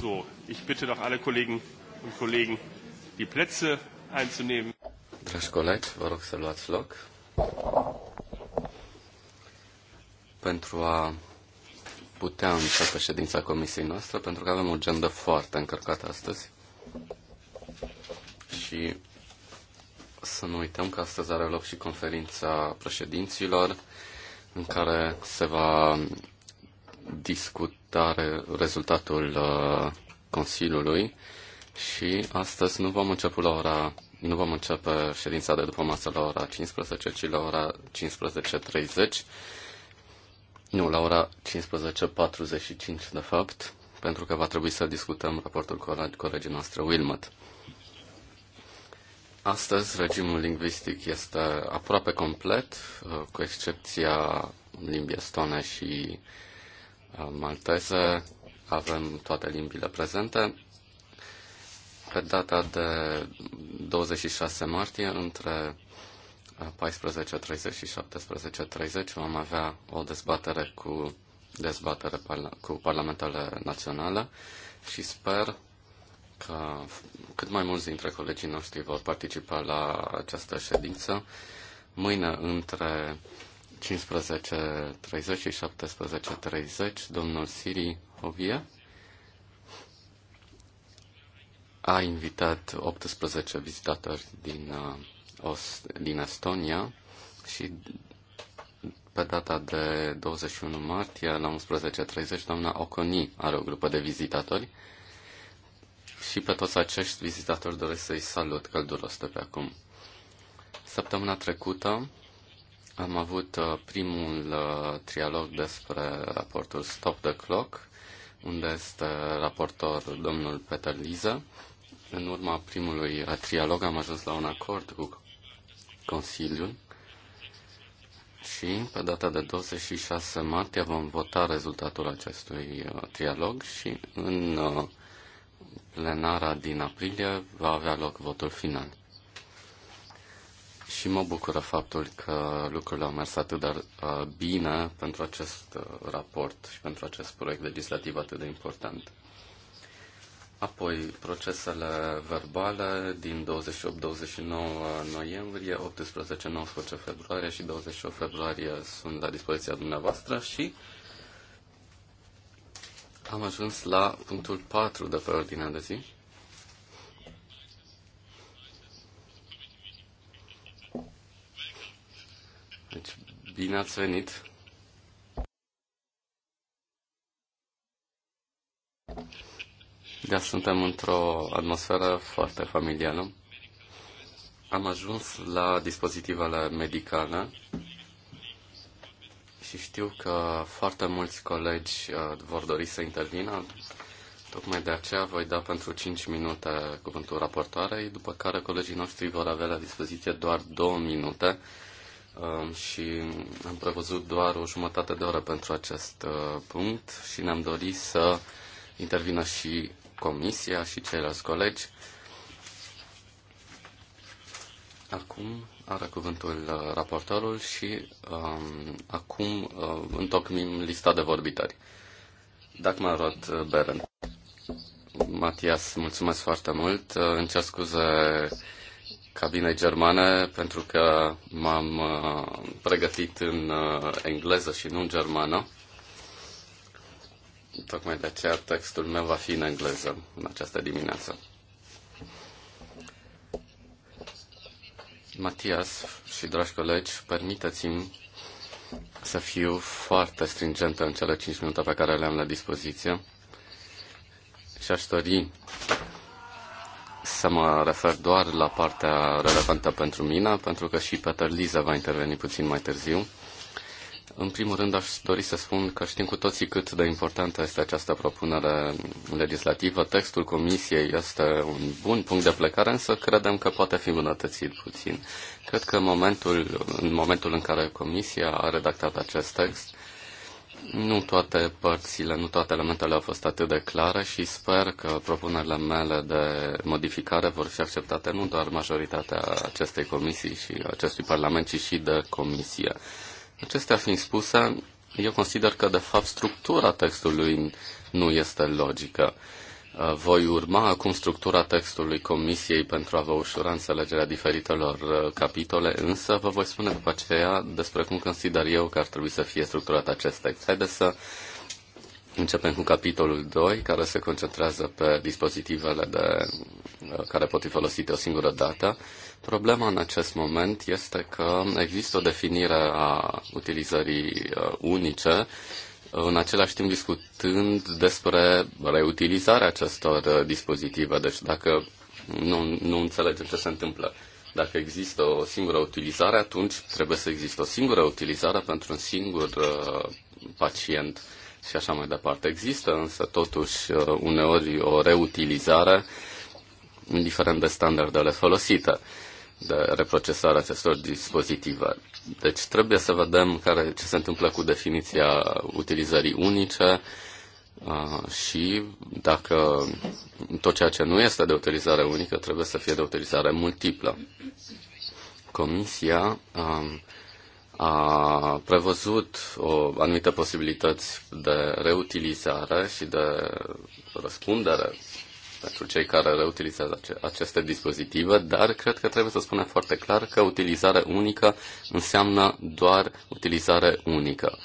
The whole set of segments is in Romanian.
So, ich bitte doch alle Kollegen und Kollegen, die Plätze einzunehmen. Dragi colegi, vă rog să luați loc. Pentru a putea începe ședința comisiei noastre, pentru că avem o agendă foarte încărcată astăzi. Și să nu uităm că astăzi are loc și conferința președinților, în care se va discutare rezultatul uh, Consiliului și astăzi nu vom începe la ora nu vom începe ședința de după masă la ora 15, ci la ora 15.30. Nu, la ora 15.45, de fapt, pentru că va trebui să discutăm raportul cu colegii noastre Wilmot. Astăzi, regimul lingvistic este aproape complet, uh, cu excepția limbii estone și malteză avem toate limbile prezente. Pe data de 26 martie, între 14.30 și 17.30 vom avea o dezbatere cu dezbatere parla- cu parlamentele naționale și sper că cât mai mulți dintre colegii noștri vor participa la această ședință. Mâine, între 15.30 și 17.30, domnul Siri Ovia, a invitat 18 vizitatori din, uh, din Estonia și pe data de 21 martie la 11.30 doamna Oconi are o grupă de vizitatori și pe toți acești vizitatori doresc să-i salut călduros de pe acum. Săptămâna trecută am avut uh, primul uh, trialog despre raportul Stop the Clock, unde este raportor domnul Peter Liza. În urma primului uh, trialog am ajuns la un acord cu Consiliul și pe data de 26 martie vom vota rezultatul acestui trialog și în plenara din aprilie va avea loc votul final și mă bucură faptul că lucrurile au mers atât de uh, bine pentru acest uh, raport și pentru acest proiect legislativ atât de important. Apoi, procesele verbale din 28-29 noiembrie, 18-19 februarie și 28 februarie sunt la dispoziția dumneavoastră și am ajuns la punctul 4 de pe ordinea de zi. Deci, bine ați venit! Da, suntem într-o atmosferă foarte familială. Am ajuns la dispozitivele medicale și știu că foarte mulți colegi uh, vor dori să intervină. Tocmai de aceea voi da pentru 5 minute cuvântul raportoarei, după care colegii noștri vor avea la dispoziție doar 2 minute Um, și am prevăzut doar o jumătate de oră pentru acest uh, punct și ne-am dorit să intervină și comisia și ceilalți colegi. Acum are cuvântul uh, raportorul și um, acum uh, întocmim lista de vorbitori. mă Rod uh, Beren. Matias, mulțumesc foarte mult. Îmi cer scuze cabinei germane pentru că m-am uh, pregătit în uh, engleză și nu în germană. Tocmai de aceea textul meu va fi în engleză în această dimineață. Matias și dragi colegi, permiteți-mi să fiu foarte stringentă în cele 5 minute pe care le am la dispoziție și aș dori să mă refer doar la partea relevantă pentru mine, pentru că și Peter Liza va interveni puțin mai târziu. În primul rând aș dori să spun că știm cu toții cât de importantă este această propunere legislativă. Textul Comisiei este un bun punct de plecare, însă credem că poate fi îmbunătățit puțin. Cred că momentul, în momentul în care Comisia a redactat acest text, nu toate părțile, nu toate elementele au fost atât de clare și sper că propunerile mele de modificare vor fi acceptate nu doar majoritatea acestei comisii și acestui parlament, ci și de comisie. Acestea fiind spuse, eu consider că, de fapt, structura textului nu este logică. Uh, voi urma acum structura textului Comisiei pentru a vă ușura înțelegerea diferitelor uh, capitole, însă vă voi spune după aceea despre cum consider eu că ar trebui să fie structurat acest text. Haideți să începem cu capitolul 2, care se concentrează pe dispozitivele de, uh, care pot fi folosite o singură dată. Problema în acest moment este că există o definire a utilizării unice în același timp discutând despre reutilizarea acestor uh, dispozitive. Deci dacă nu, nu înțelegem ce se întâmplă, dacă există o singură utilizare, atunci trebuie să există o singură utilizare pentru un singur uh, pacient și așa mai departe. Există însă totuși uh, uneori o reutilizare indiferent de standardele folosite. Uh, de reprocesare acestor dispozitive. Deci trebuie să vedem care, ce se întâmplă cu definiția utilizării unice și dacă tot ceea ce nu este de utilizare unică trebuie să fie de utilizare multiplă. Comisia a prevăzut o anumită posibilități de reutilizare și de răspundere pentru cei care reutilizează aceste dispozitive, dar cred că trebuie să spunem foarte clar că utilizare unică înseamnă doar utilizare unică.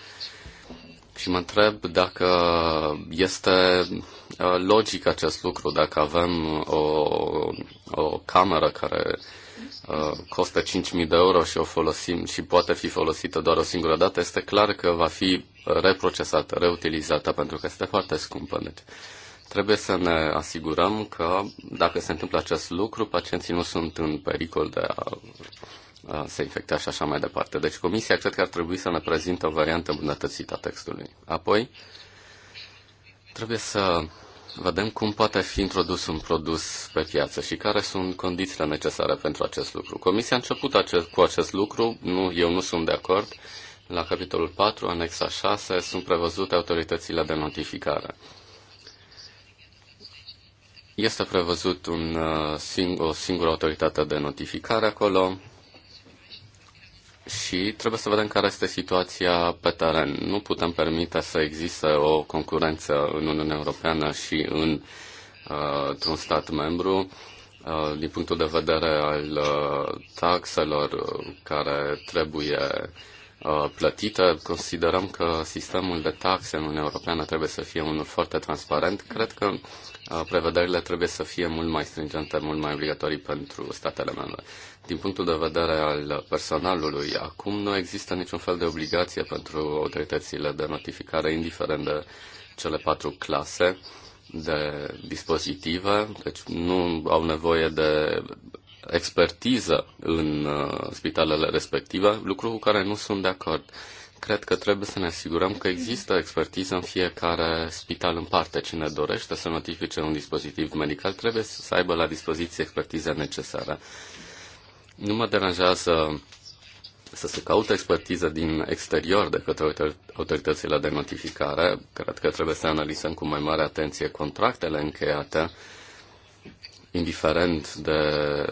Și mă întreb dacă este uh, logic acest lucru, dacă avem o, o cameră care uh, costă 5.000 de euro și o folosim și poate fi folosită doar o singură dată, este clar că va fi reprocesată, reutilizată, pentru că este foarte scumpă. Deci, Trebuie să ne asigurăm că dacă se întâmplă acest lucru, pacienții nu sunt în pericol de a se infecta și așa mai departe. Deci comisia cred că ar trebui să ne prezintă o variantă îmbunătățită a textului. Apoi, trebuie să vedem cum poate fi introdus un produs pe piață și care sunt condițiile necesare pentru acest lucru. Comisia a început acest, cu acest lucru, nu, eu nu sunt de acord. La capitolul 4, anexa 6, sunt prevăzute autoritățile de notificare. Este prevăzut un, uh, sing- o singură autoritate de notificare acolo și trebuie să vedem care este situația pe teren. Nu putem permite să existe o concurență în Uniunea Europeană și în, uh, într-un stat membru uh, din punctul de vedere al uh, taxelor uh, care trebuie uh, Uh, plătită. Considerăm că sistemul de taxe în Uniunea Europeană trebuie să fie unul foarte transparent. Cred că uh, prevederile trebuie să fie mult mai stringente, mult mai obligatorii pentru statele membre. Din punctul de vedere al personalului, acum nu există niciun fel de obligație pentru autoritățile de notificare, indiferent de cele patru clase de dispozitive, deci nu au nevoie de expertiză în uh, spitalele respective, lucru cu care nu sunt de acord. Cred că trebuie să ne asigurăm că există expertiză în fiecare spital în parte. Cine dorește să notifice un dispozitiv medical trebuie să aibă la dispoziție expertiza necesară. Nu mă deranjează să se caute expertiză din exterior de către autoritățile de notificare. Cred că trebuie să analizăm cu mai mare atenție contractele încheiate indiferent de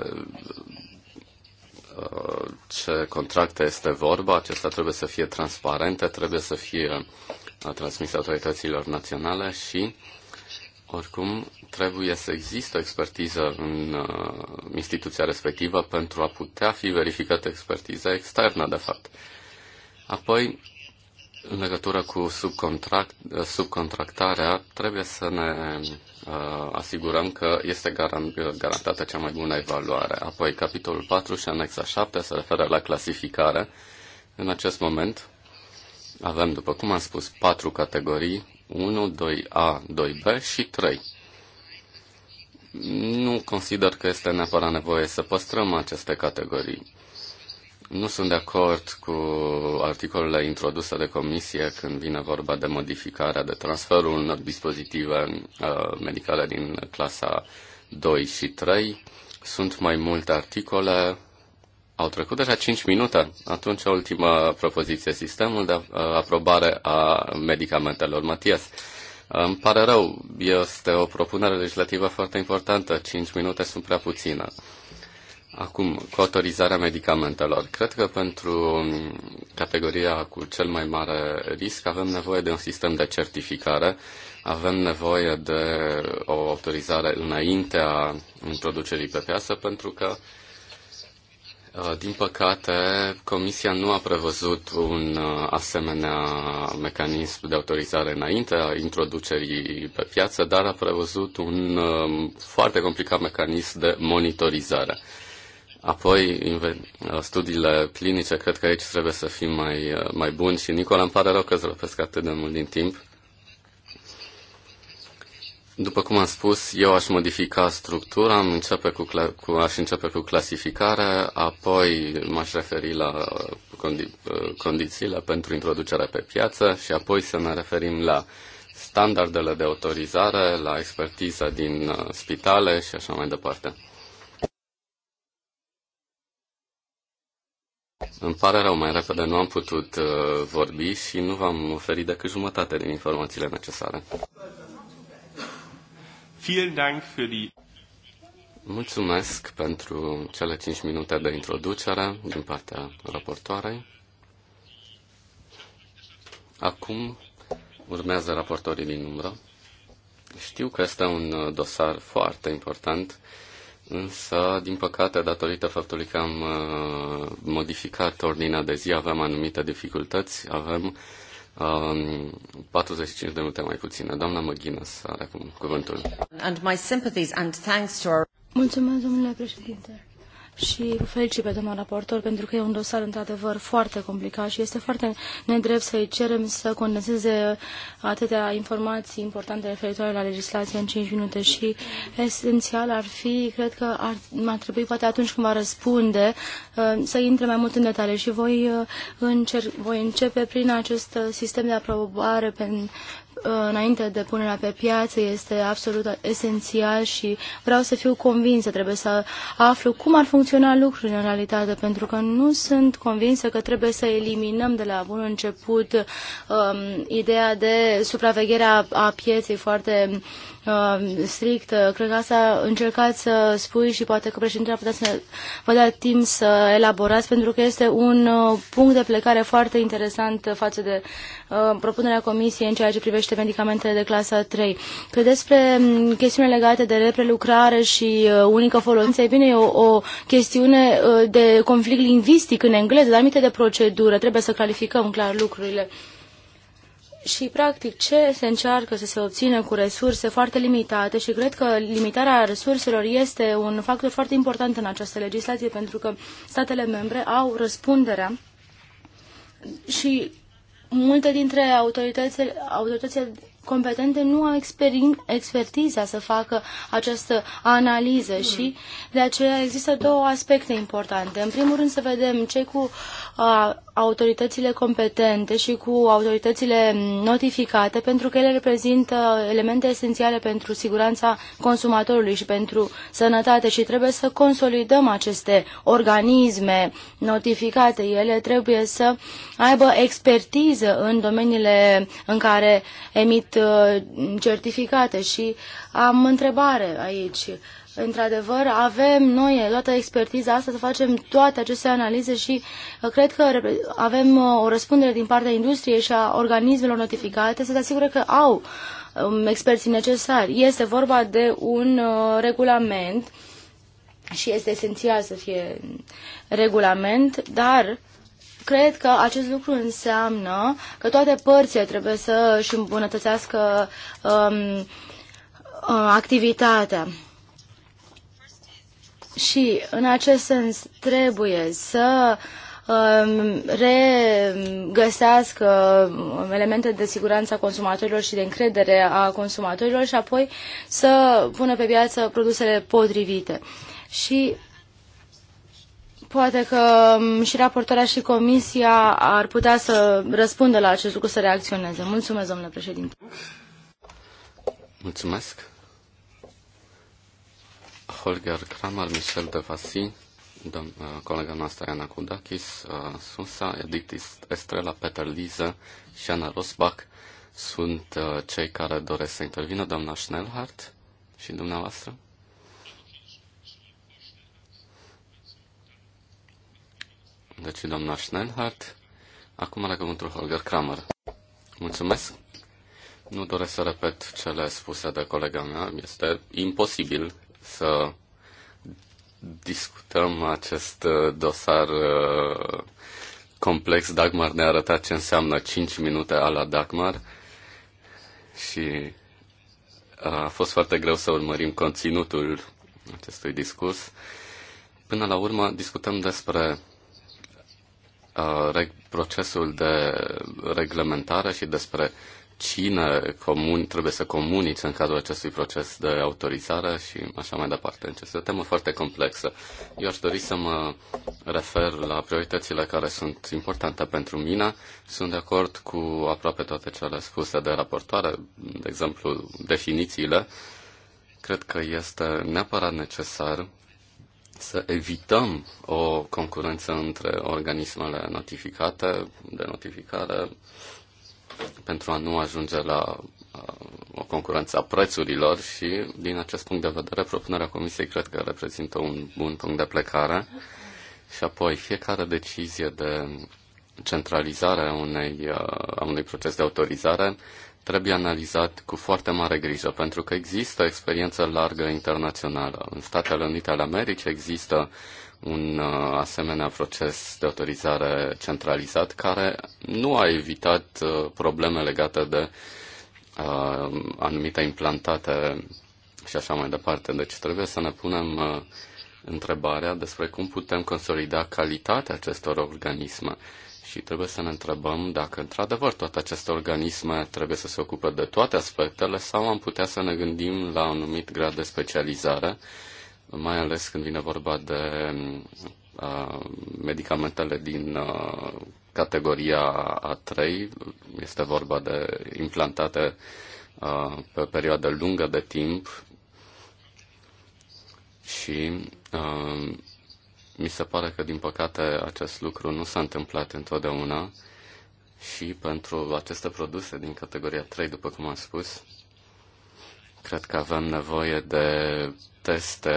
uh, ce contracte este vorba, acestea trebuie să fie transparente, trebuie să fie uh, transmise autorităților naționale și, oricum, trebuie să există expertiză în uh, instituția respectivă pentru a putea fi verificată expertiza externă, de fapt. Apoi, în legătură cu subcontract, subcontractarea, trebuie să ne uh, asigurăm că este garan- garantată cea mai bună evaluare. Apoi, capitolul 4 și anexa 7 se referă la clasificare. În acest moment avem, după cum am spus, patru categorii, 1, 2A, 2B și 3. Nu consider că este neapărat nevoie să păstrăm aceste categorii nu sunt de acord cu articolele introduse de comisie când vine vorba de modificarea, de transferul unor dispozitive uh, medicale din clasa 2 și 3. Sunt mai multe articole. Au trecut deja 5 minute. Atunci, ultima propoziție, sistemul de uh, aprobare a medicamentelor. Matias, îmi pare rău, este o propunere legislativă foarte importantă. 5 minute sunt prea puține. Acum, cu autorizarea medicamentelor. Cred că pentru um, categoria cu cel mai mare risc avem nevoie de un sistem de certificare, avem nevoie de o autorizare înainte a introducerii pe piață, pentru că, uh, din păcate, Comisia nu a prevăzut un uh, asemenea mecanism de autorizare înainte a introducerii pe piață, dar a prevăzut un um, foarte complicat mecanism de monitorizare Apoi, studiile clinice, cred că aici trebuie să fim mai, uh, mai buni și Nicola, îmi pare rău că îți răpesc atât de mult din timp. După cum am spus, eu aș modifica structura, am începe cu, cu, aș începe cu clasificare, apoi m-aș referi la uh, condi, uh, condițiile pentru introducerea pe piață și apoi să ne referim la standardele de autorizare, la expertiza din spitale și așa mai departe. Îmi pare rău, mai repede nu am putut uh, vorbi și nu v-am oferit decât jumătate din informațiile necesare. Mulțumesc pentru cele 5 minute de introducere din partea raportoarei. Acum urmează raportorii din umbră. Știu că este un uh, dosar foarte important Însă, din păcate, datorită faptului că am uh, modificat ordinea de zi, avem anumite dificultăți, avem uh, um, 45 de minute mai puține. Doamna Măghină să are cuvântul. And my sympathies and thanks to our... Mulțumesc, domnule președinte și felicit pe domnul raportor pentru că e un dosar într-adevăr foarte complicat și este foarte nedrept să-i cerem să condenseze atâtea informații importante referitoare la legislație în 5 minute și esențial ar fi, cred că ar, ar trebui poate atunci când va răspunde uh, să intre mai mult în detalii și voi, uh, încer, voi începe prin acest uh, sistem de aprobare pe, Uh, înainte de punerea pe piață este absolut esențial și vreau să fiu convinsă, trebuie să aflu cum ar funcționa lucrurile în realitate, pentru că nu sunt convinsă că trebuie să eliminăm de la bun început um, ideea de supraveghere a, a pieței foarte um, strict strictă. Cred că asta încercați să spui și poate că președintele putea să vă dea timp să elaborați, pentru că este un uh, punct de plecare foarte interesant față de uh, propunerea Comisiei în ceea ce privește privește medicamentele de clasa 3. Că despre mm, chestiuni legate de reprelucrare și uh, unică folosință, e bine, e o, o chestiune uh, de conflict lingvistic în engleză, dar aminte de procedură, trebuie să clarificăm clar lucrurile. Și, practic, ce se încearcă să se obțină cu resurse foarte limitate și cred că limitarea resurselor este un factor foarte important în această legislație pentru că statele membre au răspunderea și multe dintre autoritățile, autoritățile competente nu au expertiza să facă această analiză mm. și de aceea există două aspecte importante. În primul rând să vedem ce cu a, autoritățile competente și cu autoritățile notificate, pentru că ele reprezintă elemente esențiale pentru siguranța consumatorului și pentru sănătate și trebuie să consolidăm aceste organisme notificate. Ele trebuie să uh, aibă expertiză în domeniile în care emit uh, certificate și am întrebare aici. Într-adevăr, avem noi toată expertiza asta să facem toate aceste analize și uh, cred că avem uh, o răspundere din partea industriei și a organismelor notificate să se asigure că au um, experții necesari. Este vorba de un regulament și este esențial să fie regulament, dar Cred că acest lucru înseamnă că toate părțile trebuie să își îmbunătățească um, uh, activitatea. Și în acest sens trebuie să um, regăsească um, elemente de siguranță a consumatorilor și de încredere a consumatorilor și apoi să pună pe piață produsele potrivite. Și Poate că um, și raportarea și comisia ar putea să răspundă la acest lucru, să reacționeze. Mulțumesc, domnule președinte. Mulțumesc. Holger Kramer, Michel de Vasi, uh, colega noastră Iana Kudakis, uh, Susa, Edith Estrela, Peter Liza și Ana Rosbach sunt uh, cei care doresc să intervină, doamna Schnellhardt și dumneavoastră. deci doamna Schneinhardt, Acum la cuvântul Holger Kramer. Mulțumesc. Nu doresc să repet cele spuse de colega mea. Este imposibil să discutăm acest uh, dosar uh, complex. Dagmar ne-a arătat ce înseamnă 5 minute la Dagmar și a fost foarte greu să urmărim conținutul acestui discurs. Până la urmă discutăm despre Uh, procesul de reglementare și despre cine comun, trebuie să comunice în cadrul acestui proces de autorizare și așa mai departe. Deci este o temă foarte complexă. Eu aș dori să mă refer la prioritățile care sunt importante pentru mine. Sunt de acord cu aproape toate cele spuse de raportoare, de exemplu definițiile. Cred că este neapărat necesar să evităm o concurență între organismele notificate, de notificare, pentru a nu ajunge la uh, o concurență a prețurilor și, din acest punct de vedere, propunerea Comisiei cred că reprezintă un bun punct de plecare. Și apoi, fiecare decizie de centralizare a unei, uh, a unui proces de autorizare trebuie analizat cu foarte mare grijă, pentru că există experiență largă internațională. În Statele Unite ale Americii există un uh, asemenea proces de autorizare centralizat care nu a evitat uh, probleme legate de uh, anumite implantate și așa mai departe. Deci trebuie să ne punem uh, întrebarea despre cum putem consolida calitatea acestor organisme și trebuie să ne întrebăm dacă, într-adevăr, toate aceste organisme trebuie să se ocupe de toate aspectele sau am putea să ne gândim la un anumit grad de specializare, mai ales când vine vorba de uh, medicamentele din uh, categoria A3, este vorba de implantate uh, pe perioadă lungă de timp și uh, mi se pare că, din păcate, acest lucru nu s-a întâmplat întotdeauna și pentru aceste produse din categoria 3, după cum am spus, cred că avem nevoie de teste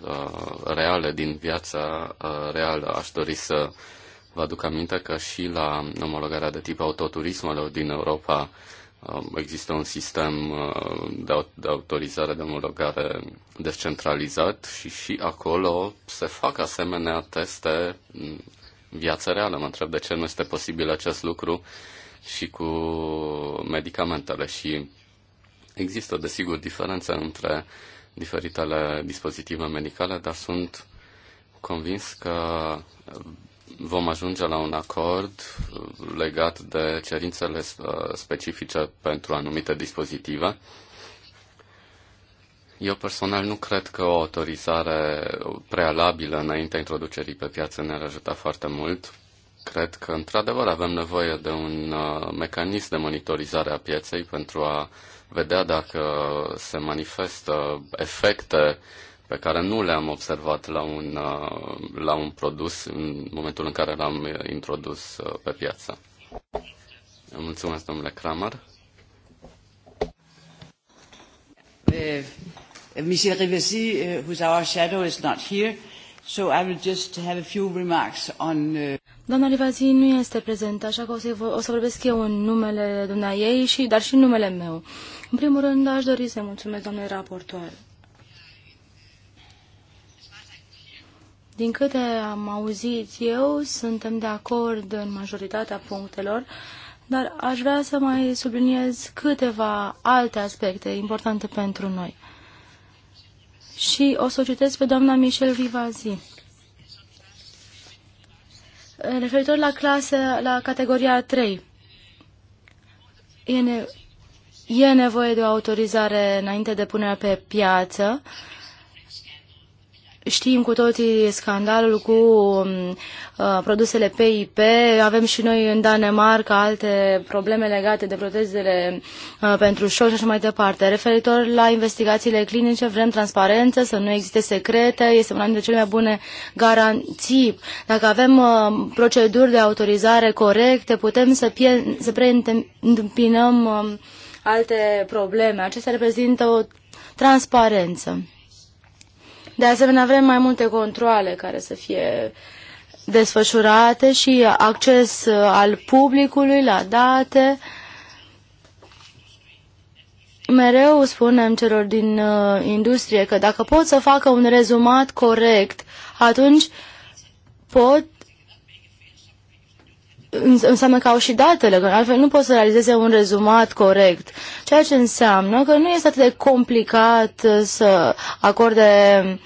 uh, reale din viața uh, reală. Aș dori să vă aduc aminte că și la omologarea de tip autoturismelor din Europa Um, există un sistem uh, de, de autorizare de omologare descentralizat și și acolo se fac asemenea teste în viață reală. Mă întreb de ce nu este posibil acest lucru și cu medicamentele și există, desigur, diferențe între diferitele dispozitive medicale, dar sunt convins că vom ajunge la un acord uh, legat de cerințele uh, specifice pentru anumite dispozitive. Eu personal nu cred că o autorizare prealabilă înaintea introducerii pe piață ne-ar ajuta foarte mult. Cred că, într-adevăr, avem nevoie de un uh, mecanism de monitorizare a pieței pentru a vedea dacă se manifestă efecte pe care nu le-am observat la un, uh, la un produs în momentul în care l-am uh, introdus uh, pe piață. Mulțumesc, domnule Kramer. Uh, Michel Rivesi, uh, who's our shadow, is not here, so I will just have a few remarks on... Uh... Doamna nu este prezentă, așa că o să, o să vorbesc eu în numele dumneai ei, și, dar și numele meu. În primul rând, aș dori să mulțumesc doamnei raportoare. Din câte am auzit eu, suntem de acord în majoritatea punctelor, dar aș vrea să mai subliniez câteva alte aspecte importante pentru noi. Și o să o citesc pe doamna Michel Vivazi. Referitor la clase, la categoria 3, e, ne e nevoie de o autorizare înainte de punerea pe piață, Știm cu toții scandalul cu um, uh, produsele PIP, avem și noi în Danemarca alte probleme legate de protezele uh, pentru șoc și așa mai departe. Referitor la investigațiile clinice, vrem transparență, să nu existe secrete, este una dintre cele mai bune garanții. Dacă avem uh, proceduri de autorizare corecte, putem să, să preîntâmpinăm uh, alte probleme. Acestea reprezintă o transparență. De asemenea, vrem mai multe controle care să fie desfășurate și acces uh, al publicului la date. Mereu spunem celor din uh, industrie că dacă pot să facă un rezumat corect, atunci pot înseamnă că au și datele, că altfel nu pot să realizeze un rezumat corect. Ceea ce înseamnă că nu este atât de complicat uh, să acorde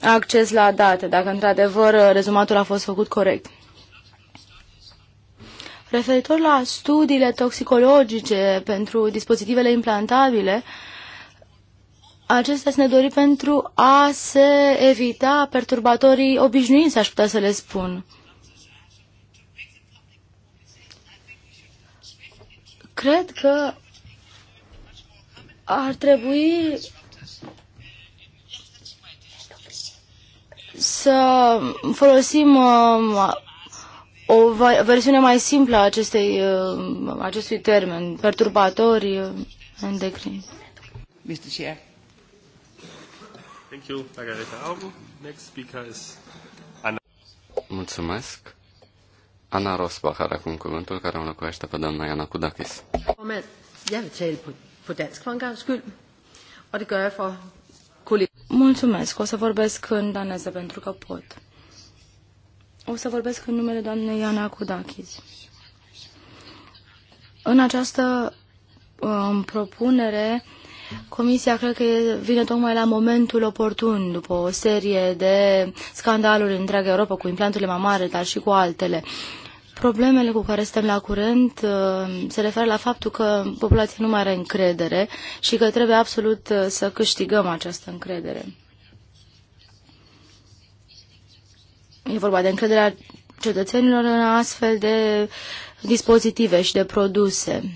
acces la date, dacă într-adevăr uh, rezumatul a fost făcut corect. Referitor la studiile toxicologice pentru dispozitivele implantabile, acestea sunt dori pentru a se evita perturbatorii obișnuiți, aș putea să le spun. Cred că ar trebui să folosim uh, o versiune mai simplă a acestei, uh, acestui termen, perturbatori uh, endocrini. Mr. Chair. Thank you, Margareta Augu. Next speaker is Anna. Mulțumesc. Ana Rosbach acum cuvântul care o locuiește pe doamna Iana Kudakis. Mulțumesc, o să vorbesc în daneză pentru că pot. O să vorbesc în numele doamnei Iana Kudakis. În această um, propunere, Comisia cred că vine tocmai la momentul oportun, după o serie de scandaluri în întreaga Europa cu implanturile mamare, dar și cu altele. Uh, Problemele cu care suntem la curent uh, se referă la faptul că populația nu mai are încredere și că trebuie absolut uh, să câștigăm această încredere. E vorba de încrederea cetățenilor în astfel de dispozitive și de produse.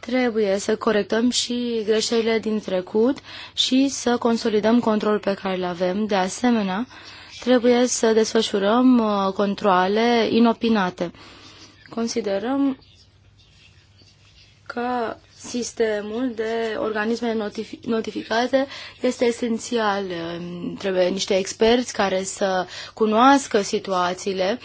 Trebuie să corectăm și greșelile din trecut și să consolidăm controlul pe care îl avem. De asemenea, uh, trebuie să desfășurăm uh, controle inopinate. Considerăm că sistemul de organisme notific notificate este esențial. Um, trebuie niște experți care să cunoască situațiile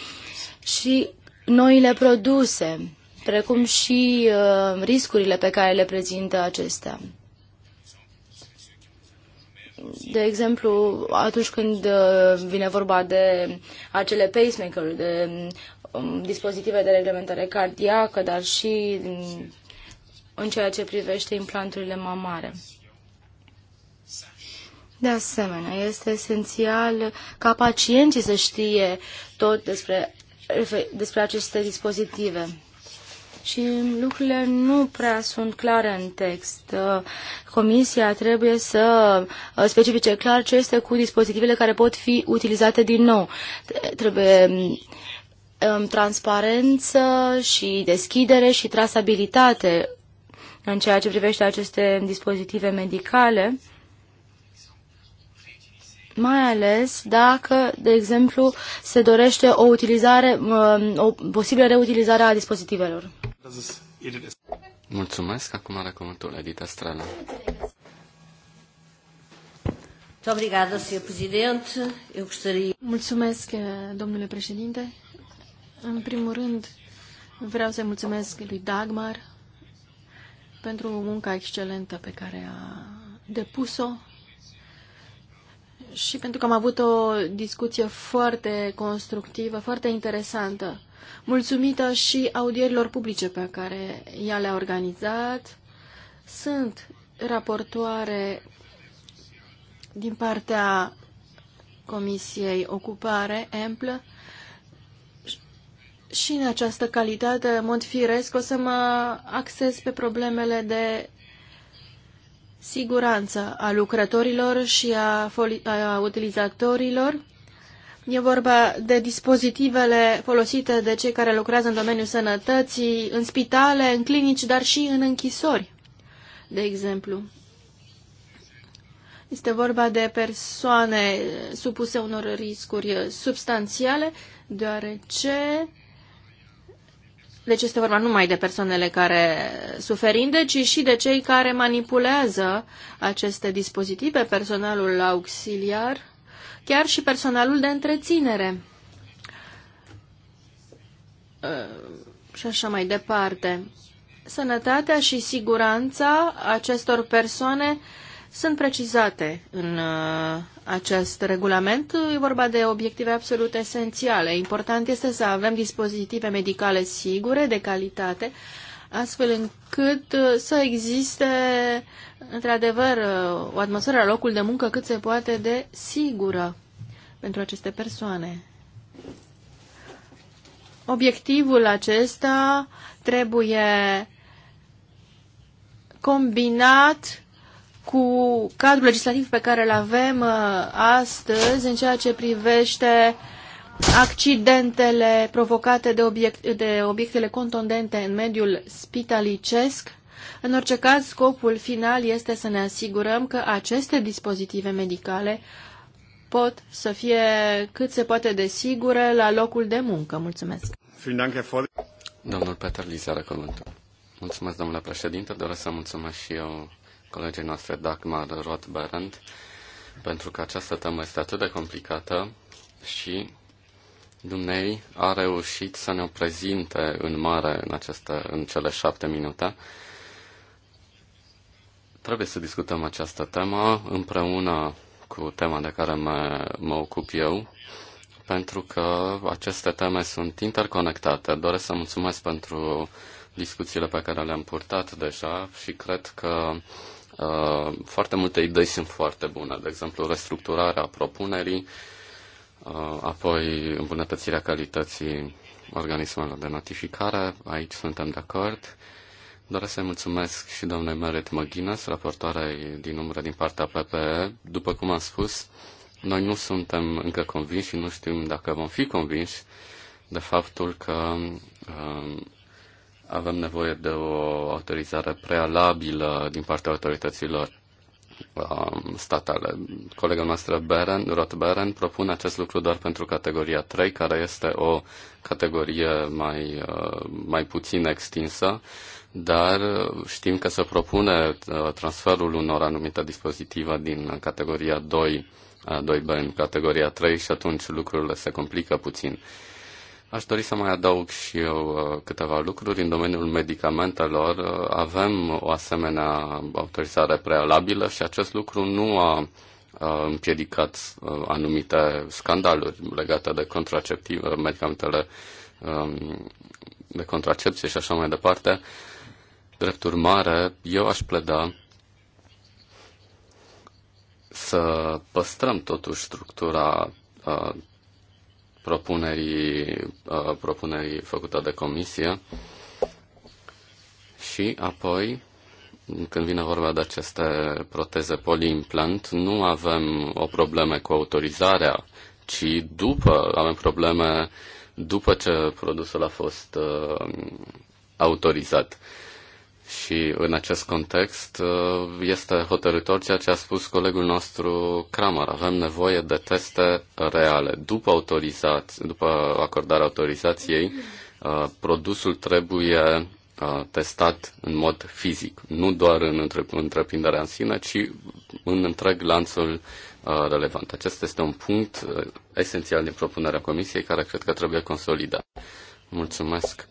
și noile produse, precum și uh, riscurile pe care le prezintă acestea de exemplu, atunci când uh, vine vorba de acele pacemaker, de um, dispozitive de reglementare cardiacă, dar și um, în ceea ce privește implanturile mamare. De asemenea, este esențial ca pacienții să știe tot despre, despre aceste dispozitive și lucrurile nu prea sunt clare în text. Uh, Comisia trebuie să uh, specifice clar ce este cu dispozitivele care pot fi utilizate din nou. Trebuie um, um, transparență și deschidere și trasabilitate în ceea ce privește aceste dispozitive medicale mai ales dacă, de exemplu, se dorește o utilizare, um, o posibilă reutilizare a dispozitivelor. Mulțumesc. Acum are cuvântul Edita Strana. Mulțumesc, eh, domnule președinte. În primul rând, vreau să mulțumesc lui Dagmar pentru munca excelentă pe care a depus-o și pentru că am avut o discuție foarte constructivă, foarte interesantă. Mulțumită și audierilor publice pe care ea le-a organizat. Sunt raportoare din partea Comisiei Ocupare, amplă, și în această calitate, în mod firesc, o să mă axez pe problemele de Siguranța a lucrătorilor și a, a utilizatorilor. E vorba de dispozitivele folosite de cei care lucrează în domeniul sănătății, în spitale, în clinici, dar și în închisori, de exemplu. Este vorba de persoane supuse unor riscuri substanțiale, deoarece deci este vorba numai de persoanele care suferinde, ci și de cei care manipulează aceste dispozitive, personalul auxiliar, chiar și personalul de întreținere. Uh, și așa mai departe. Sănătatea și siguranța acestor persoane uh, sunt precizate în uh, acest regulament. E vorba de obiective absolut esențiale. Important este să avem dispozitive medicale sigure, de calitate, astfel încât uh, să existe, într-adevăr, uh, o atmosferă la locul de muncă cât se poate de sigură pentru aceste persoane. Obiectivul acesta trebuie combinat cu cadrul legislativ pe care îl avem uh, astăzi în ceea ce privește accidentele provocate de, obiect, de obiectele contundente în mediul spitalicesc. În orice caz, scopul final este să ne asigurăm că aceste dispozitive medicale pot să fie cât se poate de sigure la locul de muncă. Mulțumesc! Domnul Peter Lizară, cuvântul. Mulțumesc, domnule președinte. Doresc să mulțumesc și eu colegii noastre Dagmar roth berend pentru că această temă este atât de complicată și Dumnei a reușit să ne o prezinte în mare în, aceste, în cele șapte minute. Trebuie să discutăm această temă împreună cu tema de care mă, mă ocup eu, pentru că aceste teme sunt interconectate. Doresc să mulțumesc pentru discuțiile pe care le-am purtat deja și cred că Uh, foarte multe idei sunt foarte bune, de exemplu restructurarea propunerii, uh, apoi îmbunătățirea calității organismelor de notificare, aici suntem de acord. Doresc să-i mulțumesc și doamnei Merit McGuinness, raportoarei din umbră din partea PPE. După cum am spus, noi nu suntem încă convinși și nu știm dacă vom fi convinși de faptul că uh, avem nevoie de o autorizare prealabilă din partea autorităților um, statale. Colega noastră Beren, Rot Beren propune acest lucru doar pentru categoria 3, care este o categorie mai, uh, mai puțin extinsă, dar știm că se propune uh, transferul unor anumite dispozitive din categoria 2, 2B uh, în categoria 3 și atunci lucrurile se complică puțin. Aș dori să mai adaug și eu uh, câteva lucruri. În domeniul medicamentelor uh, avem o asemenea autorizare prealabilă și acest lucru nu a uh, împiedicat anumite scandaluri legate de contraceptive, medicamentele um, de contracepție și așa mai departe. Drept urmare, eu aș pleda să păstrăm totuși structura propunerii, uh, propunerii făcute de comisie și apoi când vine vorba de aceste proteze poliimplant, nu avem o problemă cu autorizarea, ci după avem probleme după ce produsul a fost uh, autorizat. Și în acest context uh, este hotărător ceea ce a spus colegul nostru Kramer. Avem nevoie de teste reale. După, autorizați, după acordarea autorizației, uh, produsul trebuie uh, testat în mod fizic, nu doar în întreprinderea în sine, ci în întreg lanțul relevant. Acest este un punct esențial din propunerea Comisiei care cred că trebuie consolidat. Mulțumesc!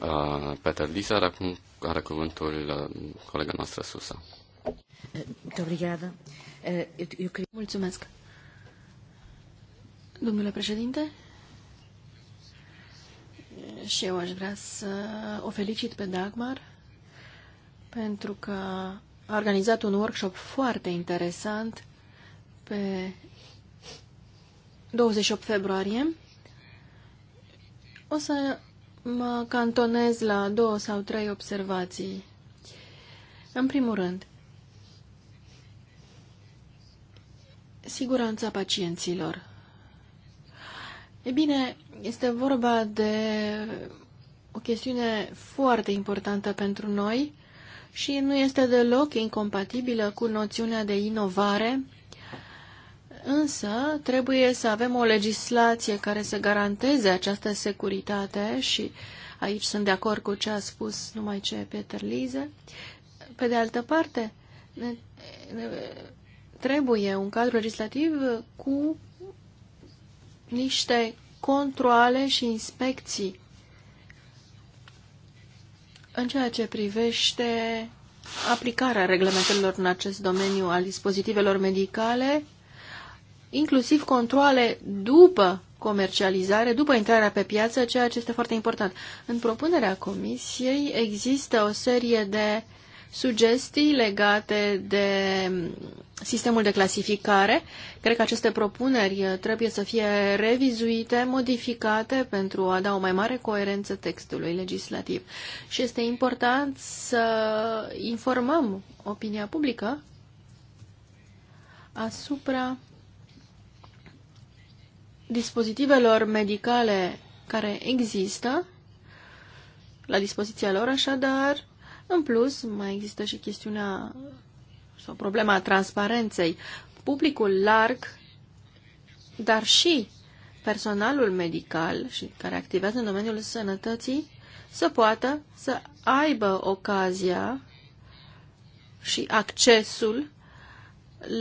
Uh, Peter Lizar, acum are cuvântul uh, colega noastră Susa. Uh, Mulțumesc. Domnule președinte, și eu aș vrea să o felicit pe Dagmar pentru că a organizat un workshop foarte interesant pe 28 februarie. O să mă cantonez la două sau trei observații. În primul rând, siguranța pacienților. E bine, este vorba de o chestiune foarte importantă pentru noi și nu este deloc incompatibilă cu noțiunea de inovare Însă trebuie să avem o legislație care să garanteze această securitate și aici sunt de acord cu ce a spus numai ce Peter Lize. Pe de altă parte, ne, ne, trebuie un cadru legislativ cu niște controle și inspecții în ceea ce privește aplicarea reglementărilor în acest domeniu al dispozitivelor medicale inclusiv controle după comercializare, după intrarea pe piață, ceea ce este foarte important. În propunerea comisiei există o serie de sugestii legate de sistemul de clasificare. Cred că aceste propuneri trebuie să fie revizuite, modificate pentru a da o mai mare coerență textului legislativ. Și este important să informăm opinia publică asupra dispozitivelor medicale care există la dispoziția lor, așadar, în plus, mai există și chestiunea sau problema transparenței. Publicul larg, dar și personalul medical și care activează în domeniul sănătății să poată să aibă ocazia și accesul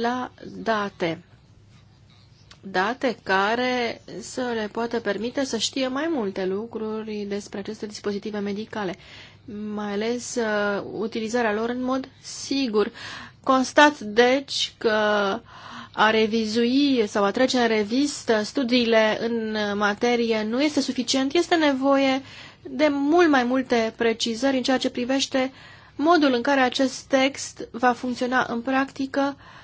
la date date care să le poată permite să știe mai multe lucruri despre aceste dispozitive medicale, mai ales uh, utilizarea lor în mod sigur. Constat, deci, că a revizui sau a trece în revistă studiile în materie nu este suficient, este nevoie de mult mai multe precizări în ceea ce privește modul în care acest text va funcționa în practică uh,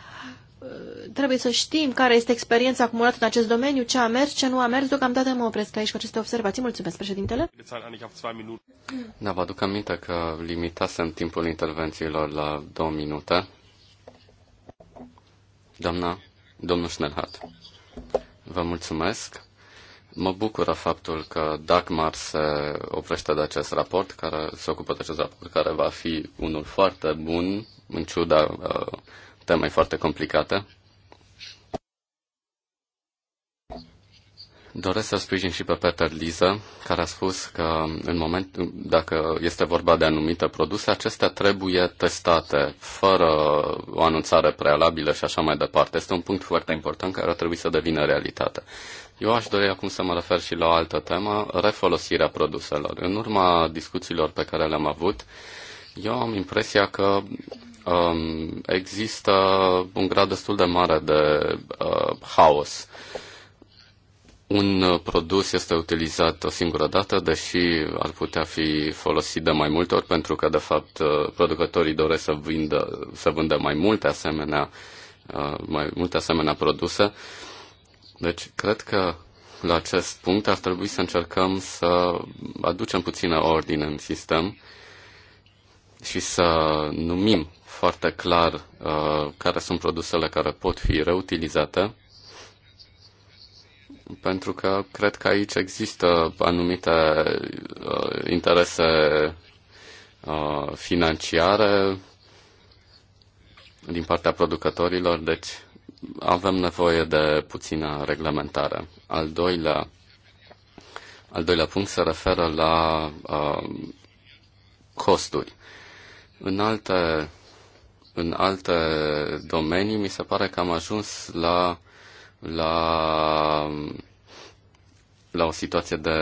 Uh, trebuie să știm care este experiența acumulată în acest domeniu, ce a mers, ce nu a mers. Deocamdată mă opresc aici cu aceste observații. Mulțumesc, președintele. Da, vă aduc aminte că limitasem timpul intervențiilor la două minute. Doamna, domnul Schnellhardt, vă mulțumesc. Mă bucură faptul că Dagmar se oprește de acest raport, care se ocupă de acest raport, care va fi unul foarte bun, în ciuda uh, temei foarte complicate. Doresc să sprijin și pe Peter Liza, care a spus că în moment, dacă este vorba de anumite produse, acestea trebuie testate fără o anunțare prealabilă și așa mai departe. Este un punct foarte important care ar trebui să devină realitate. Eu aș dori acum să mă refer și la o altă temă, refolosirea produselor. În urma discuțiilor pe care le-am avut, eu am impresia că um, există un grad destul de mare de uh, haos. Un uh, produs este utilizat o singură dată, deși ar putea fi folosit de mai multe ori, pentru că, de fapt, uh, producătorii doresc să, vindă, să vândă mai multe asemenea, uh, mai multe asemenea produse. Deci, cred că la acest punct ar trebui să încercăm să aducem puțină ordine în sistem și să numim foarte clar uh, care sunt produsele care pot fi reutilizate, pentru că cred că aici există anumite uh, interese uh, financiare din partea producătorilor, deci avem nevoie de puțină reglementare. Al doilea, al doilea punct se referă la uh, costuri. În alte în alte domenii, mi se pare că am ajuns la, la, la o situație de,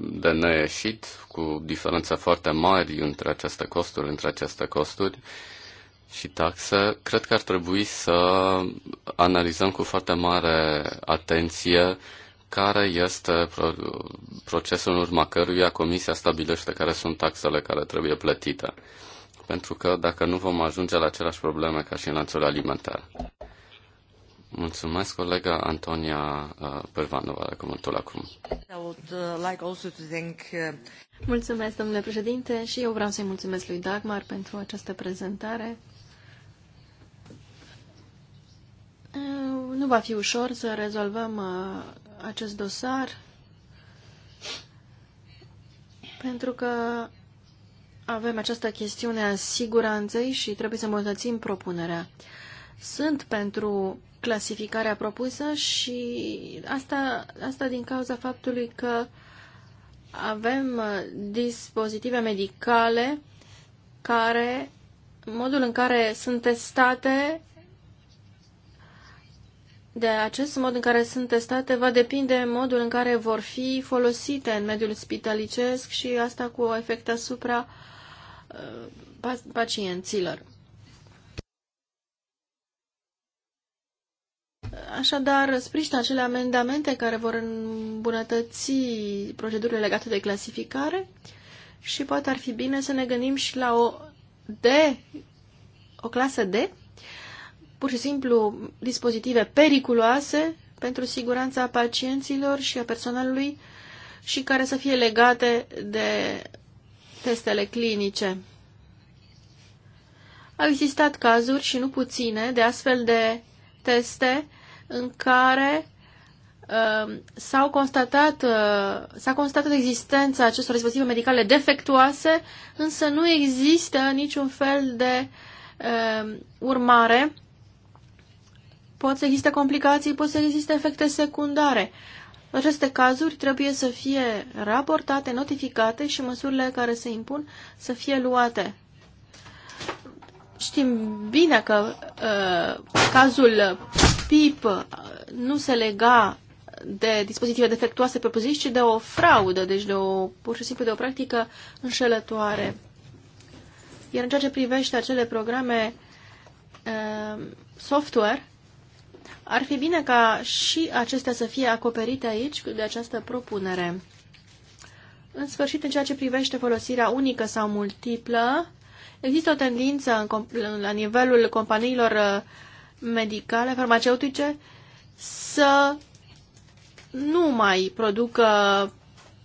de neieșit, cu diferențe foarte mari între aceste costuri, între aceste costuri și taxe. Cred că ar trebui să analizăm cu foarte mare atenție care este procesul în urma căruia Comisia stabilește care sunt taxele care trebuie plătite pentru că dacă nu vom ajunge la aceleași probleme ca și în lanțul alimentar. Mulțumesc, colega Antonia uh, Pervanova, de cuvântul acum. Uh, uh, mulțumesc, domnule președinte, și eu vreau să-i mulțumesc lui Dagmar pentru această prezentare. Nu va fi ușor să rezolvăm acest dosar, pentru că avem această chestiune a siguranței și trebuie să îmbunătățim propunerea. Sunt pentru clasificarea propusă și asta, asta din cauza faptului că avem dispozitive medicale care, modul în care sunt testate, de acest mod în care sunt testate va depinde modul în care vor fi folosite în mediul spitalicesc și asta cu efect asupra uh, pacienților. Așadar, sprijin acele amendamente care vor îmbunătăți procedurile legate de clasificare și poate ar fi bine să ne gândim și la o D, o clasă D, pur și simplu dispozitive periculoase pentru siguranța pacienților și a personalului și care să fie legate de testele clinice. Au existat cazuri și nu puține de astfel de teste în care uh, s-au constatat, uh, s-a constatat existența acestor dispozitive medicale defectuoase, însă nu există niciun fel de uh, urmare. Pot să existe complicații, pot să existe efecte secundare. Aceste cazuri trebuie să fie raportate, notificate și măsurile care se impun să fie luate. Știm bine că uh, cazul PIP uh, nu se lega de dispozitive defectuoase pe poziție, ci de o fraudă, deci de o, pur și simplu de o practică înșelătoare. Iar în ceea ce privește acele programe uh, software, ar fi bine ca și acestea să fie acoperite aici de această propunere. În sfârșit, în ceea ce privește folosirea unică sau multiplă, există o tendință în, la nivelul companiilor uh, medicale, farmaceutice, să nu mai producă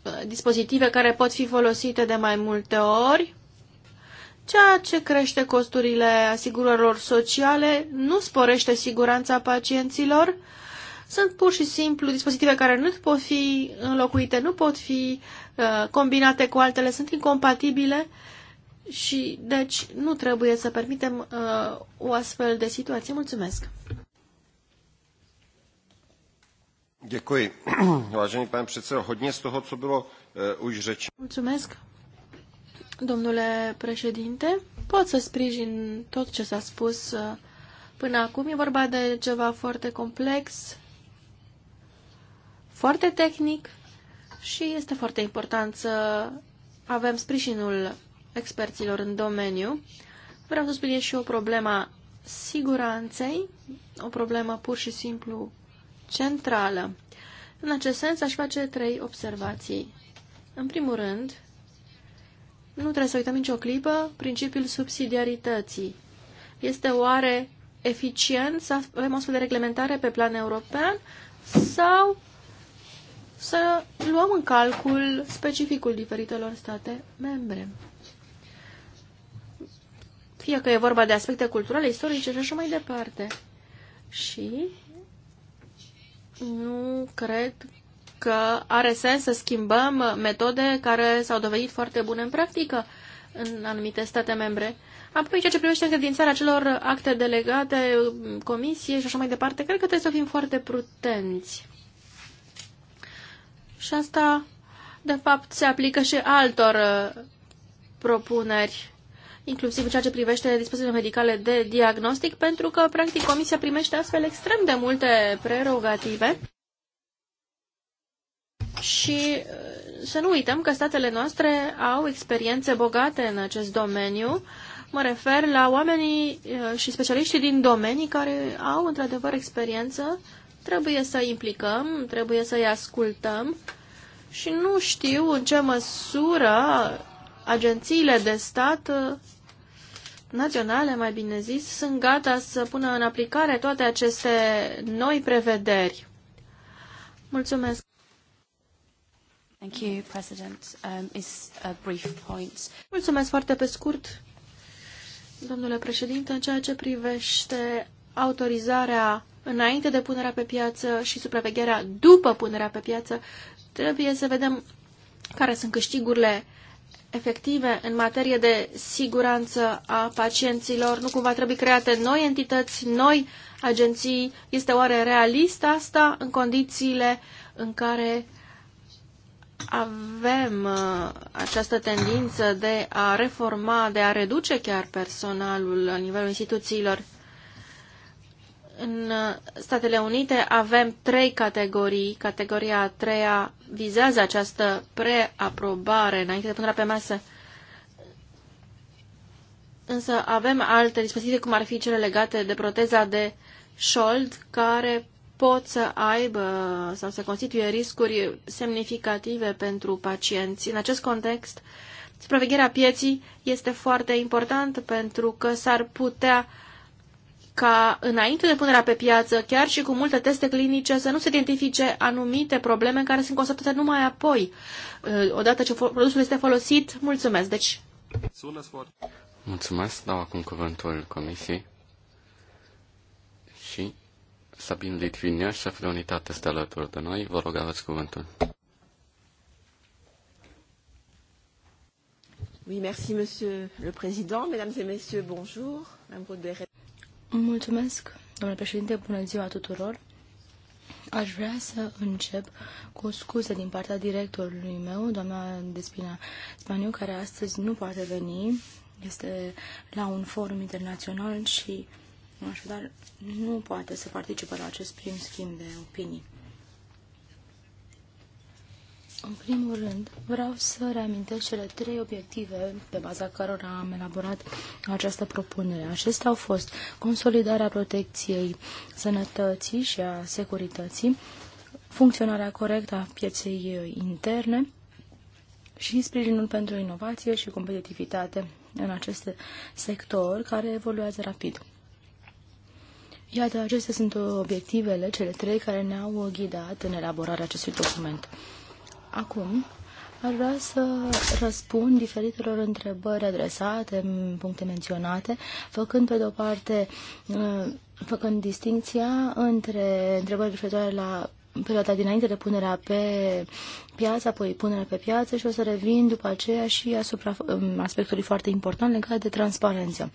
uh, dispozitive care pot fi folosite de mai multe ori, ceea ce crește costurile asigurărilor sociale, nu sporește siguranța pacienților, sunt pur și simplu dispozitive care nu pot fi înlocuite, nu pot fi uh, combinate cu altele, sunt incompatibile și deci nu trebuie să permitem uh, o astfel de situație. Mulțumesc! Děkuji. Vážený pane předsedo, hodně z toho, co bylo uh, už řečeno. Mulțumesc. Domnule președinte, pot să sprijin tot ce s-a spus uh, până acum. E vorba de ceva foarte complex, foarte tehnic și este foarte important să avem sprijinul experților în domeniu. Vreau să spun și o problemă siguranței, o problemă pur și simplu centrală. În acest sens aș face trei observații. În primul rând, nu trebuie să uităm nicio clipă principiul subsidiarității. Este oare eficient să avem astfel de reglementare pe plan european sau să luăm în calcul specificul diferitelor state membre? Fie că e vorba de aspecte culturale, istorice și așa mai departe. Și nu cred că are sens să schimbăm metode care s-au dovedit foarte bune în practică în anumite state membre. Apoi, ceea ce privește încredințarea celor acte delegate, comisie și așa mai departe, cred că trebuie să fim foarte prudenți. Și asta, de fapt, se aplică și altor uh, propuneri, inclusiv în ceea ce privește dispozițiile medicale de diagnostic, pentru că, practic, comisia primește astfel extrem de multe prerogative și uh, să nu uităm că statele noastre au experiențe bogate în acest domeniu. Mă refer la oamenii uh, și specialiștii din domenii care au într-adevăr experiență. Trebuie să implicăm, trebuie să-i ascultăm și nu știu în ce măsură agențiile de stat uh, naționale, mai bine zis, sunt gata să pună în aplicare toate aceste noi prevederi. Mulțumesc! Thank you, President. Um, is a brief point. Mulțumesc foarte pe scurt, domnule președinte, în ceea ce privește autorizarea înainte de punerea pe piață și supravegherea după punerea pe piață, trebuie să vedem care sunt câștigurile efective în materie de siguranță a pacienților? Nu cumva trebuie create noi entități, noi agenții? Este oare realist asta în condițiile în care avem uh, această tendință de a reforma, de a reduce chiar personalul la nivelul instituțiilor. În uh, Statele Unite avem trei categorii. Categoria a treia vizează această preaprobare înainte de punerea pe masă. Însă avem alte dispozitive, cum ar fi cele legate de proteza de șold, care pot să aibă sau să constituie riscuri semnificative pentru pacienți. În acest context, supravegherea pieții este foarte importantă pentru că s-ar putea ca înainte de punerea pe piață, chiar și cu multe teste clinice, să nu se identifice anumite probleme care sunt constatate numai apoi, uh, odată ce produsul este folosit. Mulțumesc! Deci... Mulțumesc, dau acum cuvântul comisiei și Sabin Litvinia, șef de unitate, este alături de noi. Vă rog, aveți cuvântul. Oui, merci, monsieur le président. Mesdames et messieurs, bonjour. Mulțumesc, domnule președinte, bună ziua tuturor. Aș vrea să încep cu o scuză din partea directorului meu, doamna Despina Spaniu, care astăzi nu poate veni. Este la un forum internațional și Așadar, nu poate să participe la acest prim schimb de opinii. În primul rând, vreau să reamintesc cele trei obiective pe baza cărora am elaborat această propunere. Acestea au fost consolidarea protecției sănătății și a securității, funcționarea corectă a pieței interne și sprijinul pentru inovație și competitivitate în acest sector care evoluează rapid. Iată, acestea sunt obiectivele, cele trei, care ne-au ghidat în elaborarea acestui document. Acum, ar vrea să răspund diferitelor întrebări adresate, în puncte menționate, făcând pe de-o parte, uh, făcând distinția între întrebări referitoare la perioada dinainte de punerea pe piață, apoi punerea pe piață și o să revin după aceea și asupra um, aspectului foarte important legat de transparență.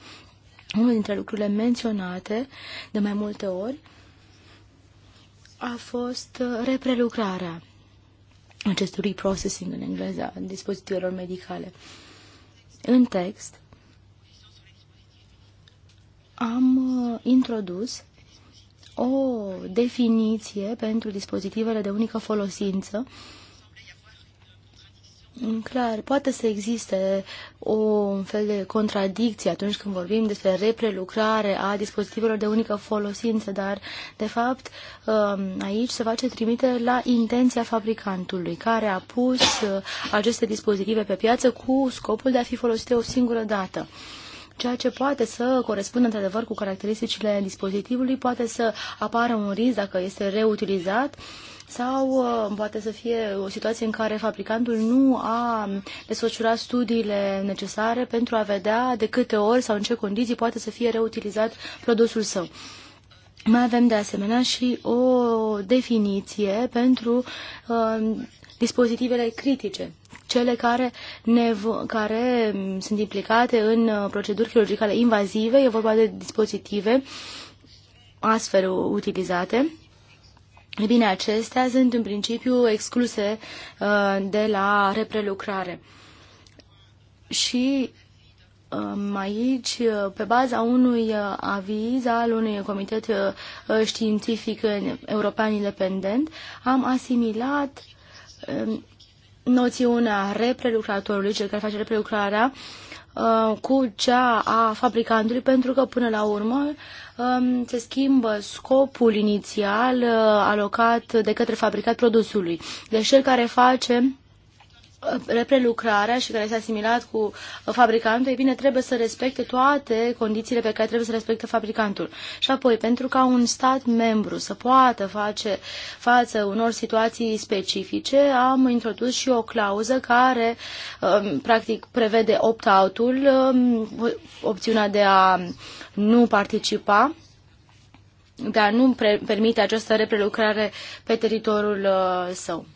Unul dintre lucrurile menționate de mai multe ori a fost uh, reprelucrarea acestui reprocessing în engleză, în dispozitivelor medicale. În text am uh, introdus o definiție pentru dispozitivele de unică folosință uh, Clar, poate să existe o un fel de contradicție atunci când vorbim despre reprelucrare a dispozitivelor de unică folosință, dar, de fapt, um, aici se face trimitere la intenția fabricantului, care a pus uh, aceste dispozitive pe piață cu scopul de a fi folosite o singură dată ceea ce poate să corespundă într-adevăr cu caracteristicile dispozitivului, poate să apară un risc dacă este reutilizat sau uh, poate să fie o situație în care fabricantul nu a desfășurat studiile necesare pentru a vedea de câte ori sau în ce condiții poate să fie reutilizat produsul său. Mai avem de asemenea și o definiție pentru uh, dispozitivele critice, cele care, care sunt implicate în uh, proceduri chirurgicale invazive, e vorba de dispozitive astfel utilizate, E bine, acestea sunt în principiu excluse uh, de la reprelucrare. Și um, aici, pe baza unui uh, aviz al unui comitet uh, științific european independent, am asimilat um, noțiunea reprelucratorului, cel care face reprelucrarea, uh, Uh, cu cea a fabricantului, pentru că până la urmă um, se schimbă scopul inițial uh, alocat de către fabricat produsului. Deci cel care face prelucrarea și care este asimilat cu fabricantul, e bine, trebuie să respecte toate condițiile pe care trebuie să respecte fabricantul. Și apoi, pentru ca un stat membru să poată face față unor situații specifice, am introdus și o clauză care, um, practic, prevede opt-out-ul, um, opțiunea de a nu participa dar nu permite această reprelucrare pe teritoriul uh, său.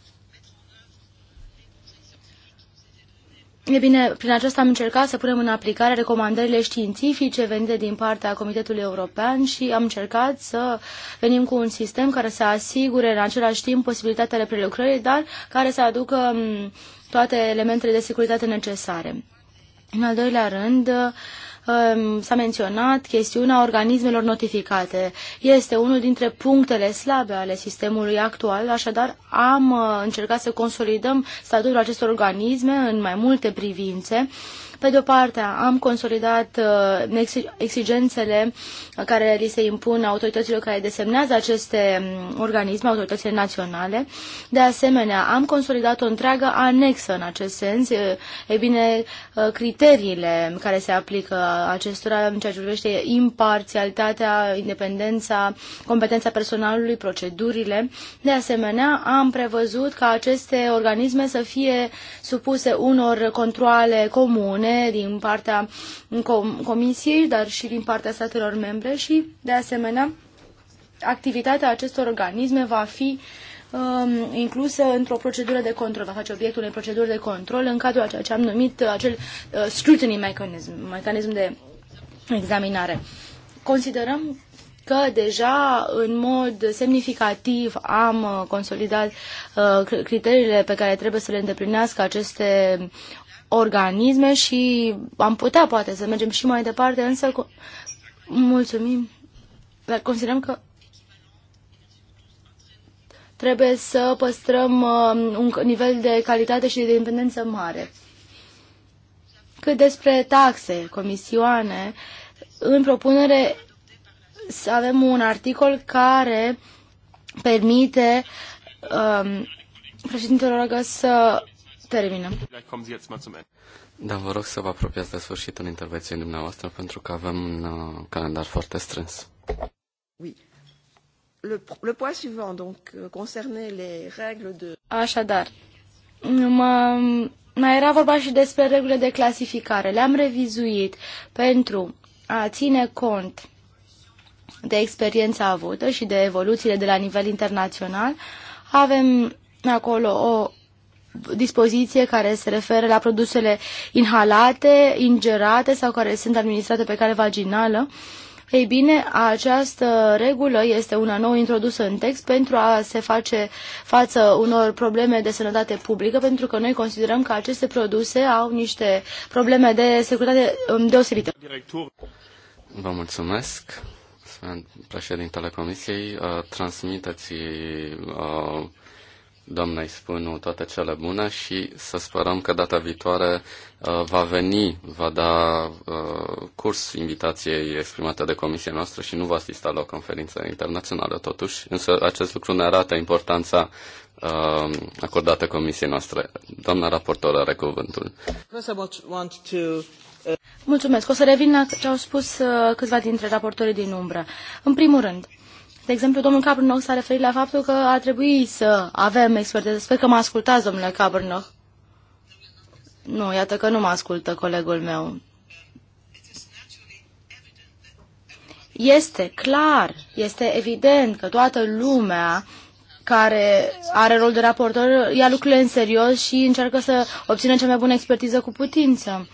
E bine, prin aceasta am încercat să punem în aplicare recomandările științifice venite din partea Comitetului European și am încercat să venim cu un sistem care să asigure în același timp posibilitatea de prelucrării, dar care să aducă mm, toate elementele de securitate necesare. În al doilea rând, s-a menționat chestiunea organismelor notificate. Este unul dintre punctele slabe ale sistemului actual, așadar am uh, încercat să consolidăm statutul acestor organisme în mai multe privințe pe de-o parte, am consolidat uh, exigențele care li se impun autorităților care desemnează aceste um, organisme, autoritățile naționale. De asemenea, am consolidat o întreagă anexă în acest sens. Uh, e bine, uh, criteriile care se aplică acestora în ceea ce privește imparțialitatea, independența, competența personalului, procedurile. De asemenea, am prevăzut ca aceste organisme să fie supuse unor controle comune bune din partea Comisiei, dar și din partea statelor membre și, de asemenea, activitatea acestor organisme va fi um, inclusă într-o procedură de control, va face obiectul unei proceduri de control în cadrul a ceea ce am numit uh, acel uh, scrutiny mechanism, mecanism de examinare. Considerăm că deja în mod semnificativ am uh, consolidat uh, criteriile pe care trebuie să le îndeplinească aceste organisme și am putea poate să mergem și mai departe, însă mulțumim, dar considerăm că trebuie să păstrăm um, un nivel de calitate și de independență mare. Cât despre taxe, comisioane, în propunere să avem un articol care permite uh, um, președintelor să terminăm. Da, vă rog să vă apropiați de sfârșitul intervenției dumneavoastră pentru că avem un uh, calendar foarte strâns. Oui. Le, le point suivant, donc, euh, concernait les règles de... Așadar, mă, mai era vorba și despre regulile de clasificare. Le-am revizuit pentru a ține cont de experiența avută și de evoluțiile de la nivel internațional. Avem acolo o dispoziție care se referă la produsele inhalate, ingerate sau care sunt administrate pe cale vaginală. Ei bine, această regulă este una nouă introdusă în text pentru a se face față unor probleme de sănătate publică, pentru că noi considerăm că aceste produse au niște probleme de securitate um, deosebite. Vă mulțumesc, președintele Comisiei. Uh, transmiteți uh, doamnei Spânu toate cele bune și să sperăm că data viitoare uh, va veni, va da uh, curs invitației exprimate de comisia noastră și nu va asista la o conferință internațională totuși, însă acest lucru ne arată importanța uh, acordată comisiei noastre. Doamna raportor are cuvântul. Mulțumesc. O să revin la ce au spus uh, câțiva dintre raportorii din umbră. În primul rând, de exemplu, domnul Cabernoc s-a referit la faptul că ar trebui să avem experte. Sper că mă ascultați, domnule Cabernoc. Nu, iată că nu mă ascultă colegul meu. Este clar, este evident că toată lumea care are rol de raportor ia lucrurile în serios și încearcă să obțină cea mai bună expertiză cu putință.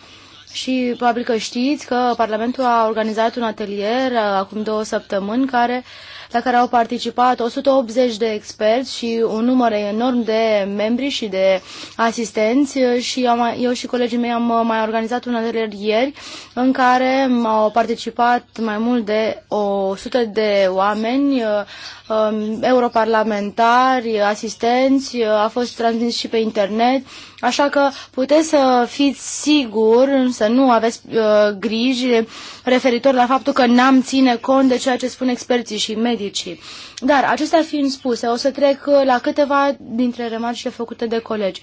Și probabil că știți că Parlamentul a organizat un atelier acum două săptămâni care uh, la care au participat 180 de experți și un număr enorm de membri și de asistenți și eu și colegii mei am uh, mai organizat un atelier ieri în care au participat mai mult de 100 de oameni, uh, um, europarlamentari, asistenți, uh, a fost transmis și pe internet Așa că puteți să fiți sigur, să nu aveți uh, griji referitor la faptul că n-am ține cont de ceea ce spun experții și medicii. Dar acestea fiind spuse, o să trec la câteva dintre remarcile făcute de colegi.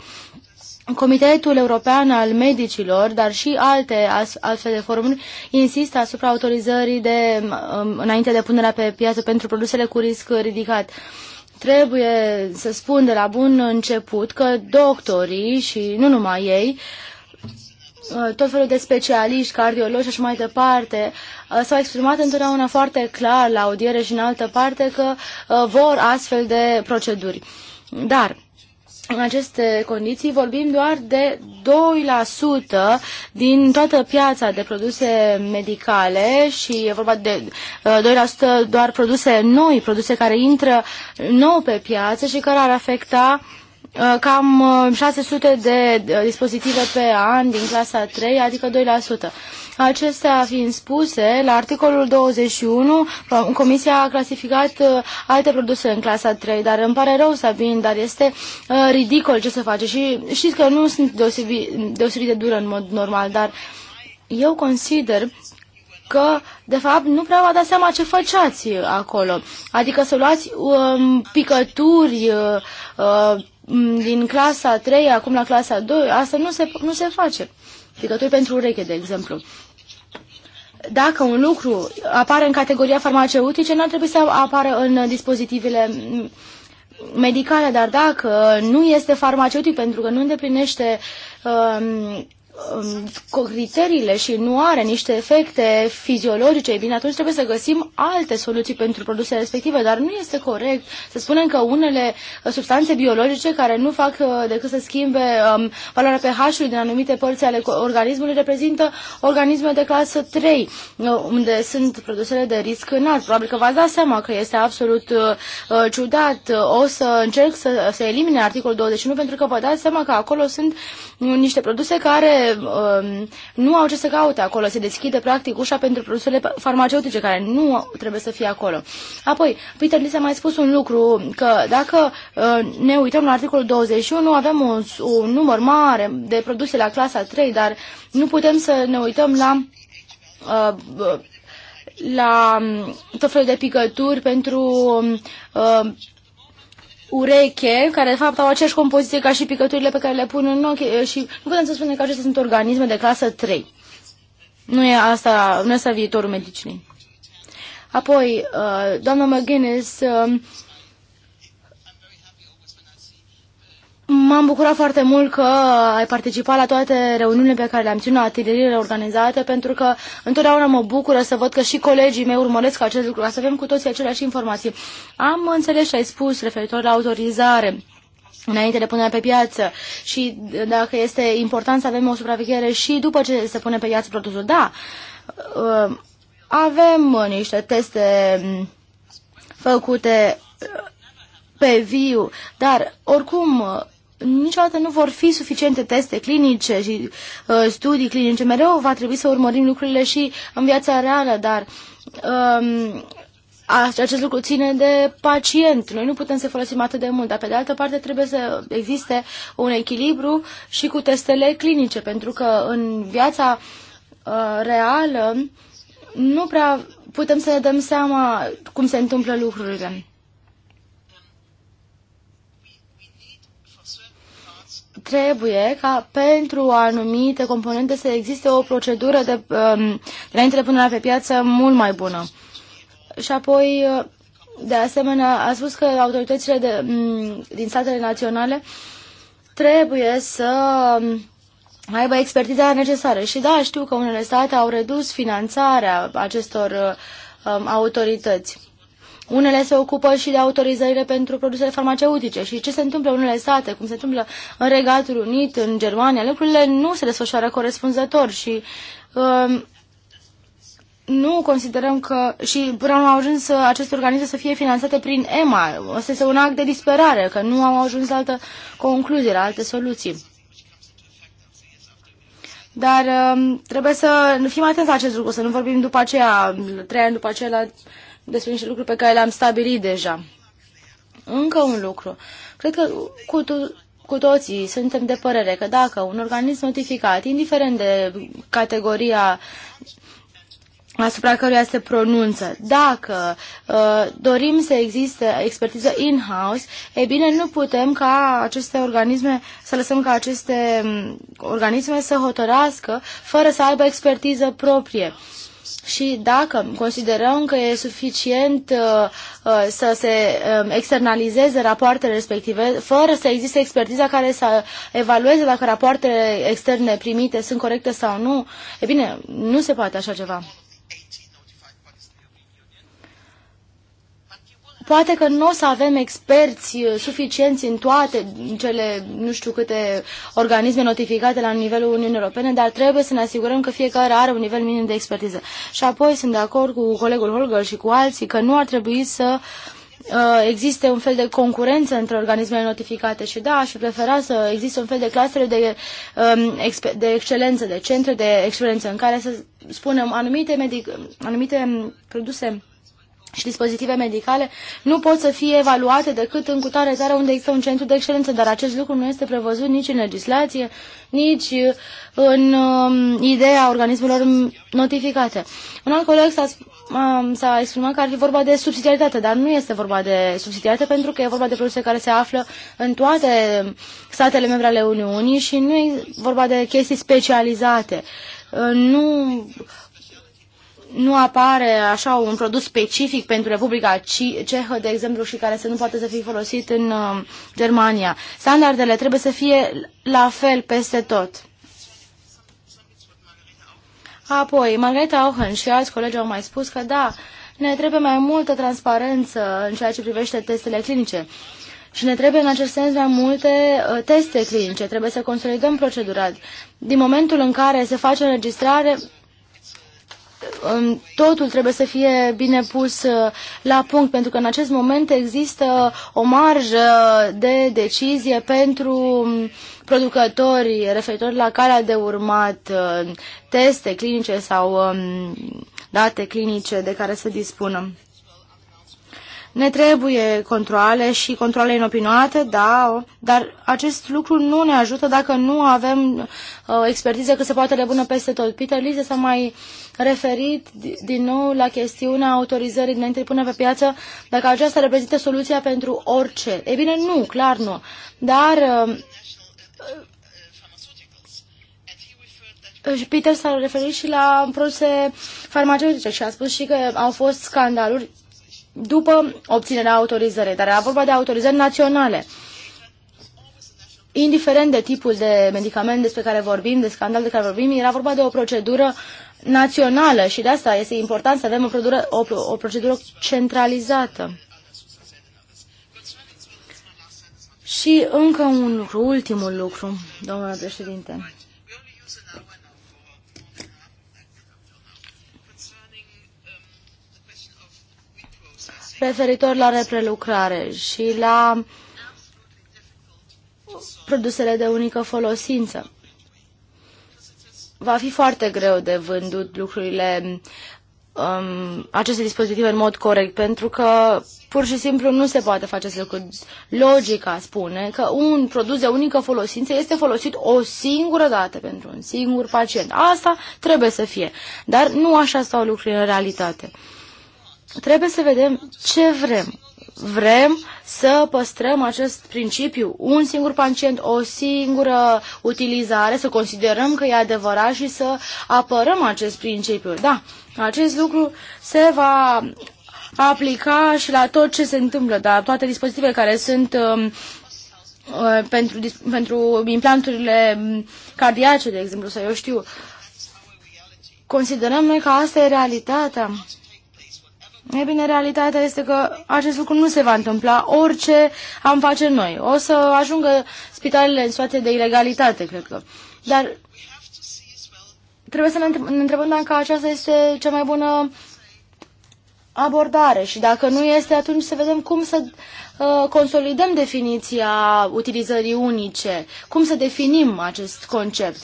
Comitetul European al Medicilor, dar și alte astfel de forumuri, insistă asupra autorizării de, um, înainte de punerea pe piață pentru produsele cu risc ridicat. Uh, Trebuie să spun de la bun început că doctorii și nu numai ei, uh, tot felul de specialiști, cardiologi și așa mai departe, uh, s-au exprimat întotdeauna foarte clar la audiere și în altă parte că uh, vor astfel de proceduri. Dar în aceste condiții vorbim doar de 2% din toată piața de produse medicale și e vorba de 2% uh, doar produse noi, produse care intră nou pe piață și care ar afecta uh, Uh, cam 600 uh, de uh, dispozitive pe an din clasa 3, adică 2%. Acestea fiind spuse, la articolul 21, Comisia a clasificat alte produse în clasa 3, dar îmi pare rău, Sabin, dar este ridicol ce se face și știți că nu sunt deosebit, deosebit de dură în mod normal, dar eu consider că, de fapt, nu prea v-a dat seama ce făceați acolo. Adică să luați um, picături, uh, Mm, din clasa 3 acum la clasa 2, asta nu se, nu se face. Picături pentru ureche, de exemplu. Dacă un lucru apare în categoria farmaceutice, nu ar trebui să apară în dispozitivele mm, medicale, dar dacă nu este farmaceutic pentru că nu îndeplinește uh, Um, criteriile și nu are niște efecte fiziologice, bine, atunci trebuie să găsim alte soluții pentru produsele respective, dar nu este corect să spunem că unele uh, substanțe biologice care nu fac uh, decât să schimbe um, valoarea pH-ului din anumite părți ale organismului reprezintă organisme de clasă 3, uh, unde sunt produsele de risc înalt. Probabil că v-ați dat seama că este absolut uh, ciudat. O să încerc să, să elimine articolul 21 pentru că vă dați seama că acolo sunt niște produse care um, nu au ce să caute acolo. Se deschide practic ușa pentru produsele farmaceutice care nu trebuie să fie acolo. Apoi, Peter Lee s-a mai spus un lucru, că dacă uh, ne uităm la articolul 21, avem un, un număr mare de produse la clasa 3, dar nu putem să ne uităm la uh, la um, tot felul de picături pentru uh, ureche, care de fapt au aceeași compoziție ca și picăturile pe care le pun în ochi și nu putem să spunem că acestea sunt organisme de clasă 3. Nu e asta, nu e asta viitorul medicinei. Apoi, uh, doamna McGuinness uh, M-am bucurat foarte mult că ai participat la toate reuniunile pe care le-am ținut, atelierile organizate, pentru că întotdeauna mă bucură să văd că și colegii mei urmăresc acest lucru, ca să avem cu toții aceleași informații. Am înțeles și ai spus referitor la autorizare înainte de punerea pe piață și dacă este important să avem o supraveghere și după ce se pune pe piață produsul. Da, uh, avem niște teste mm, făcute uh, pe viu, dar oricum uh, niciodată nu vor fi suficiente teste clinice și uh, studii clinice. Mereu va trebui să urmărim lucrurile și în viața reală, dar um, acest lucru ține de pacient. Noi nu putem să folosim atât de mult, dar pe de altă parte trebuie să existe un echilibru și cu testele clinice, pentru că în viața uh, reală nu prea putem să ne dăm seama cum se întâmplă lucrurile. trebuie ca pentru anumite componente să existe o procedură de, um, de la intrare pe piață mult mai bună. Și apoi, uh, de asemenea, a spus că autoritățile de, um, din statele naționale trebuie să um, aibă expertiza necesară. Și da, știu că unele state au redus finanțarea acestor uh, autorități. Unele se ocupă și de autorizările pentru produsele farmaceutice și ce se întâmplă în unele state, cum se întâmplă în Regatul Unit, în Germania, lucrurile nu se desfășoară corespunzător și um, nu considerăm că și până au ajuns aceste organisme să fie finanțate prin EMA. Asta este un act de disperare, că nu au ajuns la altă concluzie, la alte soluții. Dar um, trebuie să fim atenți la acest lucru, să nu vorbim după aceea, trei ani după aceea la despre niște lucruri pe care le-am stabilit deja. Încă un lucru. Cred că cu, to- cu toții suntem de părere că dacă un organism notificat, indiferent de categoria asupra căruia se pronunță. Dacă uh, dorim să existe expertiză in-house, e bine, nu putem ca aceste organisme, să lăsăm ca aceste um, organisme să hotărască fără să aibă expertiză proprie. Uh, și dacă considerăm că e suficient uh, uh să se uh, externalizeze rapoartele respective, fără să existe expertiza care să evalueze dacă rapoartele externe primite sunt corecte sau nu, e bine, nu se poate așa ceva. Poate că nu o să avem experți uh, suficienți în toate cele, nu știu câte, organisme notificate la nivelul Uniunii Europene, dar trebuie să ne asigurăm că fiecare are un nivel minim de expertiză. Și apoi sunt de acord cu colegul Holger și cu alții că nu ar trebui să uh, existe un fel de concurență între organismele notificate și da, aș prefera să existe un fel de clastere de, um, de excelență, de centre de excelență în care să spunem anumite, medic anumite um, produse și dispozitive medicale nu pot să fie evaluate decât în cutare țară unde există un centru de excelență, dar acest lucru nu este prevăzut nici în legislație, nici în um, ideea organismelor notificate. Un alt coleg s-a, um, s-a exprimat că ar fi vorba de subsidiaritate, dar nu este vorba de subsidiaritate pentru că e vorba de produse care se află în toate statele membre ale Uniunii și nu e vorba de chestii specializate. Uh, nu nu apare așa un produs specific pentru Republica Cehă, de exemplu, și care să nu poate să fie folosit în uh, Germania. Standardele trebuie să fie la fel peste tot. Apoi, Margareta Ohen și alți colegi au mai spus că da, ne trebuie mai multă transparență în ceea ce privește testele clinice. Și ne trebuie în acest sens mai multe uh, teste clinice, trebuie să consolidăm procedura. Din momentul în care se face înregistrare, totul trebuie să fie bine pus uh, la punct, pentru că în acest moment există o marjă de decizie pentru um, producători referitor la calea de urmat, uh, teste clinice sau um, date clinice de care să dispunem. Ne trebuie controle și controle inopinate, da, dar acest lucru nu ne ajută dacă nu avem uh, expertiză că se poate de bună peste tot. Peter Lise s-a mai referit din nou la chestiunea autorizării dinainte de pune pe piață, dacă aceasta reprezintă soluția pentru orice. E bine, nu, clar nu. Dar uh, Peter s-a referit și la produse farmaceutice și a spus și că au fost scandaluri după obținerea autorizării, dar era vorba de autorizări naționale. Indiferent de tipul de medicament despre care vorbim, de scandal de care vorbim, era vorba de o procedură națională și de asta este important să avem o, produră, o, o procedură centralizată. Și încă un lucru, ultimul lucru, domnule președinte. referitor la reprelucrare și la produsele de unică folosință. Va fi foarte greu de vândut lucrurile, um, aceste dispozitive în mod corect, pentru că pur și simplu nu se poate face acest lucru. Logica spune că un produs de unică folosință este folosit o singură dată pentru un singur pacient. Asta trebuie să fie. Dar nu așa stau lucrurile în realitate trebuie să vedem ce vrem. Vrem să păstrăm acest principiu, un singur pacient, o singură utilizare, să considerăm că e adevărat și să apărăm acest principiu. Da, acest lucru se va aplica și la tot ce se întâmplă, dar toate dispozitivele care sunt um, uh, pentru, pentru implanturile um, cardiace, de exemplu, sau eu știu. Considerăm noi că asta e realitatea. E bine, realitatea este că acest lucru nu se va întâmpla orice am face noi. O să ajungă spitalele în situație de ilegalitate, cred că. Dar trebuie să ne întrebăm dacă aceasta este cea mai bună abordare și dacă nu este, atunci să vedem cum să uh, consolidăm definiția utilizării unice, cum să definim acest concept.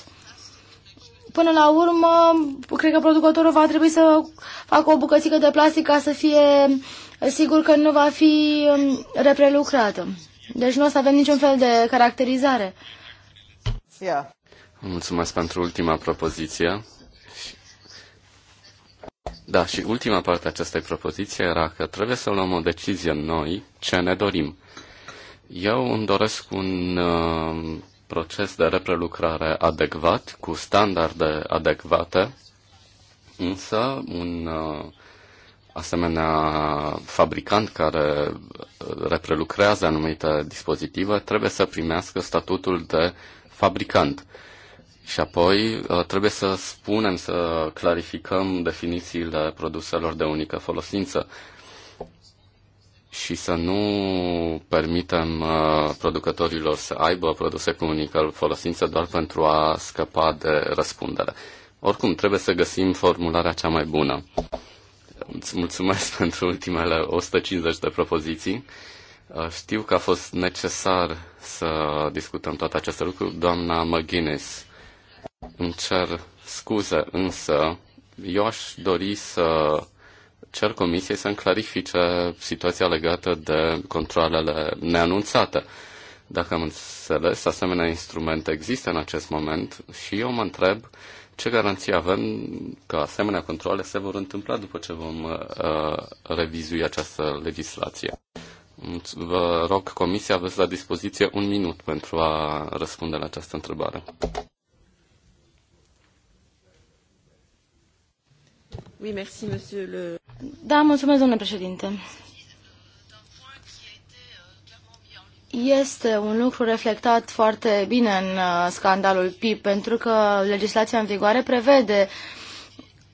Până la urmă, cred că producătorul va trebui să facă o bucățică de plastic ca să fie eh, sigur că nu va fi mm, reprelucrată. Deci nu o să avem niciun fel de caracterizare. Yeah. Mulțumesc pentru ultima propoziție. Da, și ultima parte a acestei propoziții era că trebuie să luăm o decizie noi ce ne dorim. Eu îmi doresc un uh, proces de reprelucrare adecvat, cu standarde adecvate, însă un uh, asemenea fabricant care reprelucrează anumite dispozitive trebuie să primească statutul de fabricant. Și apoi uh, trebuie să spunem, să clarificăm definițiile produselor de unică folosință și să nu permitem uh, producătorilor să aibă produse cu unică folosință doar pentru a scăpa de răspundere. Oricum, trebuie să găsim formularea cea mai bună. Îți mulțumesc pentru ultimele 150 de propoziții. Uh, știu că a fost necesar să discutăm toate aceste lucruri. Doamna McGuinness, îmi cer scuze, însă eu aș dori să cer comisiei să-mi clarifice situația legată de controlele neanunțate. Dacă am înțeles, asemenea instrumente există în acest moment și eu mă întreb ce garanții avem că asemenea controle se vor întâmpla după ce vom uh, revizui această legislație. Vă rog, Comisia, aveți la dispoziție un minut pentru a răspunde la această întrebare. Da, mulțumesc, domnule președinte. Este un lucru reflectat foarte bine în uh, scandalul PIP, pentru că legislația în vigoare prevede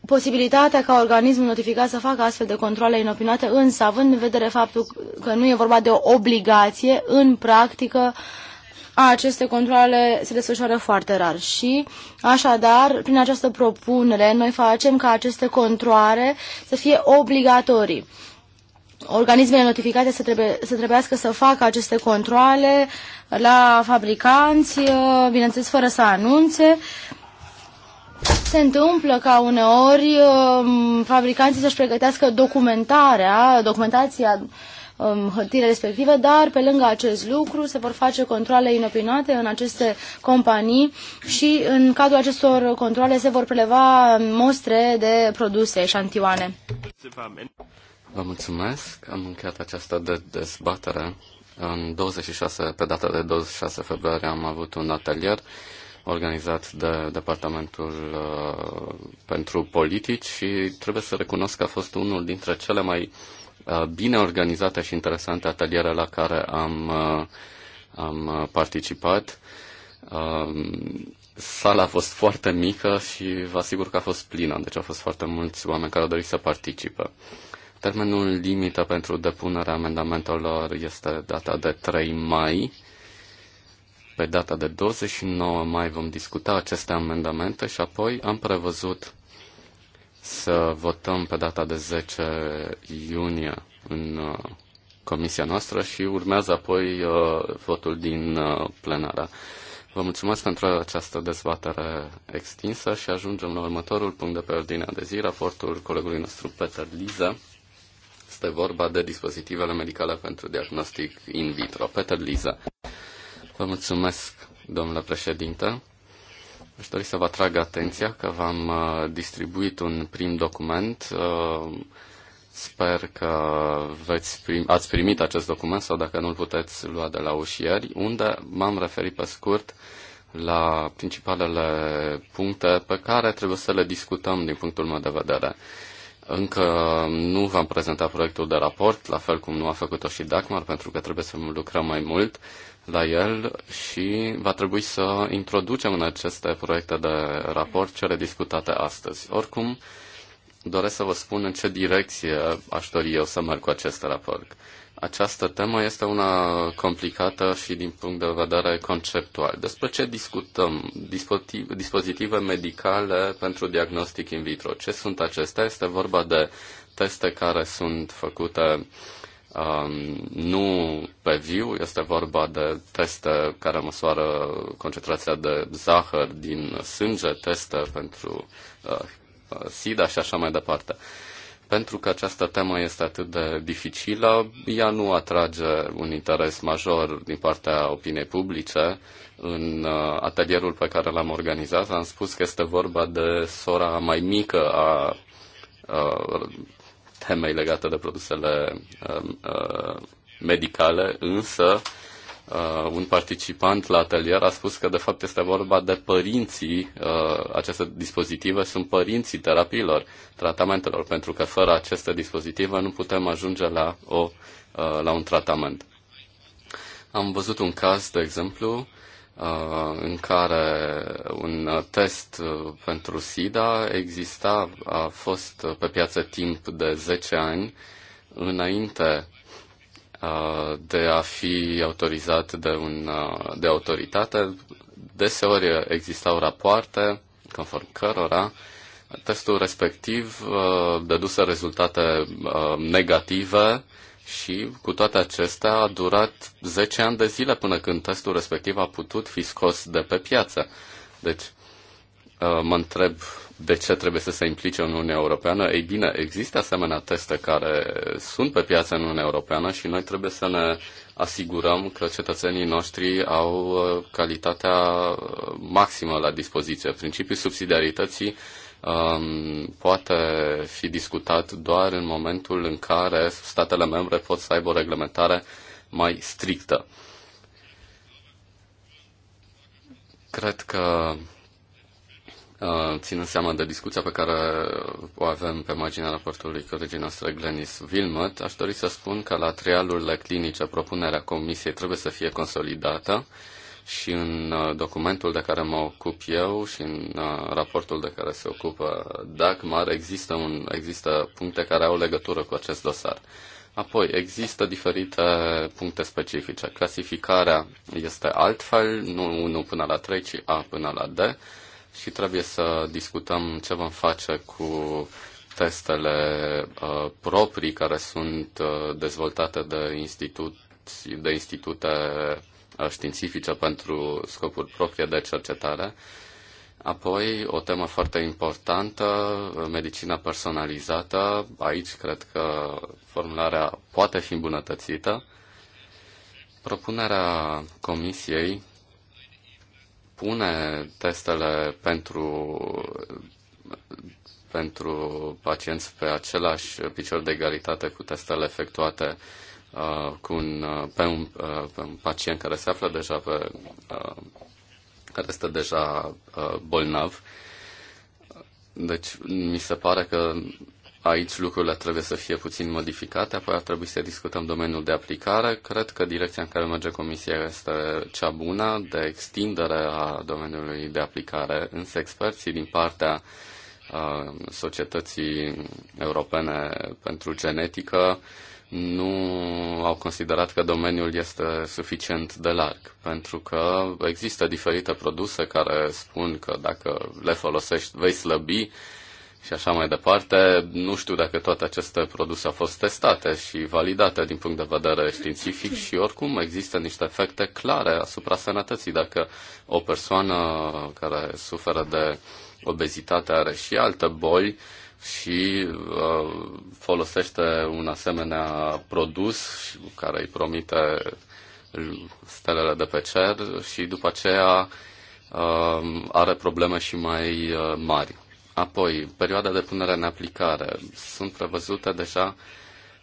posibilitatea ca organismul notificat să facă astfel de controle inopinate, însă având în vedere faptul că nu e vorba de o obligație, în practică uh, aceste controle se desfășoară foarte rar și, așadar, prin această propunere, noi facem ca aceste controle să fie obligatorii. Organismele notificate să, trebuie, să trebuiască să facă aceste controle la fabricanți, uh, bineînțeles, fără să anunțe, se întâmplă ca uneori um, fabricanții să-și pregătească documentarea, documentația um, respectivă, respective, dar pe lângă acest lucru se vor face controle inopinate în aceste companii și în cadrul acestor controle se vor preleva mostre de produse, eșantioane. Vă mulțumesc. Am încheiat această de dezbatere. În 26, pe data de 26 februarie am avut un atelier organizat de Departamentul uh, pentru Politici și trebuie să recunosc că a fost unul dintre cele mai Uh, bine organizată și interesantă atelieră la care am, uh, am uh, participat. Um, sala a fost foarte mică și vă asigur că a fost plină, deci au fost foarte mulți oameni care au dorit să participe. Termenul limită pentru depunerea amendamentelor este data de 3 mai. Pe data de 29 mai vom discuta aceste amendamente și apoi am prevăzut să votăm pe data de 10 iunie în uh, comisia noastră și urmează apoi uh, votul din uh, plenară. Vă mulțumesc pentru această dezbatere extinsă și ajungem la următorul punct de pe ordinea de zi, raportul colegului nostru Peter Liza. Este vorba de dispozitivele medicale pentru diagnostic in vitro. Peter Liza. Vă mulțumesc, domnule președinte. Aș dori să vă atrag atenția că v-am uh, distribuit un prim document. Uh, sper că veți prim, ați primit acest document sau dacă nu-l puteți lua de la ușieri, unde m-am referit pe scurt la principalele puncte pe care trebuie să le discutăm din punctul meu de vedere. Încă nu v-am prezentat proiectul de raport, la fel cum nu a făcut-o și Dacmar, pentru că trebuie să lucrăm mai mult la el și va trebui să introducem în aceste proiecte de raport cele discutate astăzi. Oricum, doresc să vă spun în ce direcție aș dori eu să merg cu acest raport. Această temă este una complicată și din punct de vedere conceptual. Despre ce discutăm? Dispozitive medicale pentru diagnostic in vitro. Ce sunt acestea? Este vorba de teste care sunt făcute Um, nu pe viu, este vorba de teste care măsoară concentrația de zahăr din sânge, teste pentru uh, uh, SIDA și așa mai departe. Pentru că această temă este atât de dificilă, ea nu atrage un interes major din partea opiniei publice. În uh, atelierul pe care l-am organizat am spus că este vorba de sora mai mică a uh, temei legate de produsele um, uh, medicale, însă uh, un participant la atelier a spus că de fapt este vorba de părinții, uh, aceste dispozitive sunt părinții terapiilor, tratamentelor, pentru că fără aceste dispozitive nu putem ajunge la, o, uh, la un tratament. Am văzut un caz, de exemplu, Uh, în care un test uh, pentru SIDA exista, a fost uh, pe piață timp de 10 ani înainte de a fi autorizat de, un, de autoritate. Deseori existau rapoarte conform cărora testul respectiv dăduse rezultate negative și cu toate acestea a durat 10 ani de zile până când testul respectiv a putut fi scos de pe piață. Deci, uh, mă întreb de ce trebuie să se implice în Uniunea Europeană. Ei bine, există asemenea teste care sunt pe piață în Uniunea Europeană și noi trebuie să ne asigurăm că cetățenii noștri au uh, calitatea uh, maximă la dispoziție. Principiul subsidiarității um, poate fi discutat doar în momentul în care statele membre pot să aibă o reglementare mai strictă. Cred că uh, ținând seama de discuția pe care o avem pe marginea raportului colegii noastre Glenis Wilmot, aș dori să spun că la trialurile clinice propunerea Comisiei trebuie să fie consolidată și în uh, documentul de care mă ocup eu și în uh, raportul de care se ocupă Dagmar există, un, există puncte care au legătură cu acest dosar. Apoi, există diferite puncte specifice. Clasificarea este altfel, nu 1 până la 3, ci A până la D și trebuie să discutăm ce vom face cu testele uh, proprii care sunt uh, dezvoltate de, institut, de institute științifice pentru scopuri proprie de cercetare. Apoi, o temă foarte importantă, medicina personalizată. Aici cred că formularea poate fi îmbunătățită. Propunerea Comisiei pune testele pentru, pentru pacienți pe același picior de egalitate cu testele efectuate Uh, cu un, uh, pe, un, uh, pe un pacient care se află deja pe, care este deja bolnav. Deci mi se pare că aici lucrurile trebuie să fie puțin modificate, apoi ar trebui să discutăm domeniul de aplicare. Cred că direcția în care merge Comisia este cea bună de extindere a domeniului de aplicare, însă experții din partea societății europene pentru genetică nu au considerat că domeniul este suficient de larg, pentru că există diferite produse care spun că dacă le folosești vei slăbi și așa mai departe. Nu știu dacă toate aceste produse au fost testate și validate din punct de vedere științific și oricum există niște efecte clare asupra sănătății. Dacă o persoană care suferă de obezitate are și alte boli, uh, și uh, folosește un asemenea produs care îi promite stelele de pe cer și după aceea uh, are probleme și mai uh, mari. Apoi, perioada de punere în aplicare. Sunt prevăzute deja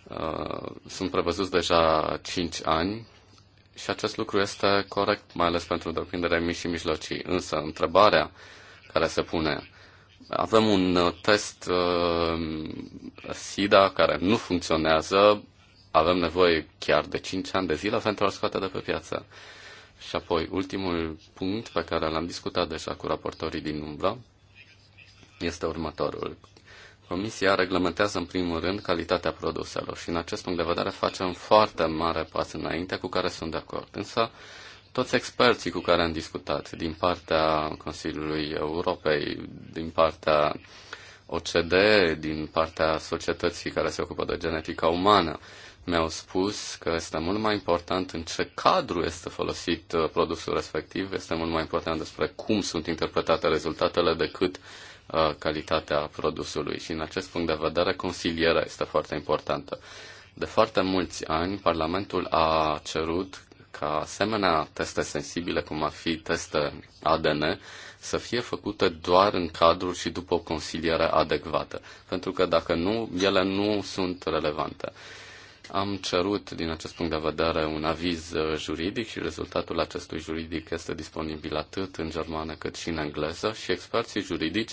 uh, sunt prevăzuți deja 5 ani și acest lucru este corect, mai ales pentru întreprindere mici și mijlocii. Însă, întrebarea care se pune avem un uh, test uh, SIDA care nu funcționează, avem nevoie chiar de 5 ani de zile pentru a-l scoate de pe piață. Și apoi, ultimul punct pe care l-am discutat deja cu raportorii din umbră este următorul. Comisia reglementează în primul rând calitatea produselor și în acest punct de vedere facem foarte mare pas înainte cu care sunt de acord. Însă toți experții cu care am discutat, din partea Consiliului Europei, din partea OCD, din partea societății care se ocupă de genetica umană, mi-au spus că este mult mai important în ce cadru este folosit uh, produsul respectiv, este mult mai important despre cum sunt interpretate rezultatele decât uh, calitatea produsului. Și în acest punct de vedere, consilierea este foarte importantă. De foarte mulți ani, Parlamentul a cerut ca asemenea teste sensibile, cum ar fi teste ADN, să fie făcute doar în cadrul și după o consiliere adecvată, pentru că dacă nu, ele nu sunt relevante. Am cerut, din acest punct de vedere, un aviz uh, juridic și rezultatul acestui juridic este disponibil atât în germană cât și în engleză și experții juridici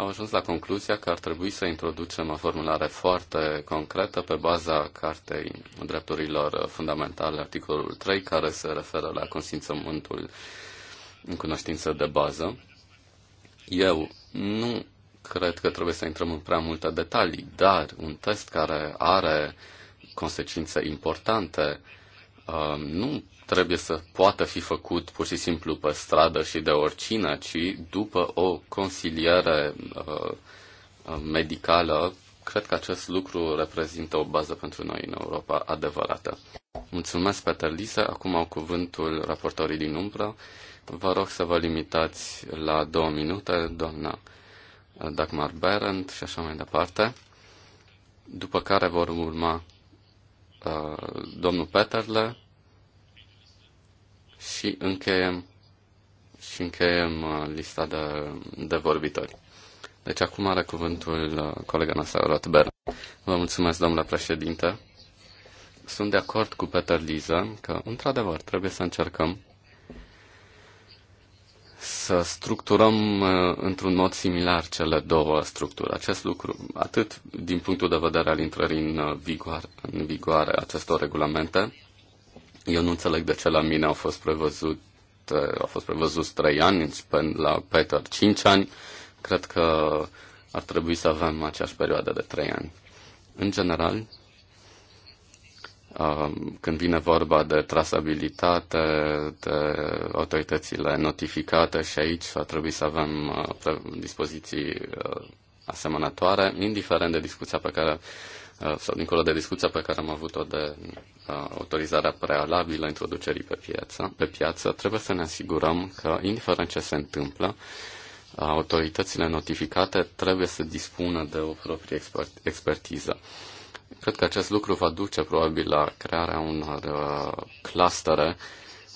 au ajuns la concluzia că ar trebui să introducem o formulare foarte concretă pe baza Cartei Drepturilor Fundamentale, articolul 3, care se referă la consimțământul în cunoștință de bază. Eu nu cred că trebuie să intrăm în prea multe detalii, dar un test care are consecințe importante uh, nu trebuie să poată fi făcut pur și simplu pe stradă și de oricine, ci după o consiliere uh, medicală, cred că acest lucru reprezintă o bază pentru noi în Europa adevărată. Mulțumesc, Peter Lise. Acum au cuvântul raportorii din umbră. Vă rog să vă limitați la două minute, doamna uh, Dagmar Berend și așa mai departe. După care vor urma uh, domnul Peterle, și încheiem, și încheiem uh, lista de, de vorbitori. Deci acum are cuvântul uh, colega noastră, Rotber. Vă mulțumesc, domnule președinte. Sunt de acord cu Peter Liza că, într-adevăr, trebuie să încercăm să structurăm uh, într-un mod similar cele două structuri. Acest lucru, atât din punctul de vedere al intrării în vigoare, în vigoare acestor regulamente, eu nu înțeleg de ce la mine au fost prevăzut au fost prevăzut 3 ani, la Peter 5 ani. Cred că ar trebui să avem aceeași perioadă de 3 ani. În general, um, când vine vorba de trasabilitate, de autoritățile notificate și aici ar trebui să avem uh, dispoziții uh, asemănătoare, indiferent de discuția pe care uh, sau dincolo de discuția pe care am avut-o de autorizarea prealabilă introducerii pe piață, pe piață, trebuie să ne asigurăm că, indiferent ce se întâmplă, autoritățile notificate trebuie să dispună de o proprie expert, expertiză. Cred că acest lucru va duce probabil la crearea unor uh, clustere,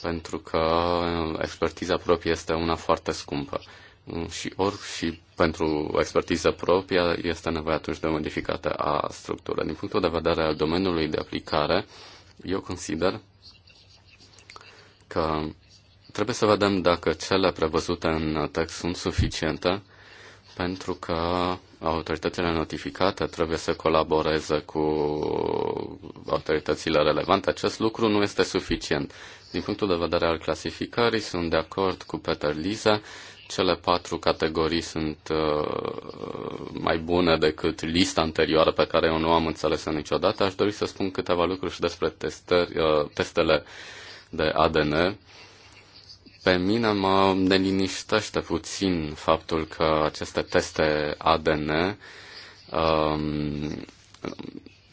pentru că uh, expertiza proprie este una foarte scumpă. Mm, și ori și pentru expertiză proprie este nevoie atunci de modificată a structură. Din punctul de vedere al domeniului de aplicare, eu consider că trebuie să vedem dacă cele prevăzute în text sunt suficiente, pentru că autoritățile notificate trebuie să colaboreze cu autoritățile relevante. Acest lucru nu este suficient. Din punctul de vedere al clasificării, sunt de acord cu Peter Lisa cele patru categorii sunt uh, mai bune decât lista anterioară pe care eu nu am înțeles niciodată. Aș dori să spun câteva lucruri și despre testări, uh, testele de ADN. Pe mine mă neliniștește puțin faptul că aceste teste ADN um,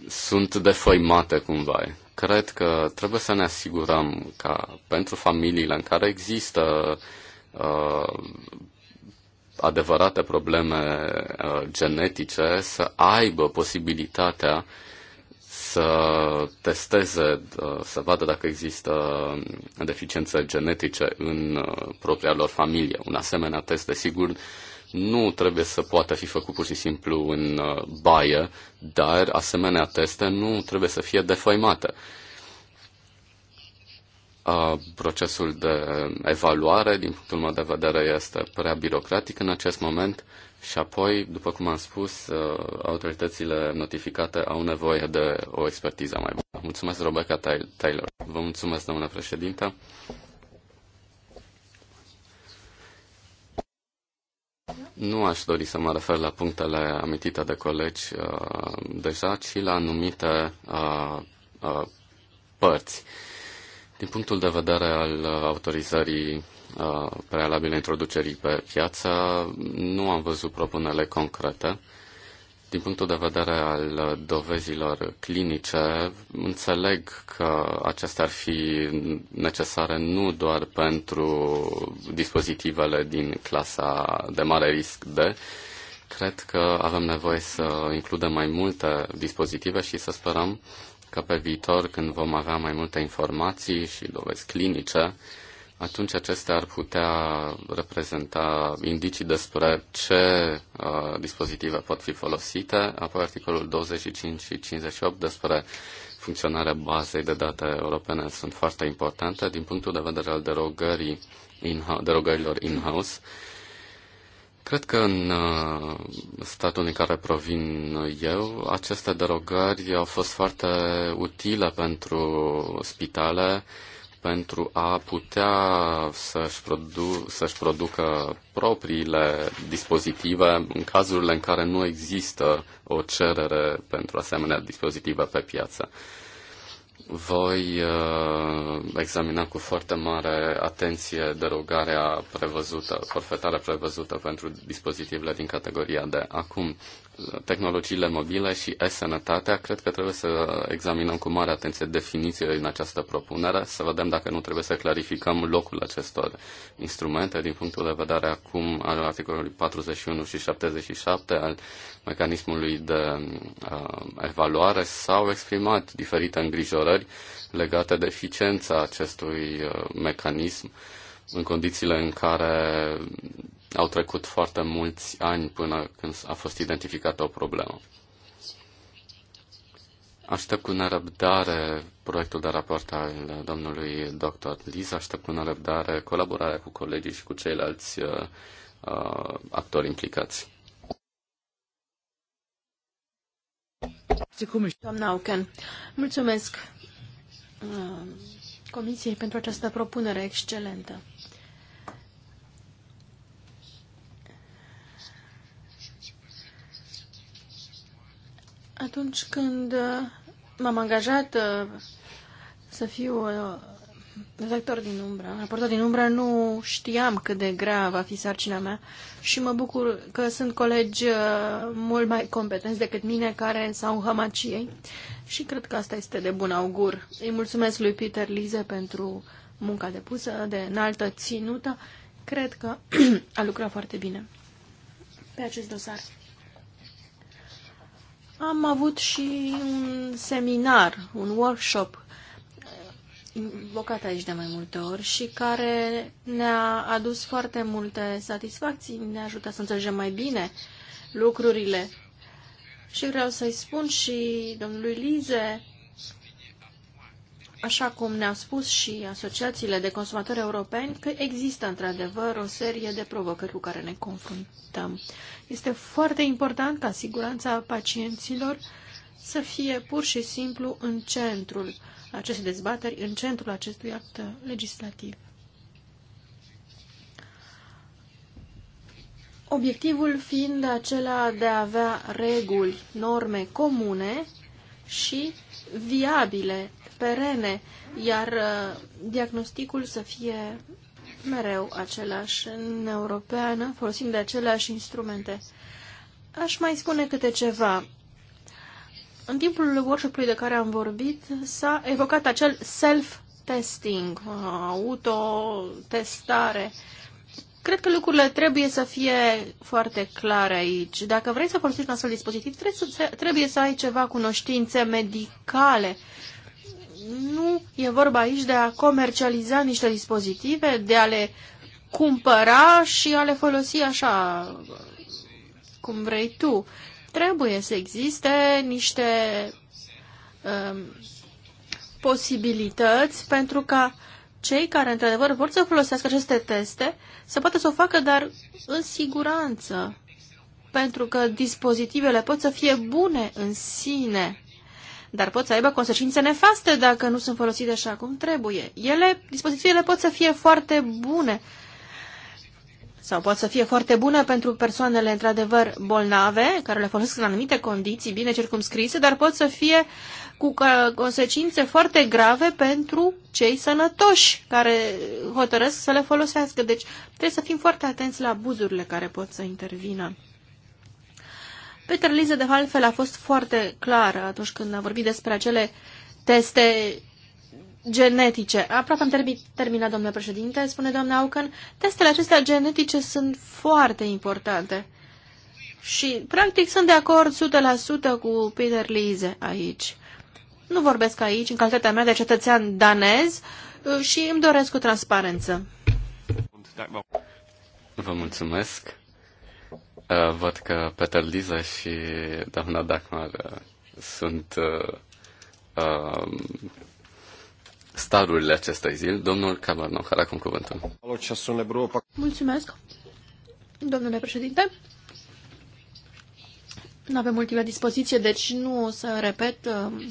sunt defăimate cumva. Cred că trebuie să ne asigurăm ca pentru familiile în care există Uh, adevărate probleme uh, genetice să aibă posibilitatea să testeze, uh, să vadă dacă există deficiențe genetice în propria lor familie. Un asemenea test, desigur, nu trebuie să poată fi făcut pur și simplu în baie, dar asemenea teste nu trebuie să fie defăimate procesul de evaluare, din punctul meu de vedere, este prea birocratic în acest moment și apoi, după cum am spus, autoritățile notificate au nevoie de o expertiză mai bună. Mulțumesc, Rebecca Taylor. Vă mulțumesc, domnule președinte. Nu aș dori să mă refer la punctele amintite de colegi uh, deja, ci la anumite uh, uh, părți. Uh, din punctul de vedere al uh, autorizării uh, prealabile introducerii pe piață, nu am văzut propunele concrete. Din punctul de vedere al uh, dovezilor clinice, înțeleg că acestea ar fi necesare nu doar pentru dispozitivele din clasa de mare risc D, cred că avem nevoie să includem mai multe dispozitive și să sperăm că pe viitor, când vom avea mai multe informații și dovezi clinice, atunci acestea ar putea reprezenta indicii despre ce uh, dispozitive pot fi folosite, apoi articolul 25 și 58 despre funcționarea bazei de date europene sunt foarte importante din punctul de vedere al derogării in derogărilor in-house. Uh, Cred că în uh, statul din care provin eu, aceste derogări au fost foarte utile pentru spitale, pentru a putea să-și, produ- să-și producă propriile dispozitive în cazurile în care nu există o cerere pentru asemenea dispozitive pe piață voi uh, examina cu foarte mare atenție derogarea prevăzută, forfetarea prevăzută pentru dispozitivele din categoria de acum tehnologiile mobile și e-sănătatea, cred că trebuie să examinăm cu mare atenție definițiile din această propunere, să vedem dacă nu trebuie să clarificăm locul acestor instrumente din punctul de vedere acum al articolului 41 și 77 al mecanismului de uh, evaluare. S-au exprimat diferite îngrijorări legate de eficiența acestui uh, mecanism în condițiile în care au trecut foarte mulți ani până când a fost identificată o problemă. Aștept cu nerăbdare proiectul de raport al domnului dr. Liz, aștept cu nerăbdare colaborarea cu colegii și cu ceilalți uh, uh actori implicați. Doamna Auken, mulțumesc uh, Comisiei pentru această propunere excelentă. Atunci când uh, m-am angajat uh, să fiu uh, redactor din umbră, raportor din umbră, nu știam cât de grea va fi sarcina mea și mă bucur că sunt colegi mult mai competenți decât mine care s-au hămat ei și cred că asta este de bun augur. Îi mulțumesc lui Peter Lize pentru munca depusă, de înaltă ținută. Cred că a lucrat foarte bine pe acest dosar. Am avut și un seminar, un workshop invocat aici de mai multe ori și care ne-a adus foarte multe satisfacții, ne-a ajutat să înțelegem mai bine lucrurile. Și vreau să-i spun și domnului Lize așa cum ne-au spus și asociațiile de consumatori europeni, că există într-adevăr o serie de provocări cu care ne confruntăm. Este foarte important ca siguranța pacienților să fie pur și simplu în centrul acestei dezbateri, în centrul acestui act legislativ. Obiectivul fiind acela de a avea reguli, norme comune și viabile perene, iar uh, diagnosticul să fie mereu același. În europeană folosim de aceleași instrumente. Aș mai spune câte ceva. În timpul workshop-ului de care am vorbit s-a evocat acel self-testing, uh, autotestare. Cred că lucrurile trebuie să fie foarte clare aici. Dacă vrei să folosești un astfel de dispozitiv, trebuie să, trebuie să ai ceva cunoștințe medicale nu e vorba aici de a comercializa niște dispozitive, de a le cumpăra și a le folosi așa cum vrei tu. Trebuie să existe niște um, posibilități pentru ca cei care într-adevăr vor să folosească aceste teste să poată să o facă, dar în siguranță. Pentru că dispozitivele pot să fie bune în sine dar pot să aibă consecințe nefaste dacă nu sunt folosite așa cum trebuie. Ele, dispozițiile pot să fie foarte bune sau pot să fie foarte bune pentru persoanele într-adevăr bolnave, care le folosesc în anumite condiții bine circumscrise, dar pot să fie cu consecințe foarte grave pentru cei sănătoși care hotărăsc să le folosească. Deci trebuie să fim foarte atenți la abuzurile care pot să intervină. Peter Lise de altfel, a fost foarte clar atunci când a vorbit despre acele teste genetice. Aproape am terminat, domnule președinte, spune doamna Aucan. Testele acestea genetice sunt foarte importante. Și, practic, sunt de acord 100% cu Peter Lise aici. Nu vorbesc aici, în calitatea mea de cetățean danez, și îmi doresc o transparență. Vă mulțumesc. Uh, văd că Peter Liza și doamna Dacmar uh, sunt uh, uh, starurile acestei zile. Domnul Cabernon, care acum cuvântul. Mulțumesc, domnule președinte. Nu avem mult la dispoziție, deci nu o să repet uh,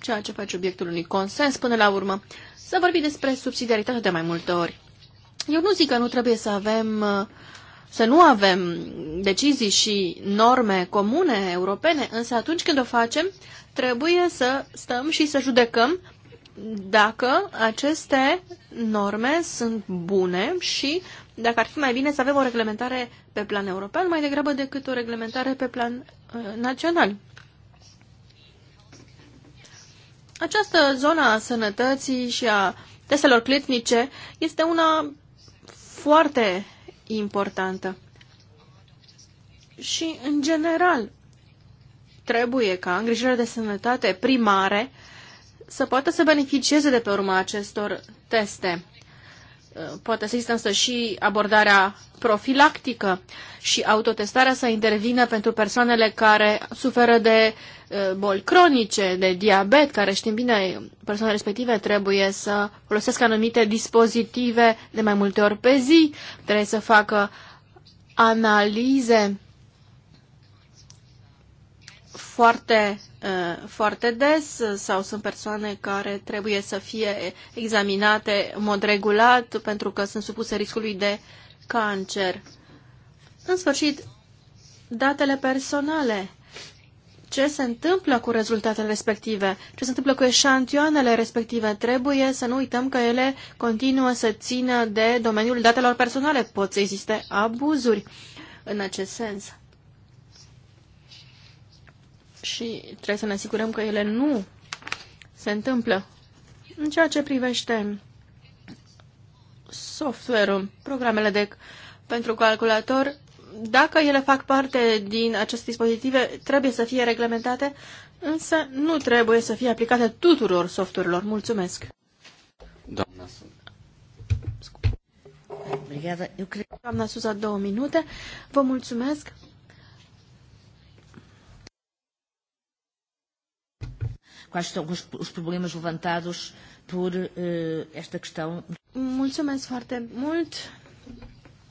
ceea ce face obiectul unui consens până la urmă. Să vorbim despre subsidiaritate de mai multe ori. Eu nu zic că nu trebuie să avem uh, să nu avem decizii și norme comune europene, însă atunci când o facem, trebuie să stăm și să judecăm dacă aceste norme sunt bune și dacă ar fi mai bine să avem o reglementare pe plan european mai degrabă decât o reglementare pe plan uh, național. Această zona a sănătății și a testelor clinice este una foarte importantă. Și, în general, trebuie ca îngrijirea de sănătate primare să poată să beneficieze de pe urma acestor teste. Poate să există însă și abordarea profilactică și autotestarea să intervină pentru persoanele care suferă de Uh, boli cronice, de diabet, care știm bine, persoanele respective trebuie să folosească anumite dispozitive de mai multe ori pe zi, trebuie să facă analize foarte, uh, foarte des sau sunt persoane care trebuie să fie examinate în mod regulat pentru că sunt supuse riscului de cancer. În sfârșit, datele personale ce se întâmplă cu rezultatele respective, ce se întâmplă cu eșantioanele respective. Trebuie să nu uităm că ele continuă să țină de domeniul datelor personale. Pot să existe abuzuri în acest sens. Și trebuie să ne asigurăm că ele nu se întâmplă. În ceea ce privește software-ul, programele de, pentru calculator, dacă ele fac parte din aceste dispozitive, trebuie să fie reglementate, însă nu trebuie să fie aplicate tuturor softurilor. Mulțumesc! Doamna Suza. Doamna Suza, două minute. Vă mulțumesc! Quais são os, os problemas levantados por uh, esta questão? Mulțumesc foarte mult!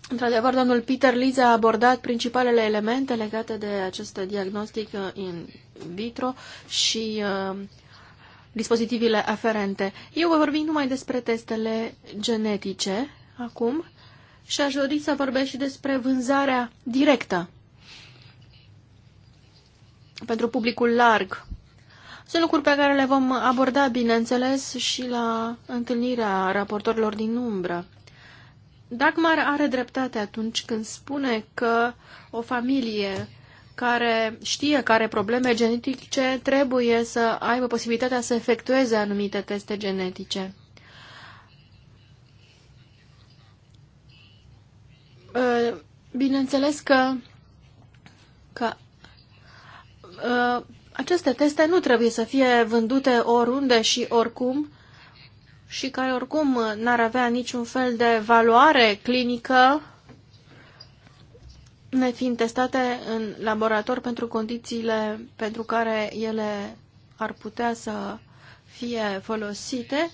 Într-adevăr, domnul Peter Liza a abordat principalele elemente legate de acest diagnostic uh, in vitro și uh, dispozitivele aferente. Eu vă vorbim numai despre testele genetice acum și aș dori să vorbesc și despre vânzarea directă pentru publicul larg. Sunt lucruri pe care le vom aborda, bineînțeles, și la întâlnirea raportorilor din umbră. Dagmar are dreptate atunci când spune că o familie care știe că are probleme genetice trebuie să aibă posibilitatea să efectueze anumite teste genetice. Ă, bineînțeles că, că ă, aceste teste nu trebuie să fie vândute oriunde și oricum, și care oricum uh, n-ar avea niciun fel de valoare clinică nefiind testate în laborator pentru condițiile pentru care ele ar putea să fie folosite,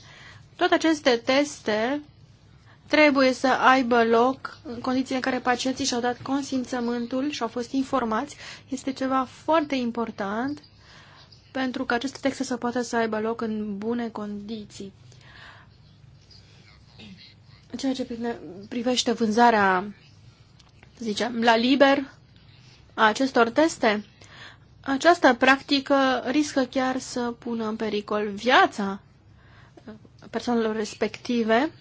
toate aceste teste trebuie să aibă loc în condițiile în care pacienții și-au dat consimțământul și au fost informați. Este ceva foarte important pentru că aceste texte să poată să aibă loc în bune condiții ceea ce privește vânzarea, zicem, la liber a acestor teste, această practică riscă chiar să pună în pericol viața persoanelor respective,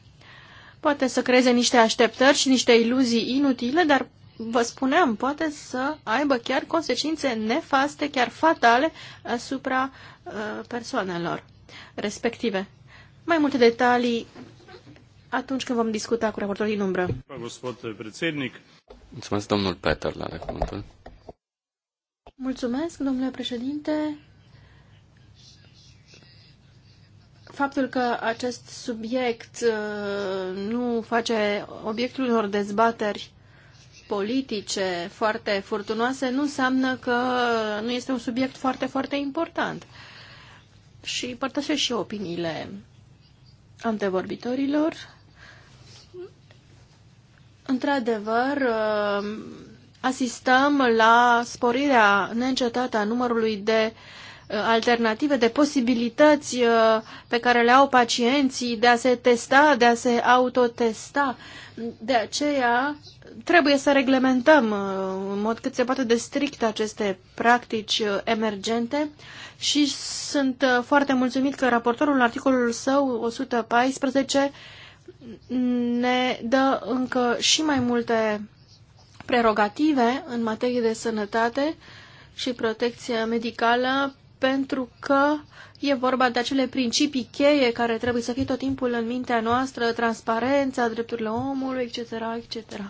poate să creeze niște așteptări și niște iluzii inutile, dar vă spuneam, poate să aibă chiar consecințe nefaste, chiar fatale asupra uh, persoanelor respective. Mai multe detalii atunci când vom discuta cu raportorii din umbră. Mulțumesc, domnul Peter, la cuvântul. Mulțumesc, domnule președinte. Faptul că acest subiect uh, nu face obiectul unor dezbateri politice foarte furtunoase nu înseamnă că nu este un subiect foarte, foarte important. Și părtășesc și opiniile antevorbitorilor într-adevăr, uh, asistăm la sporirea neîncetată a numărului de uh, alternative, de posibilități uh, pe care le au pacienții de a se testa, de a se autotesta. De aceea trebuie să reglementăm în mod cât se poate de strict aceste practici emergente și sunt foarte mulțumit că raportorul în articolul său 114 ne dă încă și mai multe prerogative în materie de sănătate și protecție medicală pentru că e vorba de acele principii cheie care trebuie să fie tot timpul în mintea noastră, transparența, drepturile omului, etc., etc.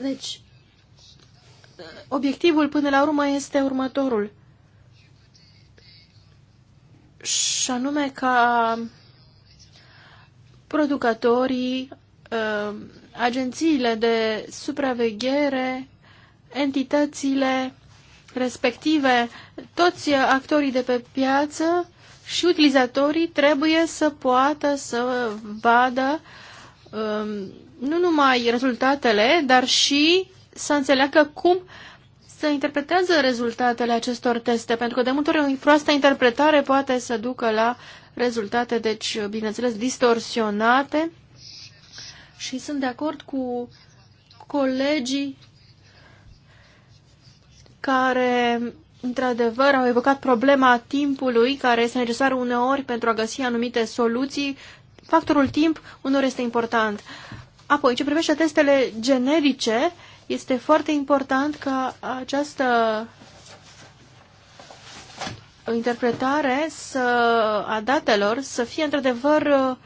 Deci, obiectivul până la urmă este următorul. Și anume ca producătorii, uh, agențiile de supraveghere, entitățile respective, toți actorii de pe piață și utilizatorii trebuie să poată să vadă um, nu numai rezultatele, dar și să înțeleagă cum să interpretează rezultatele acestor teste, pentru că de multe ori o proastă interpretare poate să ducă la rezultate, deci, bineînțeles, distorsionate și sunt de acord cu colegii care, într-adevăr, au evocat problema timpului, care este necesar uneori pentru a găsi anumite soluții. Factorul timp unor este important. Apoi, ce privește testele generice, este foarte important ca această interpretare să, a datelor să fie într-adevăr uh,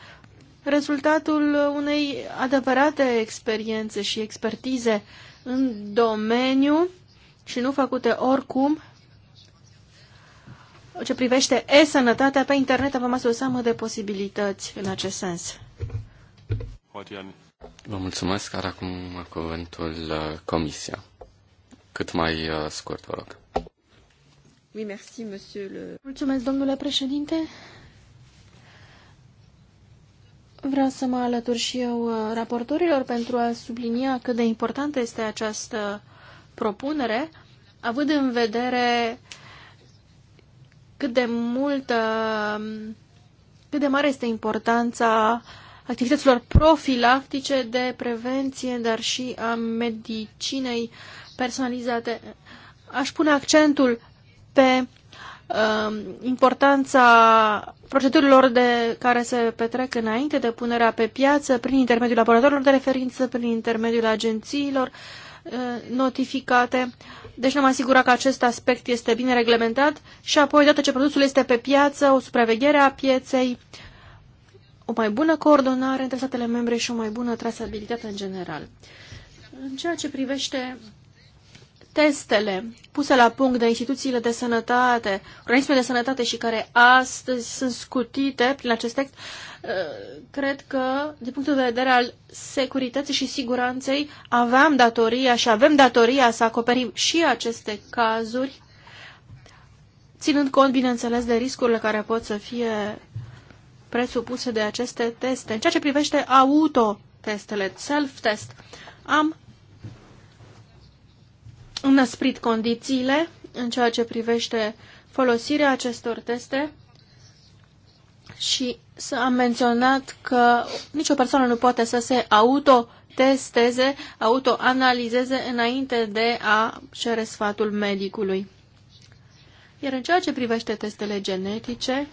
rezultatul unei adevărate experiențe și expertize în domeniu și nu făcute oricum ce privește e-sănătatea pe internet, am astfel o seamă de posibilități în acest sens. Vă mulțumesc, are acum cuvântul uh, Comisia. Cât mai uh, scurt, vă rog. Mulțumesc, domnule președinte. Vreau să mă alătur și eu uh, raportorilor pentru a sublinia cât de importantă este această propunere, având în vedere cât de mult, uh, cât de mare este importanța activităților profilactice de prevenție, dar și a medicinei personalizate. Aș pune accentul pe uh, importanța procedurilor de care se petrec înainte de punerea pe piață, prin intermediul laboratorilor de referință, prin intermediul agențiilor uh, notificate. Deci ne-am asigurat că acest aspect este bine reglementat și apoi, dată ce produsul este pe piață, o supraveghere a pieței, o mai bună coordonare între statele membre și o mai bună trasabilitate în general. În ceea ce privește testele puse la punct de instituțiile de sănătate, organismele de sănătate și care astăzi sunt scutite prin acest text, uh, cred că, din punctul de vedere al securității și siguranței, aveam datoria și avem datoria să acoperim și aceste cazuri, ținând cont, bineînțeles, de riscurile care pot să fie presupuse de aceste teste. În ceea ce privește autotestele, self-test, am înăsprit condițiile în ceea ce privește folosirea acestor teste și am menționat că nicio persoană nu poate să se autotesteze, autoanalizeze înainte de a cere sfatul medicului. Iar în ceea ce privește testele genetice,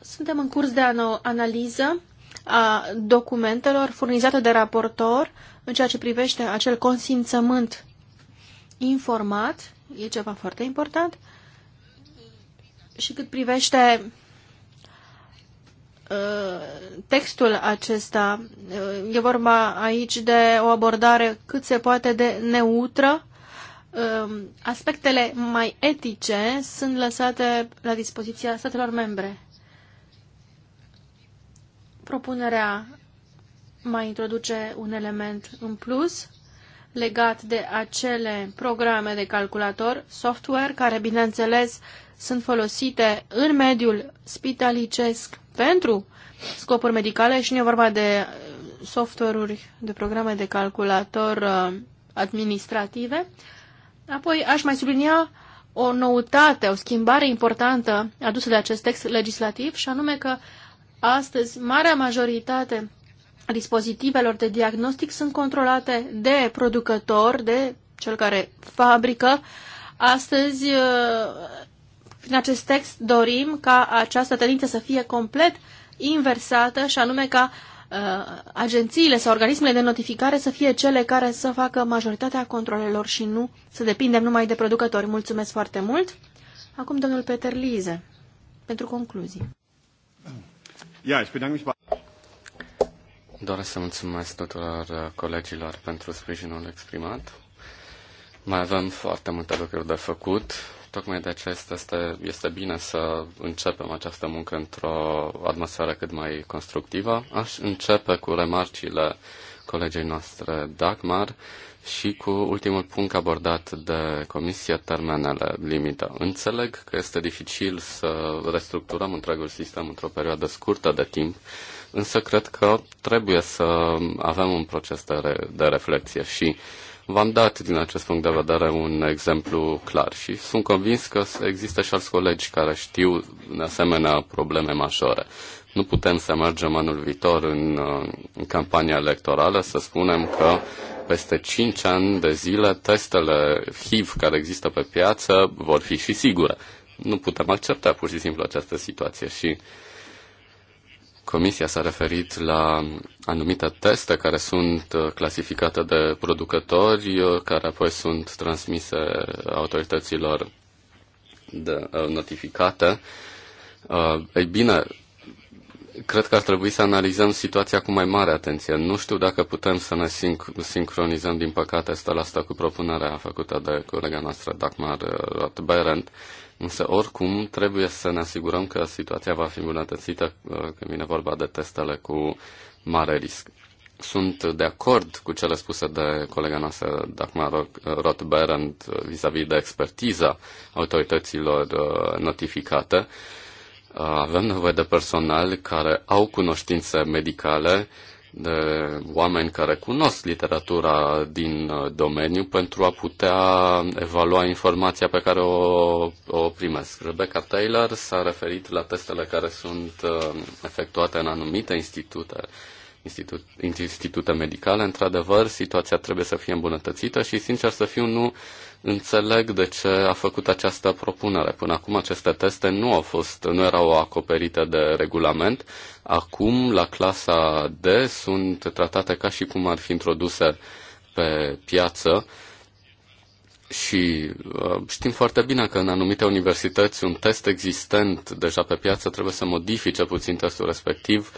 suntem în curs de analiză a documentelor furnizate de raportor în ceea ce privește acel consimțământ informat, e ceva foarte important, și cât privește uh, textul acesta. Uh, e vorba aici de o abordare cât se poate de neutră. Uh, aspectele mai etice sunt lăsate la dispoziția statelor membre. Propunerea mai introduce un element în plus legat de acele programe de calculator, software, care, bineînțeles, sunt folosite în mediul spitalicesc pentru scopuri medicale și nu e vorba de uh, software-uri, de programe de calculator uh, administrative. Apoi aș mai sublinia o noutate, o schimbare importantă adusă de acest text legislativ și anume că astăzi marea majoritate dispozitivelor de diagnostic sunt controlate de producător, de cel care fabrică. Astăzi, uh, prin acest text, dorim ca această tendință să fie complet inversată și anume ca uh, agențiile sau organismele de notificare să fie cele care să facă majoritatea controlelor și nu să depindem numai de producători. Mulțumesc foarte mult! Acum domnul Peter Lize, pentru concluzii. Ja, ich bedanke mich bei Doresc să mulțumesc tuturor uh, colegilor pentru sprijinul exprimat. Mai avem foarte multe lucruri de făcut. Tocmai de aceea este, este bine să începem această muncă într-o atmosferă cât mai constructivă. Aș începe cu remarcile colegei noastre Dagmar și cu ultimul punct abordat de Comisia Termenele Limită. Înțeleg că este dificil să restructurăm întregul sistem într-o perioadă scurtă de timp, însă cred că trebuie să avem un proces de, re- de reflexie și v-am dat din acest punct de vedere un exemplu clar și sunt convins că există și alți colegi care știu de asemenea probleme majore. Nu putem să mergem anul viitor în, în campania electorală să spunem că peste 5 ani de zile testele HIV care există pe piață vor fi și sigure. Nu putem accepta pur și simplu această situație și uh, Comisia s-a referit la anumite teste care sunt uh, clasificate de producători, uh, care apoi sunt transmise autorităților de, uh, notificate. Ei bine, cred că ar trebui să analizăm situația cu mai mare atenție. Nu știu dacă putem să ne sinc- sincronizăm, din păcate, asta la asta cu propunerea făcută de colega noastră, Dagmar roth Însă, oricum, trebuie să ne asigurăm că situația va fi îmbunătățită uh, când vine vorba de testele cu mare risc. Sunt de acord cu cele spuse de colega noastră, Dagmar uh, Roth-Berend, uh, vis-a-vis de expertiza autorităților notificate. Avem nevoie de personal care au cunoștințe medicale de oameni care cunosc literatura din uh, domeniu pentru a putea evalua informația pe care o, o primesc. Rebecca Taylor s-a referit la testele care sunt uh, efectuate în anumite institute institu- institută medicală. Într-adevăr, situația trebuie să fie îmbunătățită și, sincer să fiu, nu înțeleg de ce a făcut această propunere. Până acum aceste teste nu au fost, nu erau acoperite de regulament. Acum, la clasa D, sunt tratate ca și cum ar fi introduse pe piață. Și uh, știm foarte bine că în anumite universități un test existent deja pe piață trebuie să modifice puțin testul respectiv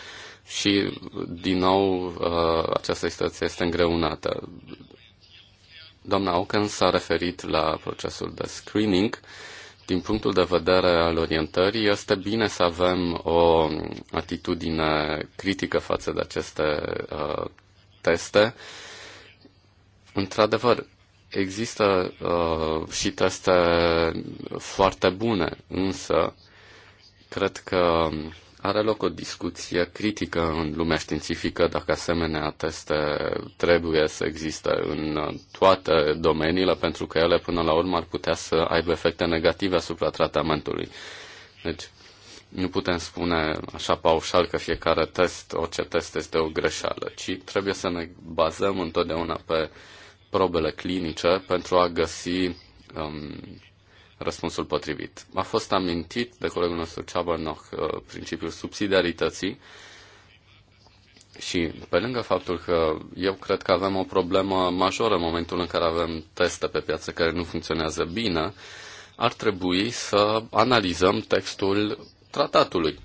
și, din nou, uh, această situație este îngreunată. Doamna Auken s-a referit la procesul de screening. Din punctul de vedere al orientării, este bine să avem o atitudine critică față de aceste uh, teste. Într-adevăr, există uh, și teste foarte bune, însă cred că are loc o discuție critică în lumea științifică dacă asemenea teste trebuie să existe în toate domeniile, pentru că ele până la urmă ar putea să aibă efecte negative asupra tratamentului. Deci, nu putem spune așa paușal că fiecare test, orice test este o greșeală, ci trebuie să ne bazăm întotdeauna pe probele clinice pentru a găsi um, răspunsul potrivit. A fost amintit de colegul nostru Ceabănoch uh, principiul subsidiarității și pe lângă faptul că eu cred că avem o problemă majoră în momentul în care avem teste pe piață care nu funcționează bine, ar trebui să analizăm textul tratatului.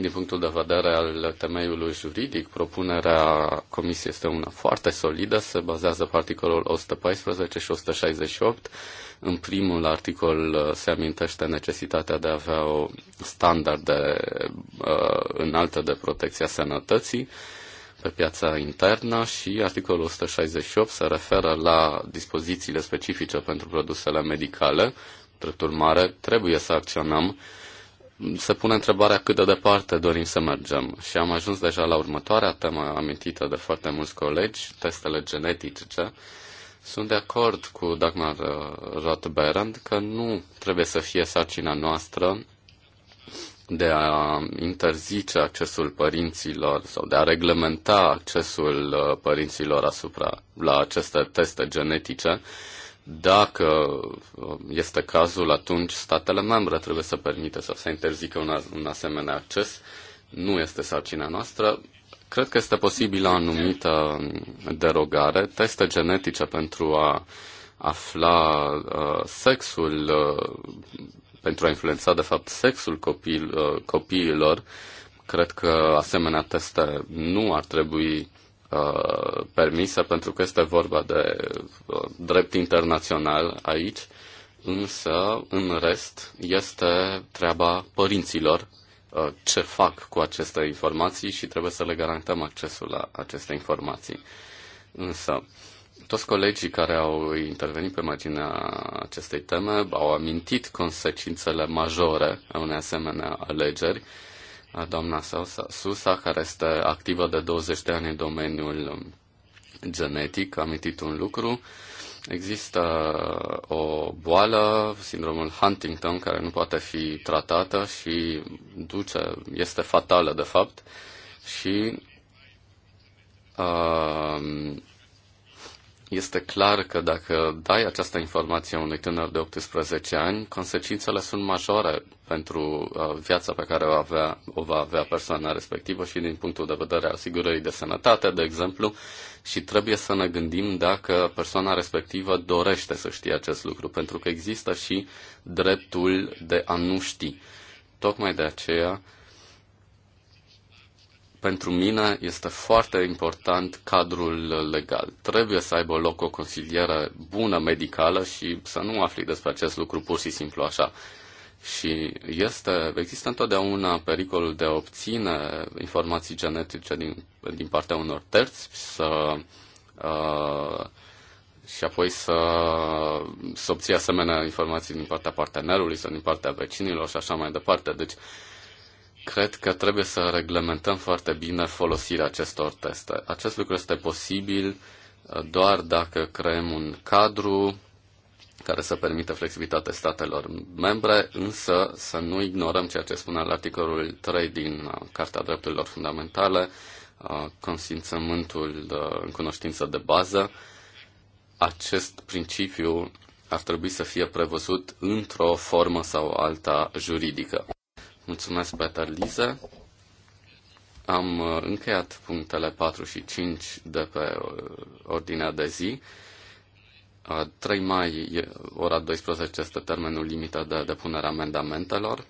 Din punctul de vedere al temeiului juridic, propunerea Comisiei este una foarte solidă, se bazează pe articolul 114 și 168 în primul articol uh, se amintește necesitatea de a avea o standarde uh, înaltă de protecția sănătății pe piața internă și articolul 168 se referă la dispozițiile specifice pentru produsele medicale. Drept urmare, trebuie să acționăm. Se pune întrebarea cât de departe dorim să mergem și am ajuns deja la următoarea temă amintită de foarte mulți colegi, testele genetice sunt de acord cu Dagmar uh, Rothberend că nu trebuie să fie sarcina noastră de a interzice accesul părinților sau de a reglementa accesul uh, părinților asupra la aceste teste genetice. Dacă uh, este cazul, atunci statele membre trebuie să permită sau să interzică un, un asemenea acces. Nu este sarcina noastră. Cred că este posibilă anumită derogare, teste genetice pentru a afla uh, sexul, uh, pentru a influența, de fapt, sexul copil, uh, copiilor. Cred că asemenea teste nu ar trebui uh, permise, pentru că este vorba de uh, drept internațional aici, însă, în rest, este treaba părinților Uh, ce fac cu aceste informații și trebuie să le garantăm accesul la aceste informații. Însă, toți colegii care au intervenit pe marginea acestei teme au amintit consecințele majore a unei asemenea alegeri. Doamna Susa, care este activă de 20 de ani în domeniul genetic, a amintit un lucru Există uh, o boală, sindromul Huntington, care nu poate fi tratată și duce, este fatală de fapt și uh, este clar că dacă dai această informație unui tânăr de 18 ani, consecințele sunt majore pentru uh, viața pe care o, avea, o va avea persoana respectivă și din punctul de vedere al asigurării de sănătate, de exemplu, și trebuie să ne gândim dacă persoana respectivă dorește să știe acest lucru, pentru că există și dreptul de a nu ști. Tocmai de aceea, pentru mine este foarte important cadrul legal. Trebuie să aibă loc o consiliere bună medicală și să nu afli despre acest lucru pur și simplu așa. Și este, există întotdeauna pericolul de a obține informații genetice din, din partea unor terți să, uh, și apoi să, să obții asemenea informații din partea partenerului sau din partea vecinilor și așa mai departe. Deci cred că trebuie să reglementăm foarte bine folosirea acestor teste. Acest lucru este posibil uh, doar dacă creăm un cadru care să permită flexibilitate statelor membre, însă să nu ignorăm ceea ce spune la articolul 3 din uh, Carta Drepturilor Fundamentale, uh, consimțământul în cunoștință de bază. Acest principiu ar trebui să fie prevăzut într-o formă sau alta juridică. Mulțumesc, Peter Lize. Am uh, încheiat punctele 4 și 5 de pe uh, ordinea de zi. 3 uh, mai, ora 12, este termenul limită de depunere amendamentelor.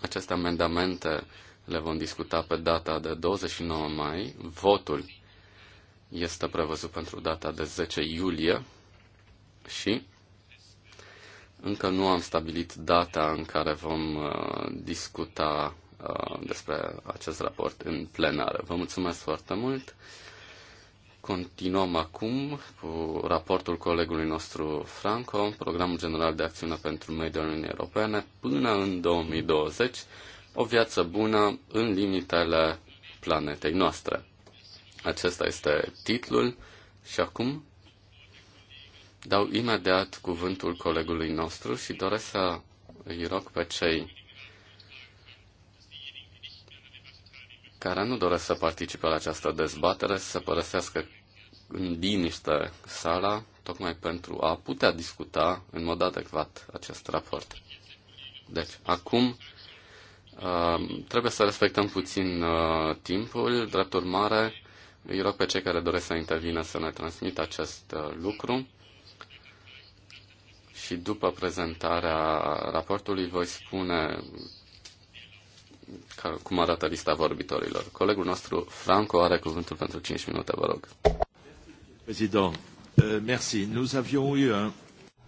Aceste amendamente le vom discuta pe data de 29 mai. Votul este prevăzut pentru data de 10 iulie și încă nu am stabilit data în care vom uh, discuta uh, despre acest raport în plenară. Vă mulțumesc foarte mult. Continuăm acum cu raportul colegului nostru Franco, Programul General de Acțiune pentru Mediul Uniunii Europene până în 2020, o viață bună în limitele planetei noastre. Acesta este titlul și acum Dau imediat cuvântul colegului nostru și doresc să îi rog pe cei care nu doresc să participe la această dezbatere să părăsească în liniște sala, tocmai pentru a putea discuta în mod adecvat acest raport. Deci, acum uh, trebuie să respectăm puțin uh, timpul, drept urmare, îi rog pe cei care doresc să intervină să ne transmită acest uh, lucru și după prezentarea raportului voi spune cum arată lista vorbitorilor. Colegul nostru, Franco, are cuvântul pentru 5 minute, vă rog. Président, euh, merci. Nous avions eu un,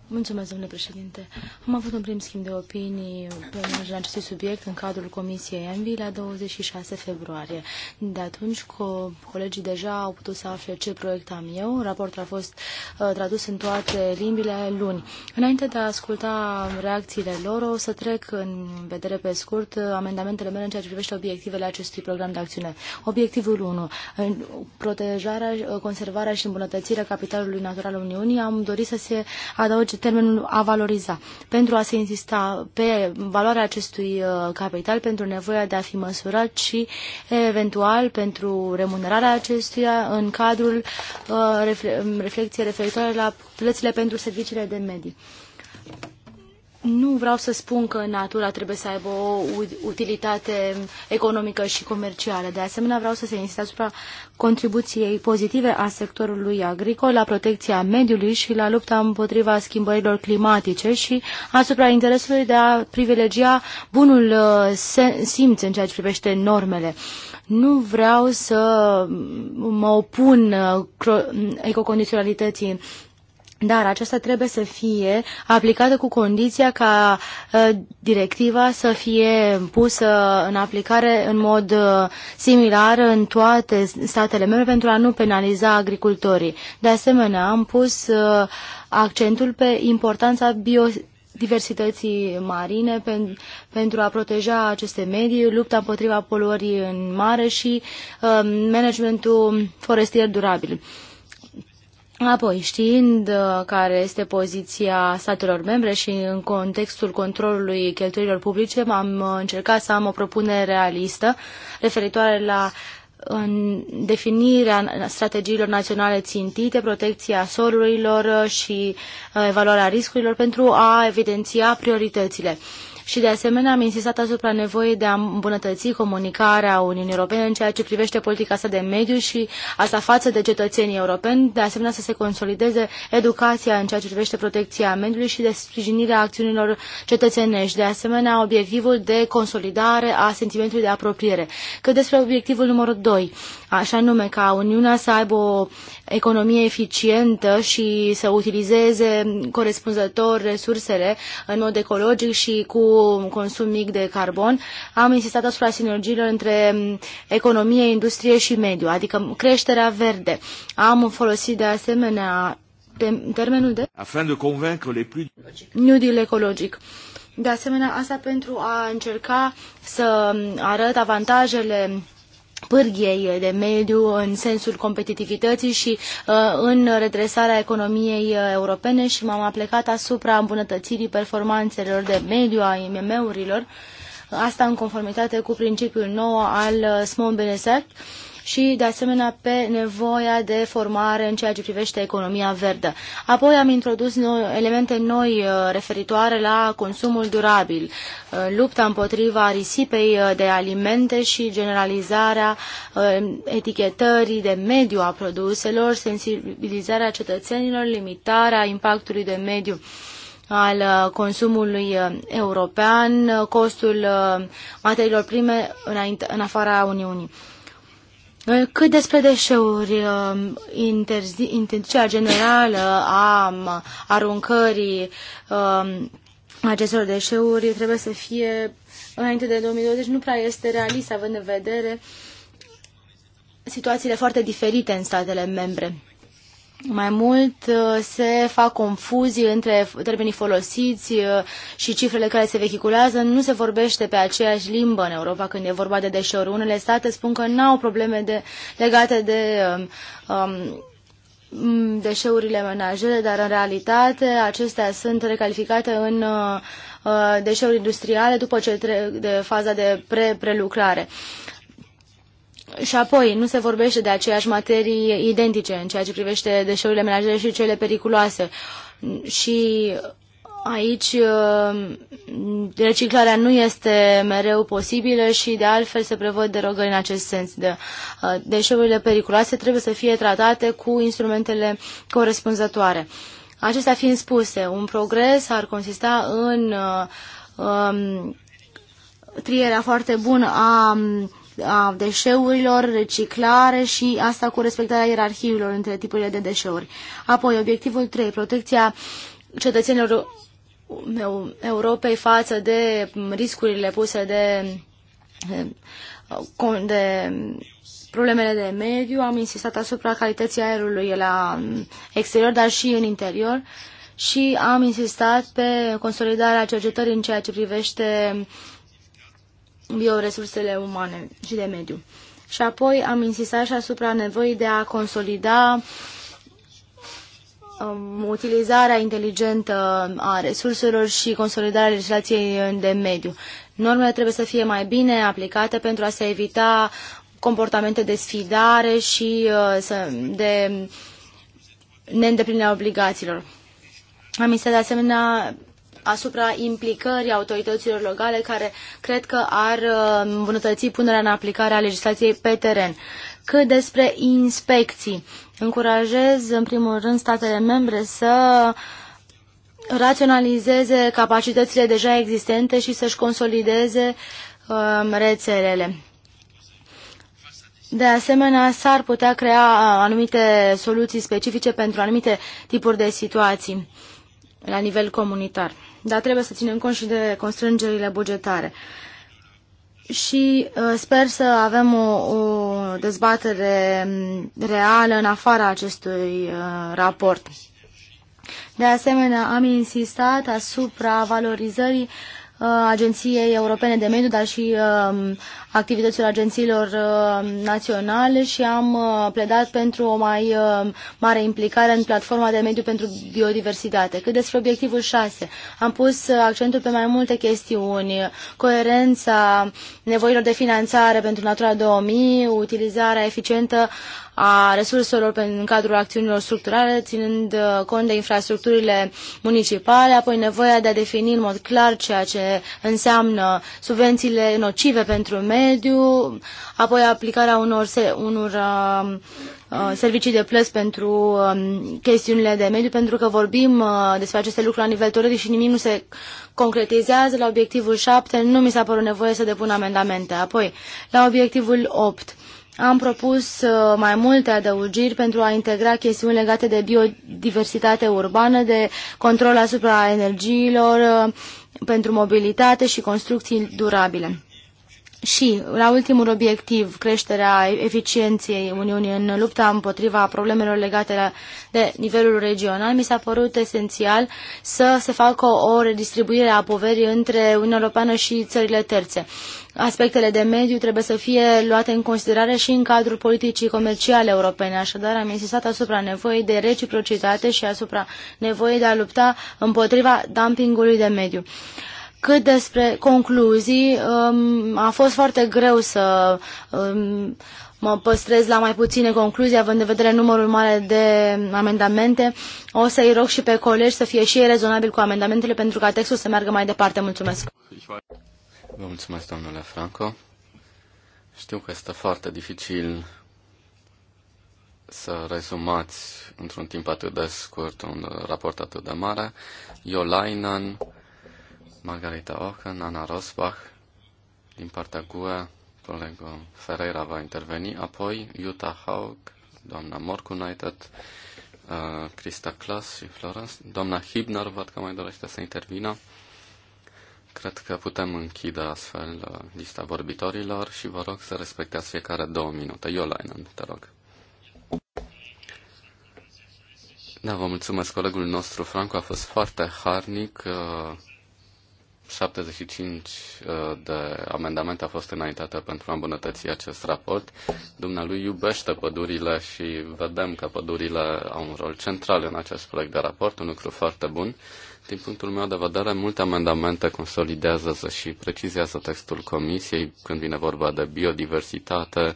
Mulțumesc, domnule președinte. Am avut un prim schimb de opinii pe marginea acestui subiect în cadrul Comisiei ENVI la 26 februarie. De atunci, co colegii deja au putut să afle ce proiect am eu. Raportul a fost uh, tradus în toate limbile luni. Înainte de a asculta reacțiile lor, o să trec în vedere pe scurt uh, amendamentele mele în ceea ce privește obiectivele acestui program de acțiune. Obiectivul 1. Protejarea, conservarea și îmbunătățirea capitalului natural al Uniunii. Am dorit să se adauge face termenul a valoriza, pentru a se insista pe valoarea acestui uh, capital, pentru nevoia de a fi măsurat și eventual pentru remunerarea acestuia în cadrul uh, reflecției referitoare la plățile pentru serviciile de medii nu vreau să spun că natura trebuie să aibă o utilitate economică și comercială. De asemenea, vreau să se insiste asupra contribuției pozitive a sectorului agricol la protecția mediului și la lupta împotriva schimbărilor climatice și asupra interesului de a privilegia bunul uh, simț în ceea ce privește normele. Nu vreau să mă opun uh, ecocondiționalității dar aceasta trebuie să fie aplicată cu condiția ca ă, directiva să fie pusă în aplicare în mod ă, similar în toate statele membre pentru a nu penaliza agricultorii. De asemenea, am pus ă, accentul pe importanța bio diversității marine pen, pentru a proteja aceste medii, lupta împotriva poluării în mare și uh, managementul forestier durabil. Uh, Apoi, știind uh, care este poziția statelor membre și în contextul controlului cheltuielilor publice, am uh, încercat să am o propunere realistă referitoare la în definirea strategiilor naționale țintite, protecția solurilor uh, și evaluarea riscurilor pentru a evidenția prioritățile și de asemenea am insistat asupra nevoii de a îmbunătăți comunicarea Uniunii Europene în ceea ce privește politica sa de mediu și asta față de cetățenii europeni, de asemenea să se consolideze educația în ceea ce privește protecția mediului și de sprijinirea acțiunilor cetățenești, de asemenea obiectivul de consolidare a sentimentului de apropiere. Cât despre obiectivul numărul 2, așa nume ca Uniunea să aibă o economie eficientă și să utilizeze corespunzător resursele în mod ecologic și cu consum mic de carbon, am insistat asupra sinergiilor între mm, economie, industrie și mediu, adică creșterea verde. Am folosit de asemenea termenul de Afin de convaincre les plus... New Deal ecologic. De asemenea, asta pentru a încerca să arăt avantajele pârghiei de mediu în sensul competitivității și uh, în redresarea economiei uh, europene și m-am aplecat asupra îmbunătățirii performanțelor de mediu a IMM-urilor, asta în conformitate cu principiul nou al uh, Small Business Act, și, de asemenea, pe nevoia de formare în ceea ce privește economia verde. Apoi am introdus noi, elemente noi uh, referitoare la consumul durabil, uh, lupta împotriva risipei uh, de alimente și generalizarea etichetării de mediu a produselor, sensibilizarea cetățenilor, limitarea impactului de mediu al consumului european, costul materiilor prime în afara Uniunii. Eh, cât despre deșeuri, eh, interziția generală a mm, aruncării eh, acestor deșeuri trebuie să fie înainte de 2020 deci nu prea este realist având în vedere situațiile foarte diferite în statele membre. Mai mult uh, se fac confuzii între termenii folosiți uh, și cifrele care se vehiculează. Nu se vorbește pe aceeași limbă în Europa când e vorba de deșeuri. Unele state spun că nu au probleme de, legate de um, um, deșeurile menajere, dar în realitate acestea sunt recalificate în uh, uh deșeuri industriale după ce trec de faza de pre-prelucrare. Uh, și apoi, nu se vorbește de aceeași materii identice în ceea ce privește deșeurile menajere și cele periculoase. Și aici uh, reciclarea nu este mereu posibilă și de altfel se prevăd derogări în acest sens. De, uh, deșeurile periculoase trebuie să fie tratate cu instrumentele corespunzătoare. Acestea fiind spuse, un progres ar consista în uh, um, trierea foarte bună a um, a deșeurilor, reciclare și asta cu respectarea ierarhiilor între tipurile de deșeuri. Apoi, obiectivul 3, protecția cetățenilor Europei față de riscurile puse de, de problemele de mediu. Am insistat asupra calității aerului la exterior, dar și în interior și am insistat pe consolidarea cercetării în ceea ce privește uh, bioresursele umane și de mediu. Și apoi am insistat și asupra nevoii de a consolida um, utilizarea inteligentă a resurselor și consolidarea legislației de mediu. Normele trebuie să fie mai bine aplicate pentru a se evita comportamente de sfidare și uh, de neîndeplinirea obligațiilor. Am insistat de asemenea asupra implicării autorităților locale care cred că ar uh, îmbunătăți punerea în aplicare a legislației pe teren. Cât despre inspecții, încurajez în primul rând statele membre să raționalizeze capacitățile deja existente și să-și consolideze um, rețelele. De asemenea, s-ar putea crea anumite soluții specifice pentru anumite tipuri de situații la nivel comunitar dar trebuie să ținem cont și de constrângerile bugetare. Și uh, sper să avem o, o dezbatere reală în afara acestui uh, raport. De asemenea, am insistat asupra valorizării uh, Uh, Agenției Europene de Mediu, dar și um, activităților agențiilor uh, naționale și am uh, pledat pentru o mai mare implicare în platforma de mediu pentru biodiversitate. Cât despre obiectivul 6, am pus accentul pe mai multe chestiuni, coerența nevoilor de finanțare pentru Natura 2000, utilizarea eficientă a resurselor în cadrul acțiunilor structurale, ținând uh, cont de infrastructurile municipale, apoi nevoia de a defini în mod clar ceea ce înseamnă subvențiile nocive pentru mediu, apoi aplicarea unor, unor uh, uh, servicii de plăți pentru um, chestiunile de mediu, pentru că vorbim despre aceste lucruri la nivel teoretic și nimic nu se concretizează. La obiectivul 7 nu mi s-a părut nevoie să depun amendamente. Apoi, la obiectivul 8, am propus uh, mai multe adăugiri pentru a integra chestiuni legate de biodiversitate urbană, de control asupra energiilor, uh, pentru mobilitate și construcții durabile. Și, la ultimul obiectiv, creșterea eficienței Uniunii în lupta împotriva problemelor legate de nivelul regional, mi s-a părut esențial să se facă o redistribuire a poverii între Uniunea Europeană și țările terțe. Aspectele de mediu trebuie să fie luate în considerare și în cadrul politicii comerciale europene, așadar am insistat asupra nevoii de reciprocitate și asupra nevoii de a lupta împotriva dumpingului de mediu. Uh, cât despre concluzii, um, a fost foarte greu să um, mă păstrez la mai puține concluzii, având în vedere numărul mare de amendamente. O să-i rog și pe colegi să fie și ei rezonabil cu amendamentele pentru ca textul să meargă mai departe. Mulțumesc! Vă mulțumesc, domnule Franco. Știu că este foarte dificil să rezumați într-un timp atât de scurt un raport atât de mare. Iolainan Margarita Ochen, Ana Rosbach, din partea GUE, colegul Ferreira va interveni, apoi Jutta Haug, doamna uh, Krista uh, Crista Clas și Florence. Doamna Hibner văd că mai dorește să intervină. Cred că putem închide astfel uh, lista vorbitorilor și vă rog să respectați fiecare două minute. Iolainen, te rog. Da, vă mulțumesc. Colegul nostru, Franco, a fost foarte harnic. Uh, 75 uh, de amendamente a fost înaintate pentru a îmbunătăți acest raport. Dumnealui iubește pădurile și vedem că pădurile au un rol central în acest proiect de raport, un lucru foarte bun. Din punctul meu de vedere, multe amendamente consolidează și precizează textul Comisiei când vine vorba de biodiversitate,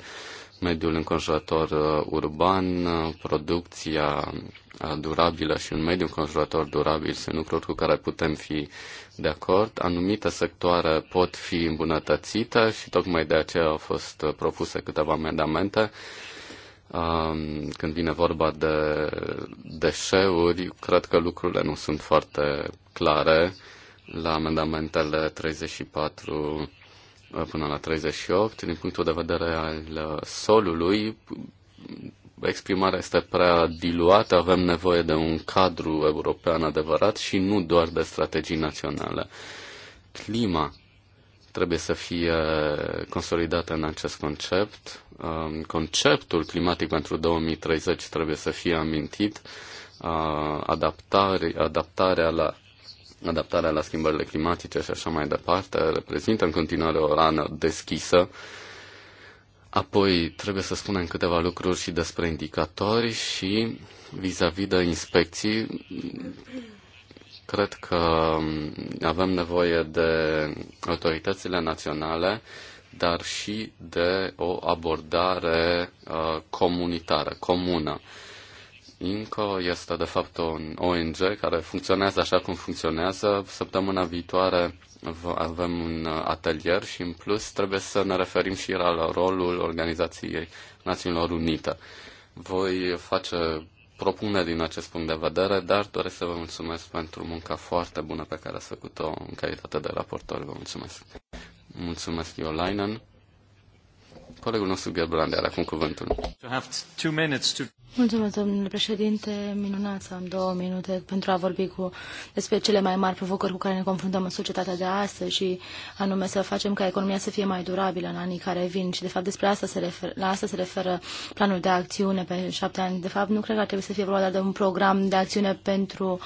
mediul înconjurător uh, urban, uh, producția uh, durabilă și un mediu înconjurător durabil sunt lucruri cu care putem fi de acord. Anumite sectoare pot fi îmbunătățite și tocmai de aceea au fost propuse câteva amendamente. Um, când vine vorba de deșeuri, cred că lucrurile nu sunt foarte clare la amendamentele 34 până la 38. Din punctul de vedere al uh, solului, exprimarea este prea diluată, avem nevoie de un cadru european adevărat și nu doar de strategii naționale. Clima trebuie să fie consolidată în acest concept. Um, conceptul climatic pentru 2030 trebuie să fie amintit. Uh, adaptare, adaptarea la adaptarea la schimbările climatice și așa mai departe, reprezintă în continuare o rană deschisă. Apoi trebuie să spunem câteva lucruri și despre indicatori și vis-a-vis -vis de inspecții. Cred că um, avem nevoie de autoritățile naționale, dar și de o abordare uh, comunitară, comună. Uh, INCO este de fapt un ONG care funcționează așa cum funcționează. Săptămâna viitoare avem un atelier și în plus trebuie să ne referim și la rolul Organizației Națiunilor Unite. Voi face propune din acest punct de vedere, dar doresc să vă mulțumesc pentru munca foarte bună pe care ați făcut-o în calitate de raportor. Vă mulțumesc. Mulțumesc, Iolainen. Colegul nostru Gerbrand are acum cuvântul. Mulțumesc, domnule președinte. Minunat să am două minute pentru a vorbi cu, despre cele mai mari provocări cu care ne confruntăm în societatea de astăzi și anume să facem ca economia să fie mai durabilă în anii care vin. Și de fapt despre asta se refer, la asta se referă planul de acțiune pe șapte ani. De fapt nu cred că ar trebui să fie vorba de un program de acțiune pentru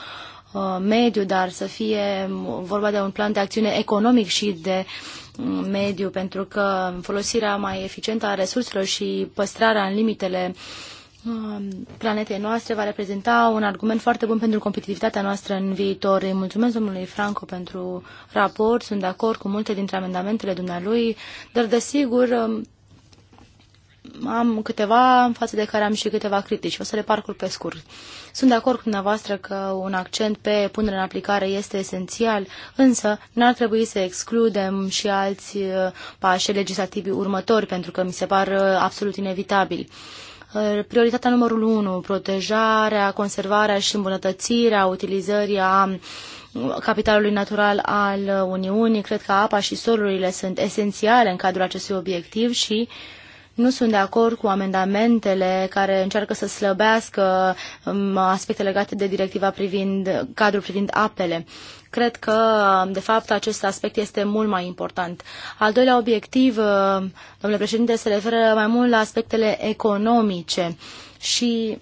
uh, mediu, dar să fie vorba de un plan de acțiune economic și de uh, mediu, pentru că folosirea mai eficientă a resurselor și păstrarea în limitele um, planetei noastre va reprezenta un argument foarte bun pentru competitivitatea noastră în viitor. Îi mulțumesc domnului Franco pentru raport, sunt de acord cu multe dintre amendamentele dumnealui, dar desigur um, am câteva în față de care am și câteva critici. O să le parcur pe scurt. Sunt de acord cu dumneavoastră că un accent pe punerea în aplicare este esențial, însă n-ar trebui să excludem și alți uh, pași legislativi următori, pentru că mi se par uh, absolut inevitabili. Uh, prioritatea numărul 1, protejarea, conservarea și îmbunătățirea utilizării a capitalului natural al Uniunii. Cred că apa și solurile sunt esențiale în cadrul acestui obiectiv și uh, nu sunt de acord cu amendamentele care încearcă să slăbească um, aspecte legate de directiva privind cadrul privind apele. Cred că, de fapt, acest aspect este mult mai important. Al doilea obiectiv, uh, domnule președinte, se referă mai mult la aspectele economice și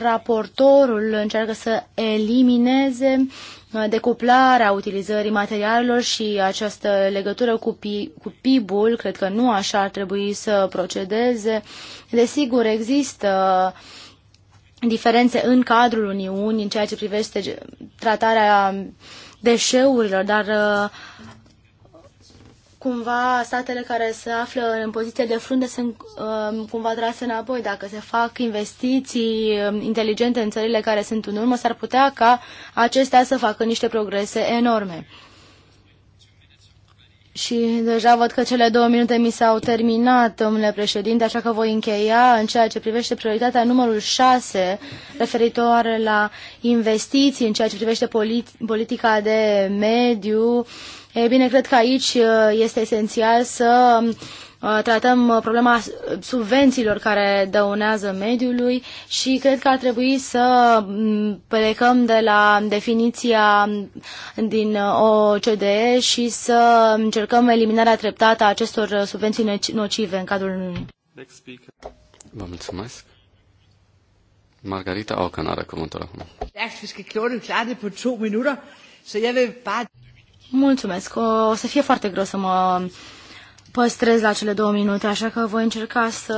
raportorul încearcă să elimineze uh, decuplarea utilizării materialelor și această legătură cu, pi, cu PIB-ul, cred că nu așa ar trebui să procedeze. Desigur, există diferențe în cadrul Uniunii în ceea ce privește tratarea deșeurilor, dar uh, cumva statele care se află în poziție de frunte sunt um, cumva trase înapoi. Dacă se fac investiții um, inteligente în țările care sunt în urmă, s-ar putea ca acestea să facă niște progrese enorme. Și deja văd că cele două minute mi s-au terminat, domnule președinte, așa că voi încheia în ceea ce privește prioritatea numărul 6, referitoare la investiții, în ceea ce privește politica de mediu, uh, E bine, cred că aici uh, este esențial să uh, tratăm uh, problema subvențiilor care dăunează mediului și cred că ar trebui să mm, plecăm de la definiția din OCDE și să încercăm eliminarea treptată a acestor subvenții nocive în cadrul Uniunii. Vă mulțumesc. Margarita Ocan are cuvântul acum. Det er klart på to minutter, så jeg vil bare... Mulțumesc. O să fie foarte greu să mă păstrez la cele două minute, așa că voi încerca să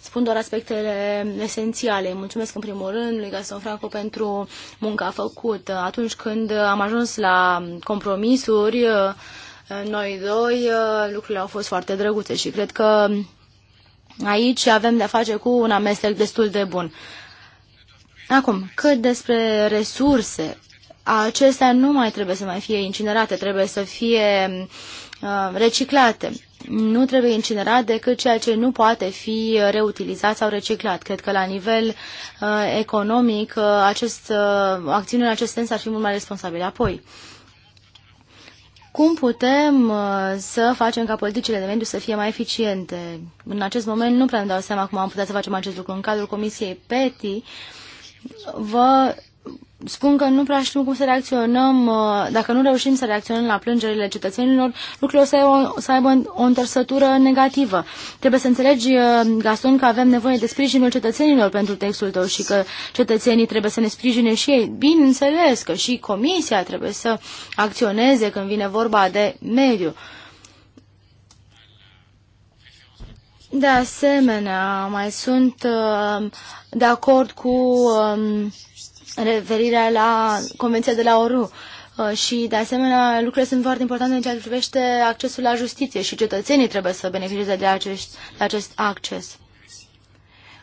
spun doar aspectele esențiale. Mulțumesc în primul rând lui Gaston Franco pentru munca făcută. Atunci când am ajuns la compromisuri, noi doi, lucrurile au fost foarte drăguțe și cred că aici avem de-a face cu un amestec destul de bun. Acum, cât despre resurse, acestea nu mai trebuie să mai fie incinerate, trebuie să fie uh, reciclate. Nu trebuie incinerat decât ceea ce nu poate fi reutilizat sau reciclat. Cred că la nivel uh, economic uh, acest, uh, acțiunile în acest sens ar fi mult mai responsabile. Apoi, cum putem uh, să facem ca politicile de mediu să fie mai eficiente? În acest moment nu prea îmi dau seama cum am putea să facem acest lucru. În cadrul Comisiei PETI vă spun că nu prea știm cum să reacționăm, uh, dacă nu reușim să reacționăm la plângerile cetățenilor, lucrurile o să, o, să aibă o întorsătură negativă. Trebuie să înțelegi, uh, Gaston, că avem nevoie de sprijinul cetățenilor pentru textul tău și că cetățenii trebuie să ne sprijine și ei. Bineînțeles că și comisia trebuie să acționeze când vine vorba de mediu. De asemenea, mai sunt uh, de acord cu um, referirea la Convenția de la ORU. Uh, și, de asemenea, lucrurile sunt foarte importante în ceea ce privește accesul la justiție și cetățenii trebuie să beneficieze de, acest, de acest acces.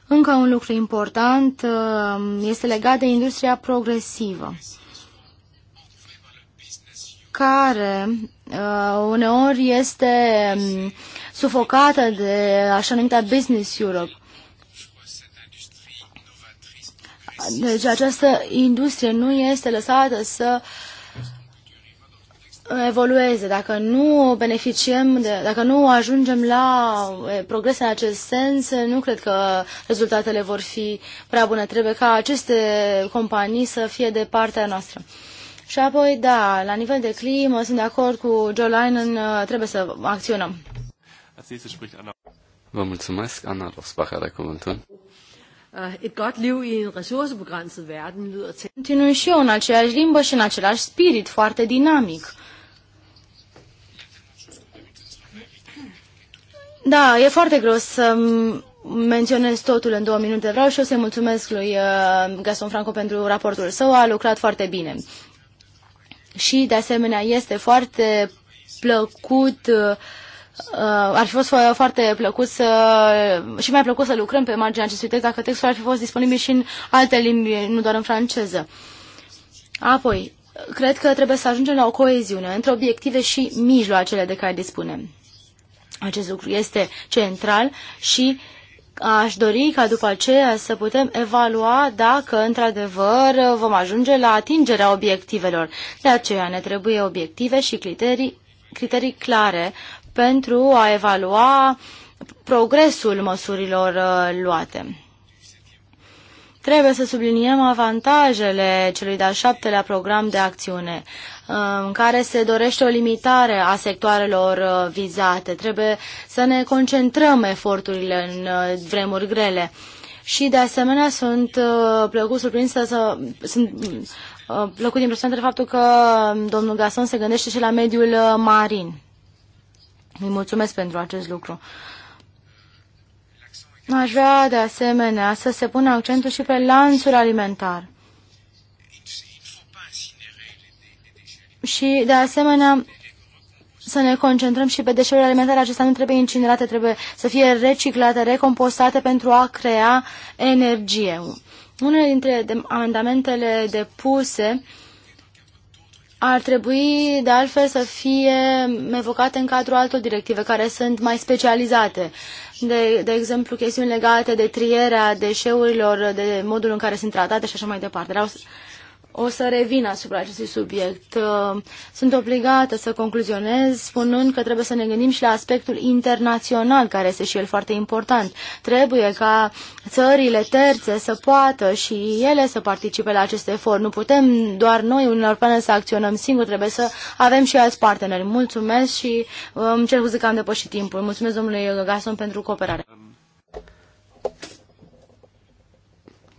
Încă un lucru important uh, este legat de industria progresivă, care uh, uneori este um, sufocată de așa numita Business Europe. Deci această industrie nu este lăsată să evolueze. Dacă nu beneficiem, de, dacă nu ajungem la eh, progrese în acest sens, nu cred că rezultatele vor fi prea bune. Trebuie ca aceste companii să fie de partea noastră. Și apoi, da, la nivel de climă, sunt de acord cu Joe Linen, eh, trebuie să acționăm. Vă mulțumesc, Ana Rosbach are cuvântul. Øh, et godt liv i en ressourcebegrænset verden lyder til. Continui și eu în aceeași limbă și în același spirit foarte dinamic. Da, e foarte greu să menționez totul în două minute. Vreau și eu să-i mulțumesc lui uh, Gaston Franco pentru raportul său. A lucrat foarte bine. Și, de asemenea, este foarte plăcut uh, Uh, ar fi fost foarte plăcut să, și mai plăcut să lucrăm pe marginea acestui text dacă textul ar fi fost disponibil și în alte limbi, nu doar în franceză. Apoi, cred că trebuie să ajungem la o coeziune între obiective și mijloacele de care dispunem. Acest lucru este central și aș dori ca după aceea să putem evalua dacă într-adevăr vom ajunge la atingerea obiectivelor. De aceea ne trebuie obiective și criterii criterii clare pentru a evalua progresul măsurilor uh, luate. Trebuie să subliniem avantajele celui de-al șaptelea program de acțiune, uh, în care se dorește o limitare a sectoarelor uh, vizate. Trebuie să ne concentrăm eforturile în vremuri grele. Și, de asemenea, sunt plăcut surprinsă să... Sunt, plăcut impresionată de faptul că domnul Gasson se gândește și la mediul marin. Îi mulțumesc pentru acest lucru. Aș vrea de asemenea să se pună accentul și pe lanțul alimentar. Și de asemenea să ne concentrăm și pe deșeurile alimentare. Acestea nu trebuie incinerate, trebuie să fie reciclate, recompostate pentru a crea energie. Unele dintre amendamentele depuse uh, ar trebui de altfel să fie evocate în cadrul altor directive care sunt mai specializate. De, de exemplu, chestiuni legate de trierea deșeurilor, de modul în care sunt tratate și așa mai departe. Vreau o să revin asupra acestui subiect. Uh, sunt obligată să concluzionez spunând că trebuie să ne gândim și la aspectul internațional, care este și el foarte important. Trebuie ca țările terțe să poată și ele să participe la acest efort. Nu putem doar noi, Uniunea Europeană, să acționăm singuri, trebuie să avem și alți parteneri. Mulțumesc și îmi um, cer că am depășit timpul. Mulțumesc domnului Gason pentru cooperare. Um,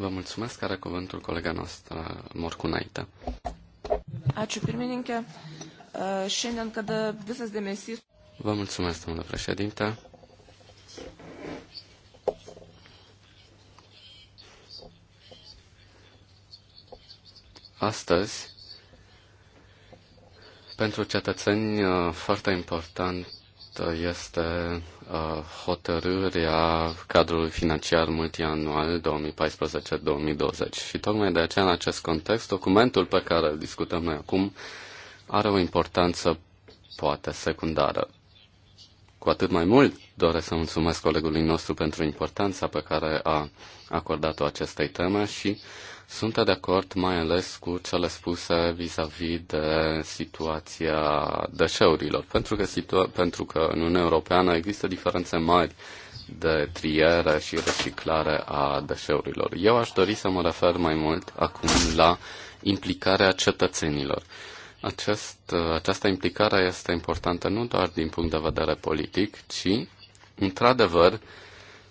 Vă mulțumesc, are cuvântul colega noastră, Morcunaita. Ačiū pirmininkė. Šiandien, kada visas dėmesys. Vă mulțumesc, domnule președinte. Astăzi, pentru cetățeni foarte important este uh, hotărârea cadrului financiar multianual 2014-2020. Și tocmai de aceea, în acest context, documentul pe care îl discutăm noi acum are o importanță poate secundară. Cu atât mai mult doresc să mulțumesc colegului nostru pentru importanța pe care a acordat-o acestei teme și uh, sunt de acord mai ales cu cele spuse vis-a-vis -vis de situația deșeurilor, pentru că, situa- pentru că în Uniunea Europeană există diferențe mari de triere și reciclare a deșeurilor. Eu aș dori să mă refer mai mult acum la implicarea cetățenilor. Acest, această implicare este importantă nu doar din punct de vedere politic, ci, într-adevăr,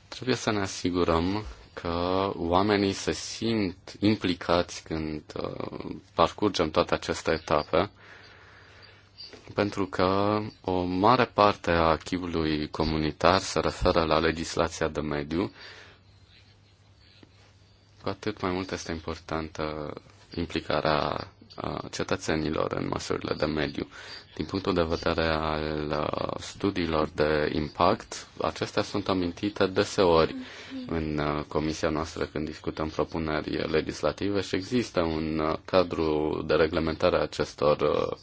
trebuie să ne asigurăm că oamenii se simt implicați când uh, parcurgem toate aceste etape, pentru că o mare parte a acquis comunitar se referă la legislația de mediu, cu atât mai mult este importantă implicarea uh, cetățenilor în măsurile de mediu. Din punctul de vedere al uh, studiilor de impact, acestea sunt amintite deseori în uh, comisia noastră când discutăm propuneri legislative și există un uh, cadru de reglementare a acestor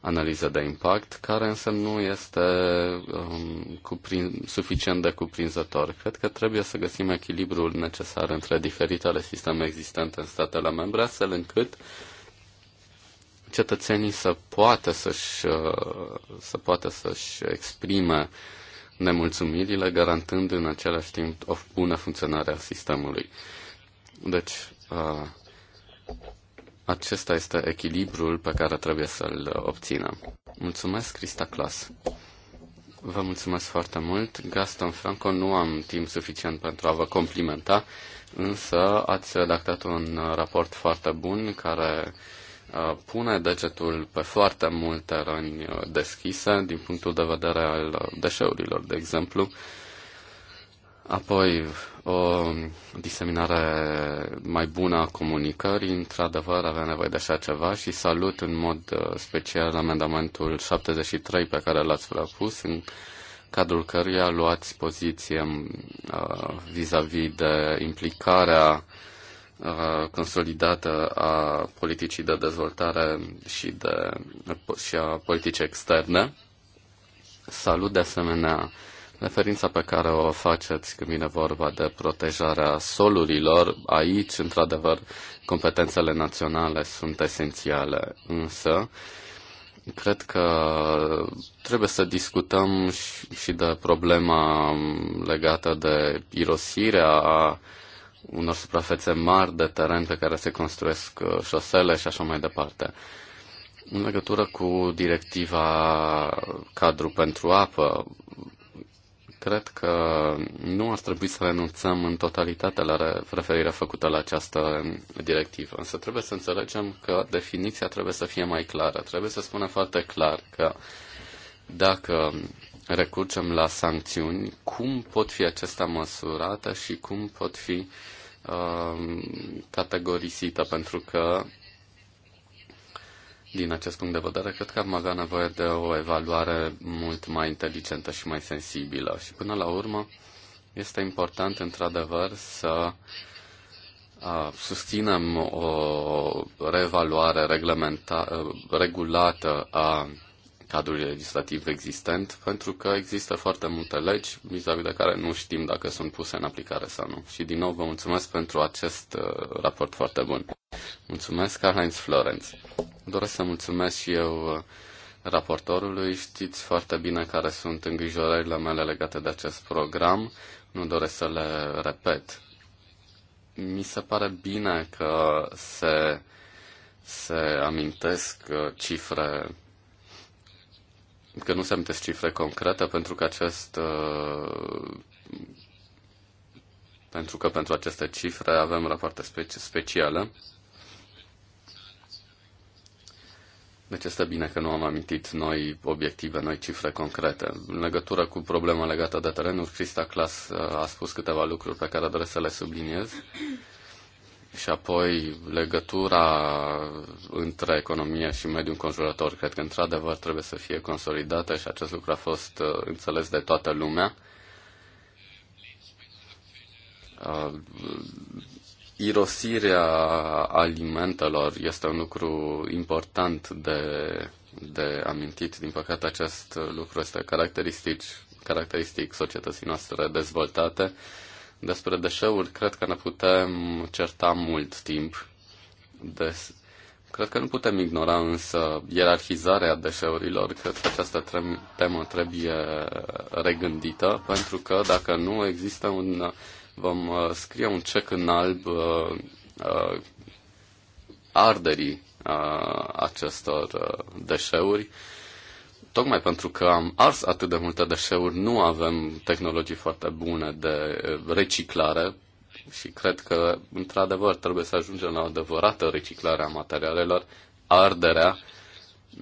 analize de impact, care însă nu este um, cuprin, suficient de cuprinzător. Cred că trebuie să găsim echilibrul necesar între diferitele sisteme existente în statele membre, astfel încât cetățenii să poată să-și, uh, să poată să-și exprime nemulțumirile, garantând în același timp o bună funcționare a sistemului. Deci, uh, acesta este echilibrul pe care trebuie să-l obținem. Mulțumesc, Crista Clas. Vă mulțumesc foarte mult. Gaston Franco, nu am timp suficient pentru a vă complimenta, însă ați redactat un raport foarte bun care Uh, pune degetul pe foarte multe răni uh, deschise din punctul de vedere al uh, deșeurilor, de exemplu. Apoi, o diseminare mai bună a comunicării, într-adevăr avea nevoie de așa ceva și salut în mod special amendamentul 73 pe care l-ați propus, în cadrul căruia luați poziție vis-a-vis -vis de implicarea Uh, consolidată a politicii de dezvoltare și, de, și a politicii externe. Salut de asemenea referința pe care o faceți când vine vorba de protejarea solurilor. Aici, într-adevăr, competențele naționale sunt esențiale, însă cred că trebuie să discutăm și de problema legată de irosirea a unor suprafețe mari de teren pe care se construiesc uh, șosele și așa mai departe. În legătură cu directiva cadru pentru apă, cred că nu ar trebui să renunțăm în totalitate la referirea făcută la această directivă. Însă trebuie să înțelegem că definiția trebuie să fie mai clară. Trebuie să spunem foarte clar că dacă recurgem la sancțiuni, cum pot fi acestea măsurate și cum pot fi Um, categorisită, pentru că din acest punct de vedere, cred că am avea nevoie de o evaluare mult mai inteligentă și mai sensibilă. Și până la urmă, este important, într-adevăr, să susținem o reevaluare regulată a cadrul legislativ existent, pentru că există foarte multe legi vis-a-vis de care nu știm dacă sunt puse în aplicare sau nu. Și din nou vă mulțumesc pentru acest uh, raport foarte bun. Mulțumesc, heinz Florenz. Doresc să mulțumesc și eu uh, raportorului. Știți foarte bine care sunt îngrijorările mele legate de acest program. Nu doresc să le repet. Mi se pare bine că se, se amintesc uh, cifre că nu se amintesc cifre concrete pentru că acest uh, pentru că pentru aceste cifre avem rapoarte speci- speciale. Deci este bine că nu am amintit noi obiective, noi cifre concrete. În legătură cu problema legată de terenuri, Crista Clas uh, a spus câteva lucruri pe care doresc să le subliniez. Și apoi legătura între economie și mediul înconjurător. Cred că într-adevăr trebuie să fie consolidată și acest lucru a fost uh, înțeles de toată lumea. Uh, irosirea alimentelor este un lucru important de, de amintit. Din păcate, acest lucru este caracteristic, caracteristic societății noastre dezvoltate. Uh, despre deșeuri cred că ne putem certa mult timp. Des. Cred că nu putem ignora însă ierarhizarea deșeurilor. Cred că această temă trebuie regândită, pentru că dacă nu există un... vom uh, scrie un cec în alb uh, uh, arderii uh, acestor uh, deșeuri tocmai pentru că am ars atât de multe deșeuri, nu avem tehnologii foarte bune de eh, reciclare și cred că, într-adevăr, trebuie să ajungem la o adevărată reciclare a materialelor. Arderea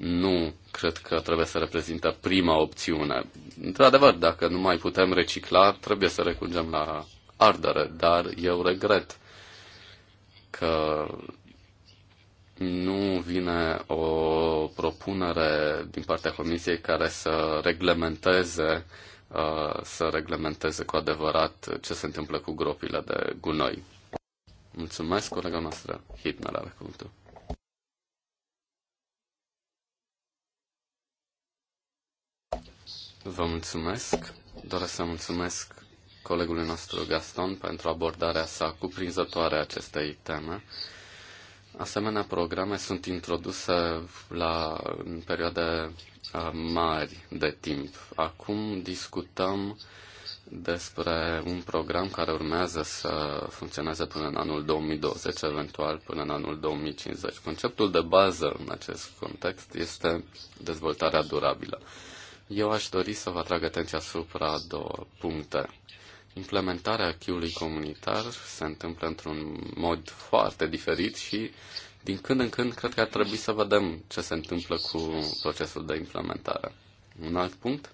nu cred că trebuie să reprezintă prima opțiune. Într-adevăr, dacă nu mai putem recicla, trebuie să recurgem la ardere, dar eu regret că nu vine o propunere din partea Comisiei care să reglementeze uh, să reglementeze cu adevărat ce se întâmplă cu gropile de gunoi. Mulțumesc, colega noastră. Hitner are cuvântul. Vă mulțumesc. Doresc să mulțumesc colegului nostru Gaston pentru abordarea sa cuprinzătoare a acestei teme Asemenea programe sunt introduse la în perioade mari de timp. Acum discutăm despre un program care urmează să funcționeze până în anul 2020, eventual până în anul 2050. Conceptul de bază în acest context este dezvoltarea durabilă. Eu aș dori să vă atrag atenția asupra două puncte implementarea acquis comunitar se întâmplă într-un mod foarte diferit și din când în când cred că ar trebui să vedem ce se întâmplă cu procesul de implementare. Un alt punct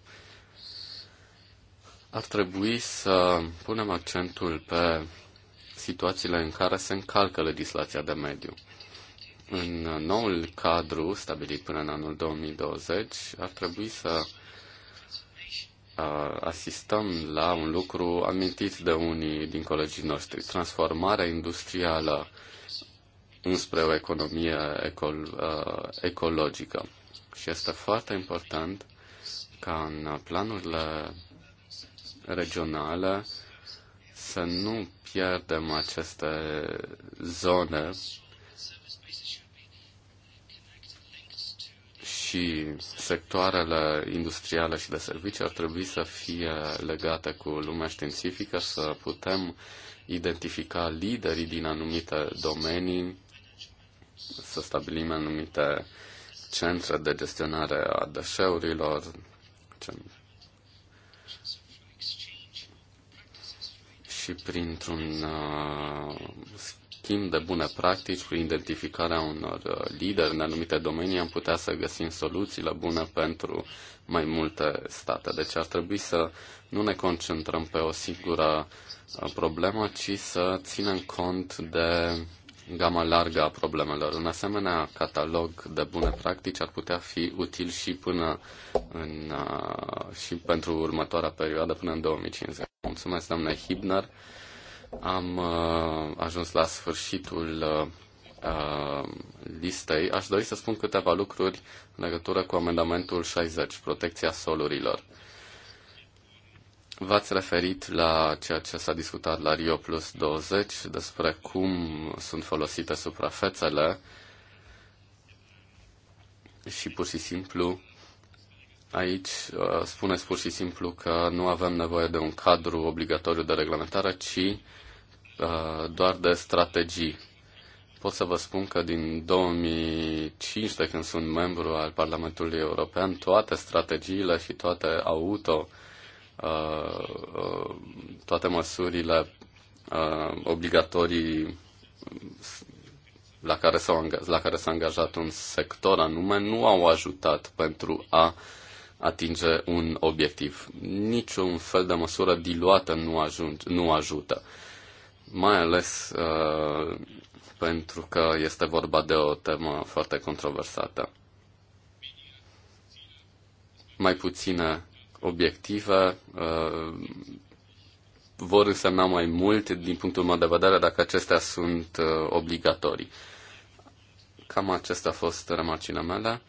ar trebui să punem accentul pe situațiile în care se încalcă legislația de mediu. În noul cadru stabilit până în anul 2020 ar trebui să asistăm la un lucru amintit de unii din colegii noștri, transformarea industrială înspre o economie ecologică. Și este foarte important ca în planurile regionale să nu pierdem aceste zone și sectoarele industriale și de servicii ar trebui să fie legate cu lumea științifică, să putem identifica liderii din anumite domenii, să stabilim anumite centre de gestionare a deșeurilor, și printr-un uh, schimb de bune practici, prin identificarea unor uh, lideri în anumite domenii, am putea să găsim soluțiile bune pentru mai multe state. Deci ar trebui să nu ne concentrăm pe o singură uh, problemă, ci să ținem cont de gama largă a problemelor. Un asemenea catalog de bune practici ar putea fi util și până în, uh, și pentru următoarea perioadă, până în 2050. Mulțumesc, doamne Hibner. Am uh, ajuns la sfârșitul uh, listei. Aș dori să spun câteva lucruri în legătură cu amendamentul 60, protecția solurilor. V-ați referit la ceea ce s-a discutat la Rio Plus 20 despre cum sunt folosite suprafețele și pur și simplu Aici uh, spuneți pur și simplu că nu avem nevoie de un cadru obligatoriu de reglementare, ci uh, doar de strategii. Pot să vă spun că din 2005, de când sunt membru al Parlamentului European, toate strategiile și toate auto, uh, toate măsurile obligatorii la care, s-a angajat un sector anume nu au ajutat pentru a atinge un obiectiv. Niciun fel de măsură diluată nu, ajunge, nu ajută, mai ales uh, pentru că este vorba de o temă foarte controversată. Mai puține obiective uh, vor însemna mai mult din punctul meu de vedere dacă acestea sunt uh, obligatorii. Cam acestea a fost remarcile mele.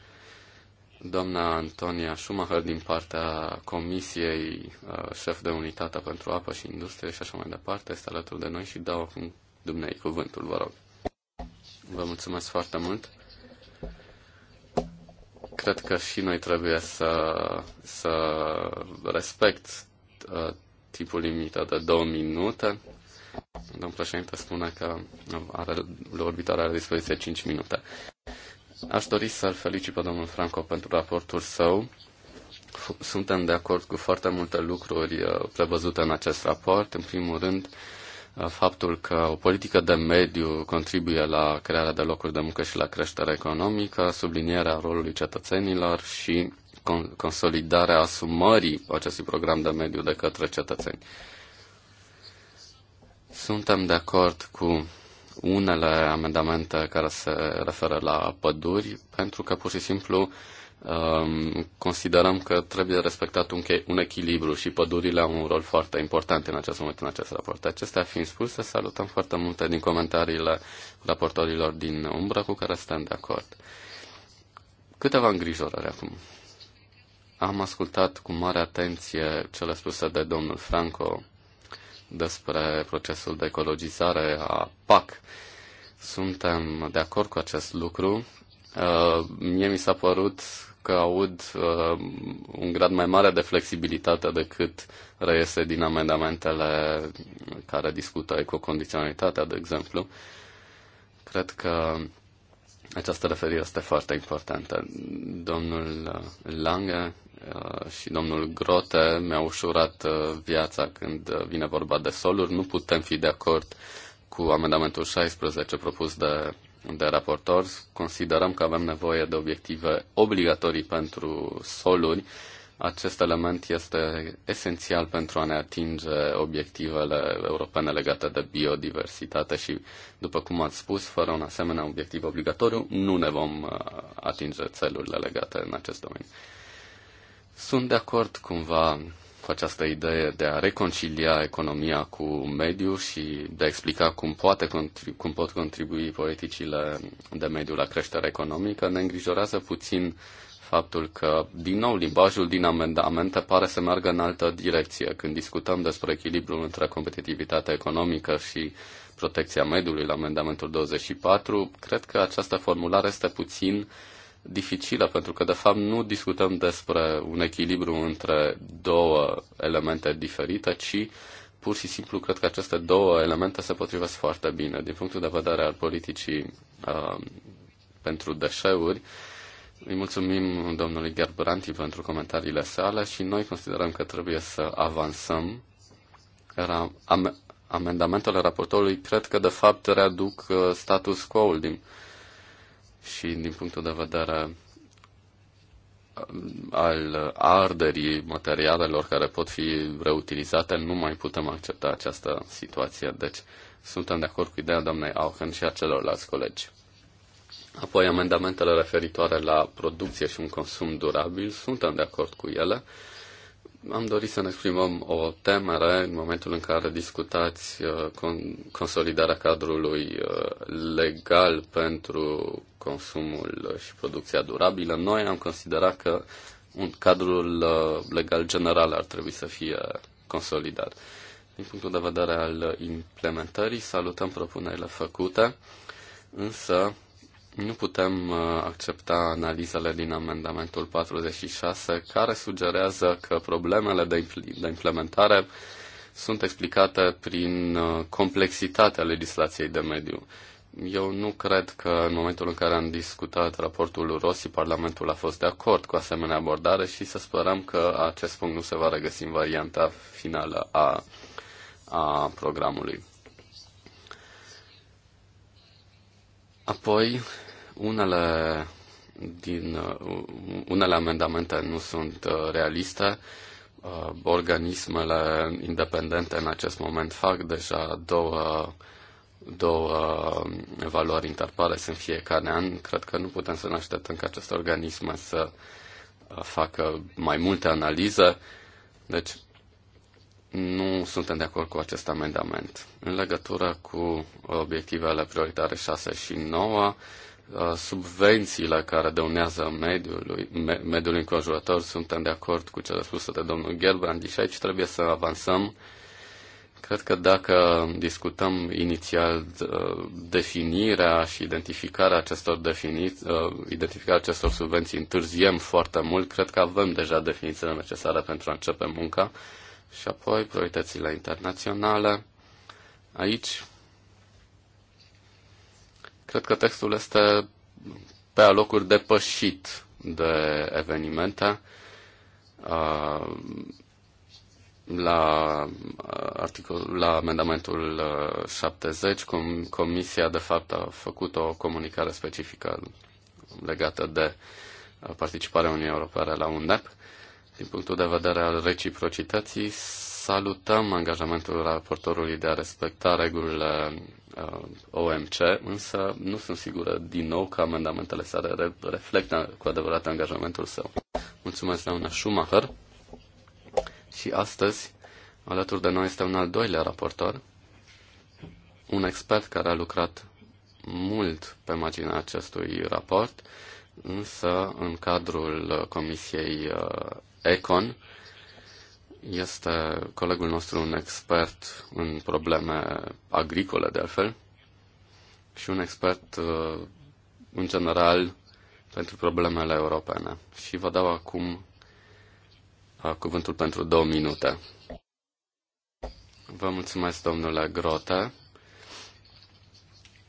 Doamna Antonia Schumacher din partea Comisiei uh, Șef de Unitate pentru Apă și Industrie și așa mai departe este alături de noi și dau acum dumnei cuvântul, vă rog. Vă mulțumesc foarte mult. Cred că și noi trebuie să, să respect uh, tipul limită de două minute. Domnul președinte spune că are, orbitoarea are dispoziție 5 minute. Aș dori să-l felicit pe domnul Franco pentru raportul său. Suntem de acord cu foarte multe lucruri uh, prevăzute în acest raport. În primul rând, uh, faptul că o politică de mediu contribuie la crearea de locuri de muncă și la creșterea economică, sublinierea rolului cetățenilor și consolidarea asumării acestui program de mediu de către cetățeni. Suntem de acord cu unele amendamente care se referă la păduri, pentru că pur și simplu um, considerăm că trebuie respectat un, un echilibru și pădurile au un rol foarte important în acest moment în acest raport. Acestea fiind spuse, salutăm foarte multe din comentariile raportorilor din umbră cu care stăm de acord. Câteva îngrijorări acum. Am ascultat cu mare atenție cele spuse de domnul Franco despre procesul de ecologizare a PAC. Suntem de acord cu acest lucru. Uh, mie mi s-a părut că aud uh, un grad mai mare de flexibilitate decât reiese din amendamentele care discută ecocondiționalitatea, de exemplu. Cred că această referire este foarte importantă. Domnul Lange Uh, și domnul Grote mi-a ușurat uh, viața când uh, vine vorba de soluri. Nu putem fi de acord cu amendamentul 16 propus de, de raportor. Considerăm că avem nevoie de obiective obligatorii pentru soluri. Acest element este esențial pentru a ne atinge obiectivele europene legate de biodiversitate și, după cum ați spus, fără un asemenea obiectiv obligatoriu, nu ne vom atinge țelurile legate în acest domeniu. Sunt de acord cumva cu această idee de a reconcilia economia cu mediul și de a explica cum, poate, cum pot contribui politicile de mediu la creșterea economică, ne îngrijorează puțin faptul că, din nou, limbajul din amendamente pare să meargă în altă direcție. Când discutăm despre echilibrul între competitivitatea economică și protecția mediului la amendamentul 24, cred că această formulare este puțin uh, dificilă, pentru că, de fapt, nu discutăm despre un echilibru între două elemente diferite, ci pur și simplu cred că aceste două elemente se potrivesc foarte bine. Din punctul de vedere al politicii uh, pentru deșeuri, îi mulțumim domnului Gerbranti pentru comentariile sale și noi considerăm că trebuie să avansăm. Era, am, amendamentele raportorului cred că, de fapt, readuc uh, status quo-ul din, și din punctul de vedere um, al arderii materialelor care pot fi reutilizate, nu mai putem accepta această situație. Deci suntem de acord cu ideea doamnei Auken și a celorlalți colegi. Apoi, amendamentele referitoare la producție și un consum durabil, suntem de acord cu ele. Am dorit să ne exprimăm o temere în momentul în care discutați uh, consolidarea cadrului uh, legal pentru consumul și producția durabilă. Noi am considerat că un cadrul uh, legal general ar trebui să fie consolidat. Din punctul de vedere al implementării, salutăm propunerile făcute, însă nu putem uh, accepta analizele din amendamentul 46 care sugerează că problemele de, de implementare sunt explicate prin uh, complexitatea legislației de mediu. Eu nu cred că în momentul în care am discutat raportul Rossi, Parlamentul a fost de acord cu asemenea abordare și să sperăm că acest punct nu se va regăsi în varianta finală a, a programului. Apoi, unele din unele amendamente nu sunt uh, realiste. Uh, organismele independente în acest moment fac deja două, două um, valori interpares în fiecare an. Cred că nu putem să ne așteptăm ca aceste organisme să uh, facă mai multe analize. Deci nu suntem de acord cu acest amendament. În legătură cu obiectivele prioritare 6 și 9, uh, subvențiile care dăunează mediului, mediului înconjurător, suntem de acord cu cele spuse de domnul Gelbrandi și aici trebuie să avansăm. Cred că dacă discutăm inițial uh, definirea și identificarea acestor, defini, uh, identificarea acestor subvenții, întârziem foarte mult. Cred că avem deja definițiile necesare pentru a începe munca și apoi prioritățile internaționale. Aici, cred că textul este pe alocuri depășit de evenimente. La, articol, la amendamentul 70, com, Comisia, de fapt, a făcut o comunicare specifică legată de participarea Uniunii Europene la UNDEP. Din punctul de vedere al reciprocității, salutăm angajamentul raportorului de a respecta regulile uh, OMC, însă nu sunt sigură din nou că amendamentele sale reflectă cu adevărat angajamentul său. Mulțumesc, doamna Schumacher. Și astăzi, alături de noi, este un al doilea raportor, un expert care a lucrat mult pe marginea acestui raport, însă în cadrul Comisiei uh, Econ. Este colegul nostru un expert în probleme agricole, de altfel, și un expert uh, în general pentru problemele europene. Și vă dau acum uh, cuvântul pentru două minute. Vă mulțumesc, domnule Grote.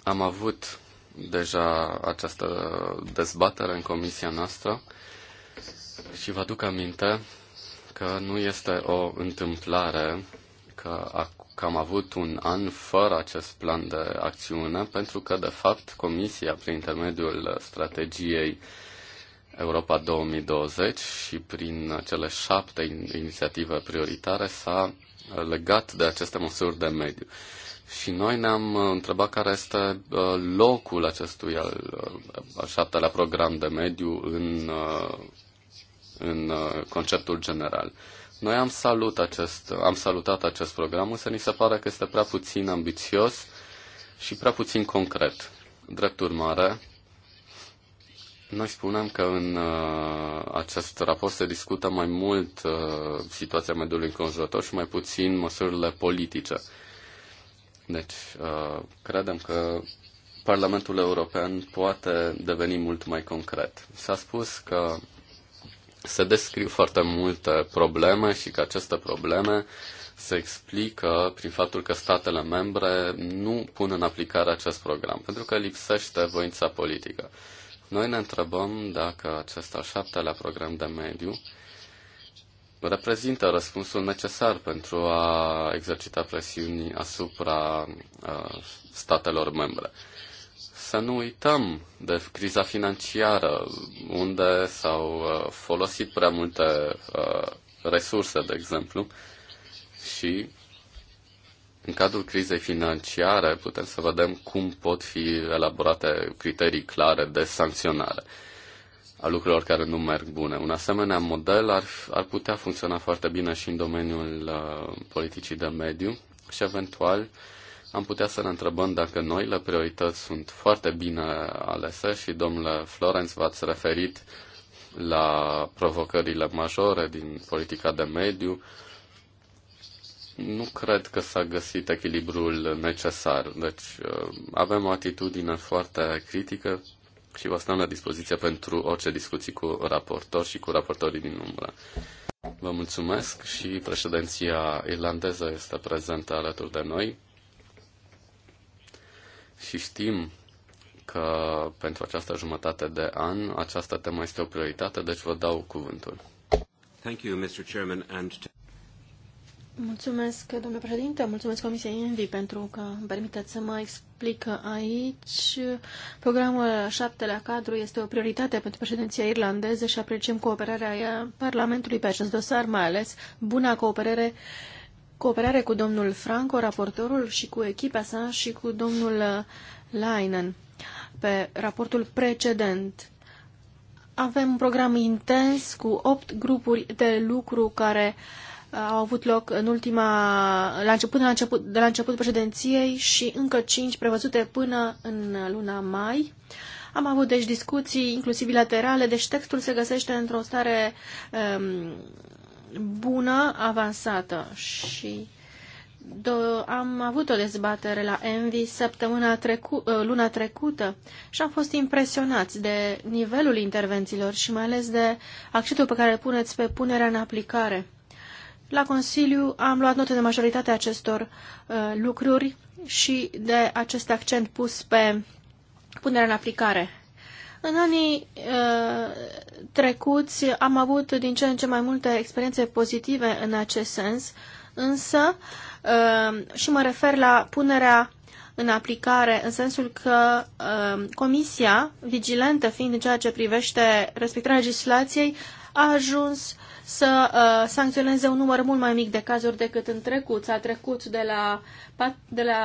Am avut deja această dezbatere în comisia noastră și vă aduc aminte că nu este o întâmplare că, că am avut un an fără acest plan de acțiune, pentru că, de fapt, Comisia, prin intermediul strategiei Europa 2020 și prin cele șapte inițiative prioritare, s-a legat de aceste măsuri de mediu. Și noi ne-am uh, întrebat care este uh, locul acestui al, uh, al șaptelea program de mediu în în uh, conceptul general. Noi am, salut acest, am salutat acest program, însă ni se pare că este prea puțin ambițios și prea puțin concret. Drept urmare, noi spunem că în uh, acest raport se discută mai mult uh, situația mediului înconjurător și mai puțin măsurile politice. Deci, uh, credem că Parlamentul European poate deveni mult mai concret. S-a spus că se descriu foarte multe probleme și că aceste probleme se explică prin faptul că statele membre nu pun în aplicare acest program, pentru că lipsește voința politică. Noi ne întrebăm dacă acest al șaptelea program de mediu reprezintă răspunsul necesar pentru a exercita presiuni asupra uh, statelor membre. Să nu uităm de criza financiară, unde s-au uh, folosit prea multe uh, resurse, de exemplu, și în cadrul crizei financiare putem să vedem cum pot fi elaborate criterii clare de sancționare a lucrurilor care nu merg bune. Un asemenea model ar, ar putea funcționa foarte bine și în domeniul uh, politicii de mediu și eventual uh, am putea să ne întrebăm dacă noile priorități sunt foarte bine alese și, domnule Florence, v-ați referit la provocările majore din politica de mediu. Nu cred că s-a găsit echilibrul necesar. Deci uh, avem o atitudine foarte critică și vă stăm la dispoziție pentru orice discuții cu raportor și cu raportorii din umbră. Vă mulțumesc și președinția irlandeză este prezentă alături de noi și știm că pentru această jumătate de an această temă este o prioritate, deci vă dau cuvântul. Thank you, Mr. Chairman, and... Mulțumesc, domnule președinte, mulțumesc Comisiei Envi pentru că îmi permiteți să mă explic aici. Programul șaptelea cadru este o prioritate pentru președinția irlandeză și apreciem cooperarea Parlamentului pe acest dosar, mai ales buna cooperare uh, cooperare cu domnul Franco, raportorul, și cu echipa sa și cu domnul uh, Leinen pe raportul precedent. Avem un program intens cu opt grupuri de lucru care uh, au avut loc în ultima, la început, de la început, de la început președinției și încă cinci prevăzute până în luna mai. Am avut deci discuții, inclusiv bilaterale, deci textul se găsește într-o stare um, bună, avansată și do- am avut o dezbatere la Envy săptămâna trecu- uh, luna trecută și am fost impresionați de nivelul intervențiilor și mai ales de accentul pe care îl puneți pe punerea în aplicare. La Consiliu am luat note de majoritatea acestor uh, lucruri și de acest accent pus pe punerea în aplicare în anii uh, trecuți am avut din ce în ce mai multe experiențe pozitive în acest sens, însă uh, și mă refer la punerea în aplicare, în sensul că uh, Comisia, vigilentă fiind în ceea ce privește respectarea legislației, a ajuns să uh, sancționeze un număr mult mai mic de cazuri decât în trecut. S-a trecut de la, de la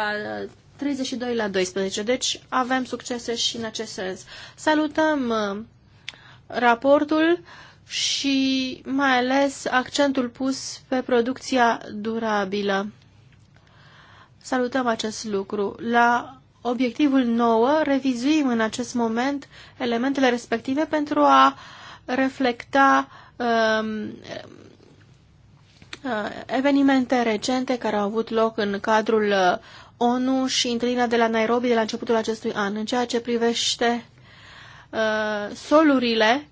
32 la 12. Deci avem succese și în acest sens. Salutăm uh, raportul și mai ales accentul pus pe producția durabilă. Salutăm acest lucru. La obiectivul 9 revizuim în acest moment elementele respective pentru a reflecta um, uh, evenimente recente care au avut loc în cadrul uh, ONU și întâlnirea de la Nairobi de la începutul acestui an. În ceea ce privește uh, solurile,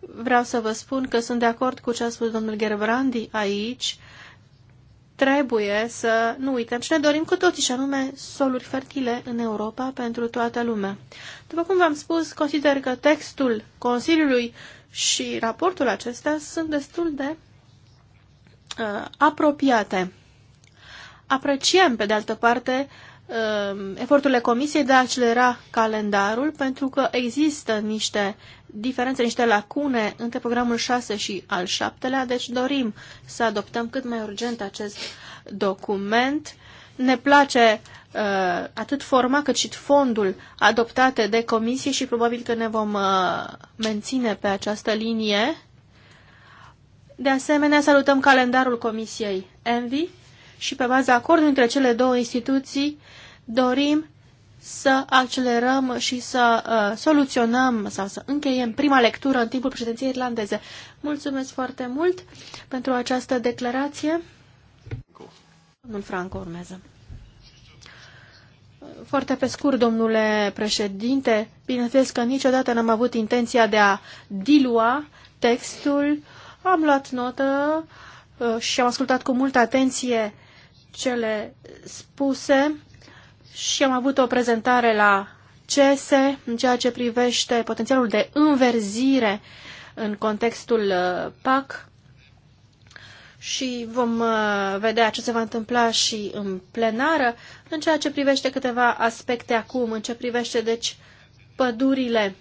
vreau să vă spun că sunt de acord cu ce a spus domnul Gerbrandi aici. Trebuie să nu uităm și ne dorim cu toții, și anume soluri fertile în Europa pentru toată lumea. După cum v-am spus, consider că textul Consiliului și raportul acesta sunt destul de uh, apropiate. Apreciem, pe de altă parte, um, eforturile Comisiei de a accelera calendarul, pentru că există niște diferențe, niște lacune între programul 6 și al 7-lea, deci dorim să adoptăm cât mai urgent acest document. Ne place uh, atât forma cât și fondul adoptate de comisie și probabil că ne vom uh, menține pe această linie. De asemenea, salutăm calendarul Comisiei Envi și pe baza acordului între cele două instituții dorim să accelerăm și să uh, soluționăm sau să încheiem prima lectură în timpul președinției irlandeze. Mulțumesc foarte mult pentru această declarație. Domnul Franco urmează. Foarte pe scurt, domnule președinte, bineînțeles că niciodată n-am avut intenția de a dilua textul. Am luat notă uh, și am ascultat cu multă atenție cele spuse și am avut o prezentare la CESE în ceea ce privește potențialul de înverzire în contextul uh, PAC și vom uh, vedea ce se va întâmpla și în plenară în ceea ce privește câteva aspecte acum, în ce privește deci pădurile.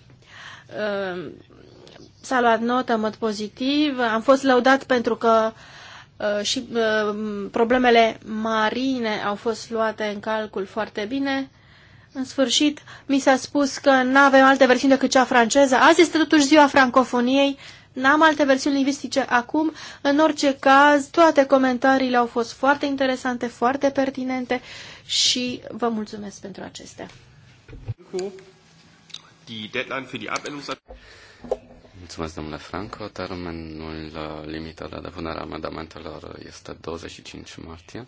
Uh, s-a luat notă în mod pozitiv, am fost lăudat pentru că uh, Uh, și uh, problemele marine au fost luate în calcul foarte bine. În sfârșit, mi s-a spus că nu avem alte versiuni decât cea franceză. Azi este totuși ziua francofoniei. N-am alte versiuni lingvistice acum. În orice caz, toate comentariile au fost foarte interesante, foarte pertinente și vă mulțumesc pentru acestea. Mulțumesc, domnule Franco. Termenul uh, limită de depunere a amendamentelor este 25 martie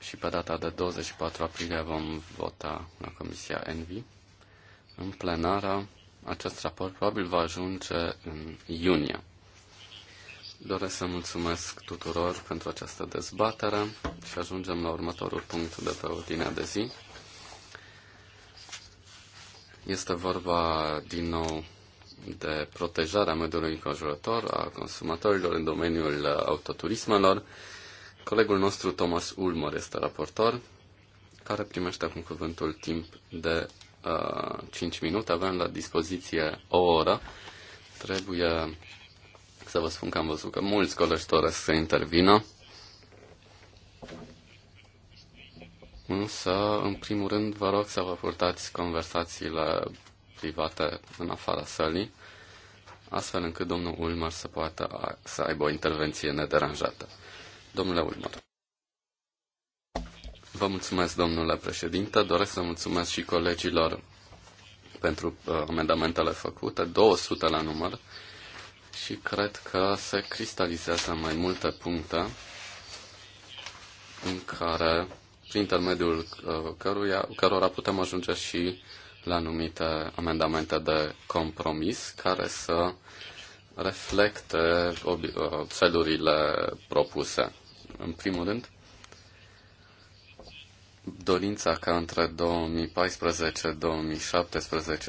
și pe data de 24 aprilie vom vota la Comisia Envi. În plenară, acest raport probabil va ajunge în iunie. Doresc să mulțumesc tuturor pentru această dezbatere și ajungem la următorul punct de pe ordinea de zi. Este vorba din nou de protejare a mediului înconjurător, a consumatorilor în domeniul autoturismelor. Colegul nostru, Thomas Ulmer, este raportor, care primește acum cuvântul timp de uh, 5 minute. Avem la dispoziție o oră. Trebuie să vă spun că am văzut că mulți colegi doresc să intervină. Însă, în primul rând, vă rog să vă purtați conversațiile privată în afara sălii, astfel încât domnul Ulmer să poată să aibă o intervenție nederanjată. Domnule Ulmer. Vă mulțumesc, domnule președinte. Doresc să mulțumesc și colegilor pentru uh, amendamentele făcute, 200 la număr, și cred că se cristalizează mai multe puncte în care, prin intermediul uh, căruia, cărora putem ajunge și la anumite amendamente de compromis care să reflecte felurile uh, propuse. În primul rând, dorința ca între 2014-2017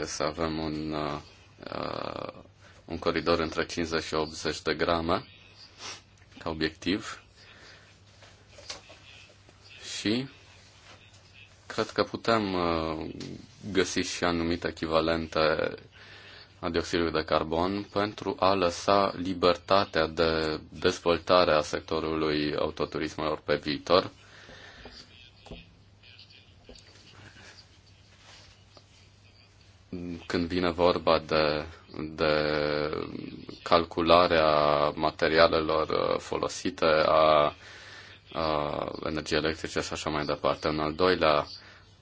să avem un, uh, un coridor între 50 și 80 de grame ca obiectiv și cred că putem uh, găsi și anumite echivalente a dioxidului de carbon pentru a lăsa libertatea de dezvoltare a sectorului autoturismelor pe viitor. Când vine vorba de, de calcularea materialelor folosite, a, a energiei electrice și așa mai departe. În al doilea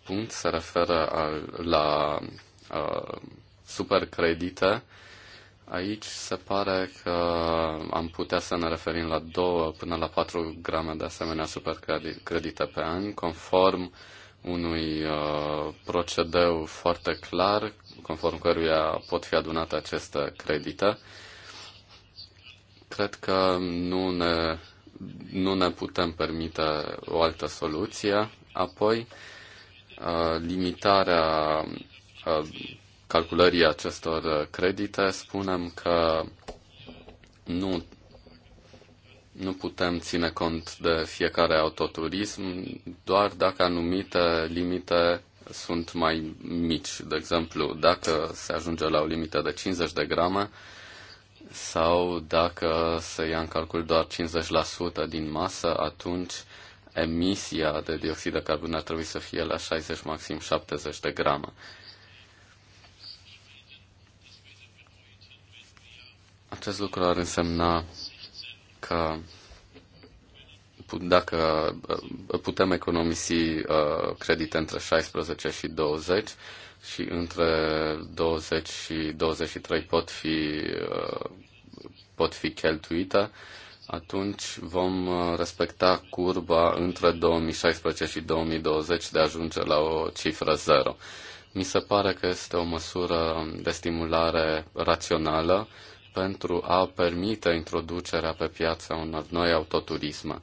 punct se referă al, la uh, supercredite. Aici se pare că am putea să ne referim la 2 până la 4 grame de asemenea supercredite pe an, conform unui uh, procedeu foarte clar, conform căruia pot fi adunate aceste credite. Cred că nu ne, nu ne putem permite o altă soluție. Apoi, uh, Uh, limitarea uh, calculării acestor credite, spunem că nu, nu putem ține cont de fiecare autoturism doar dacă anumite limite sunt mai mici. De exemplu, dacă se ajunge la o limită de 50 de grame sau dacă se ia în calcul doar 50% din masă, atunci emisia de dioxid de carbon ar trebui să fie la 60, maxim 70 de grame. Acest lucru ar însemna că dacă uh, putem economisi uh, credite între 16 și 20 și între 20 și 23 pot fi, uh, pot fi cheltuite, atunci vom uh, respecta curba între 2016 și 2020 de a ajunge la o cifră zero. Mi se pare că este o măsură de stimulare rațională pentru a permite introducerea pe piață unor noi autoturisme.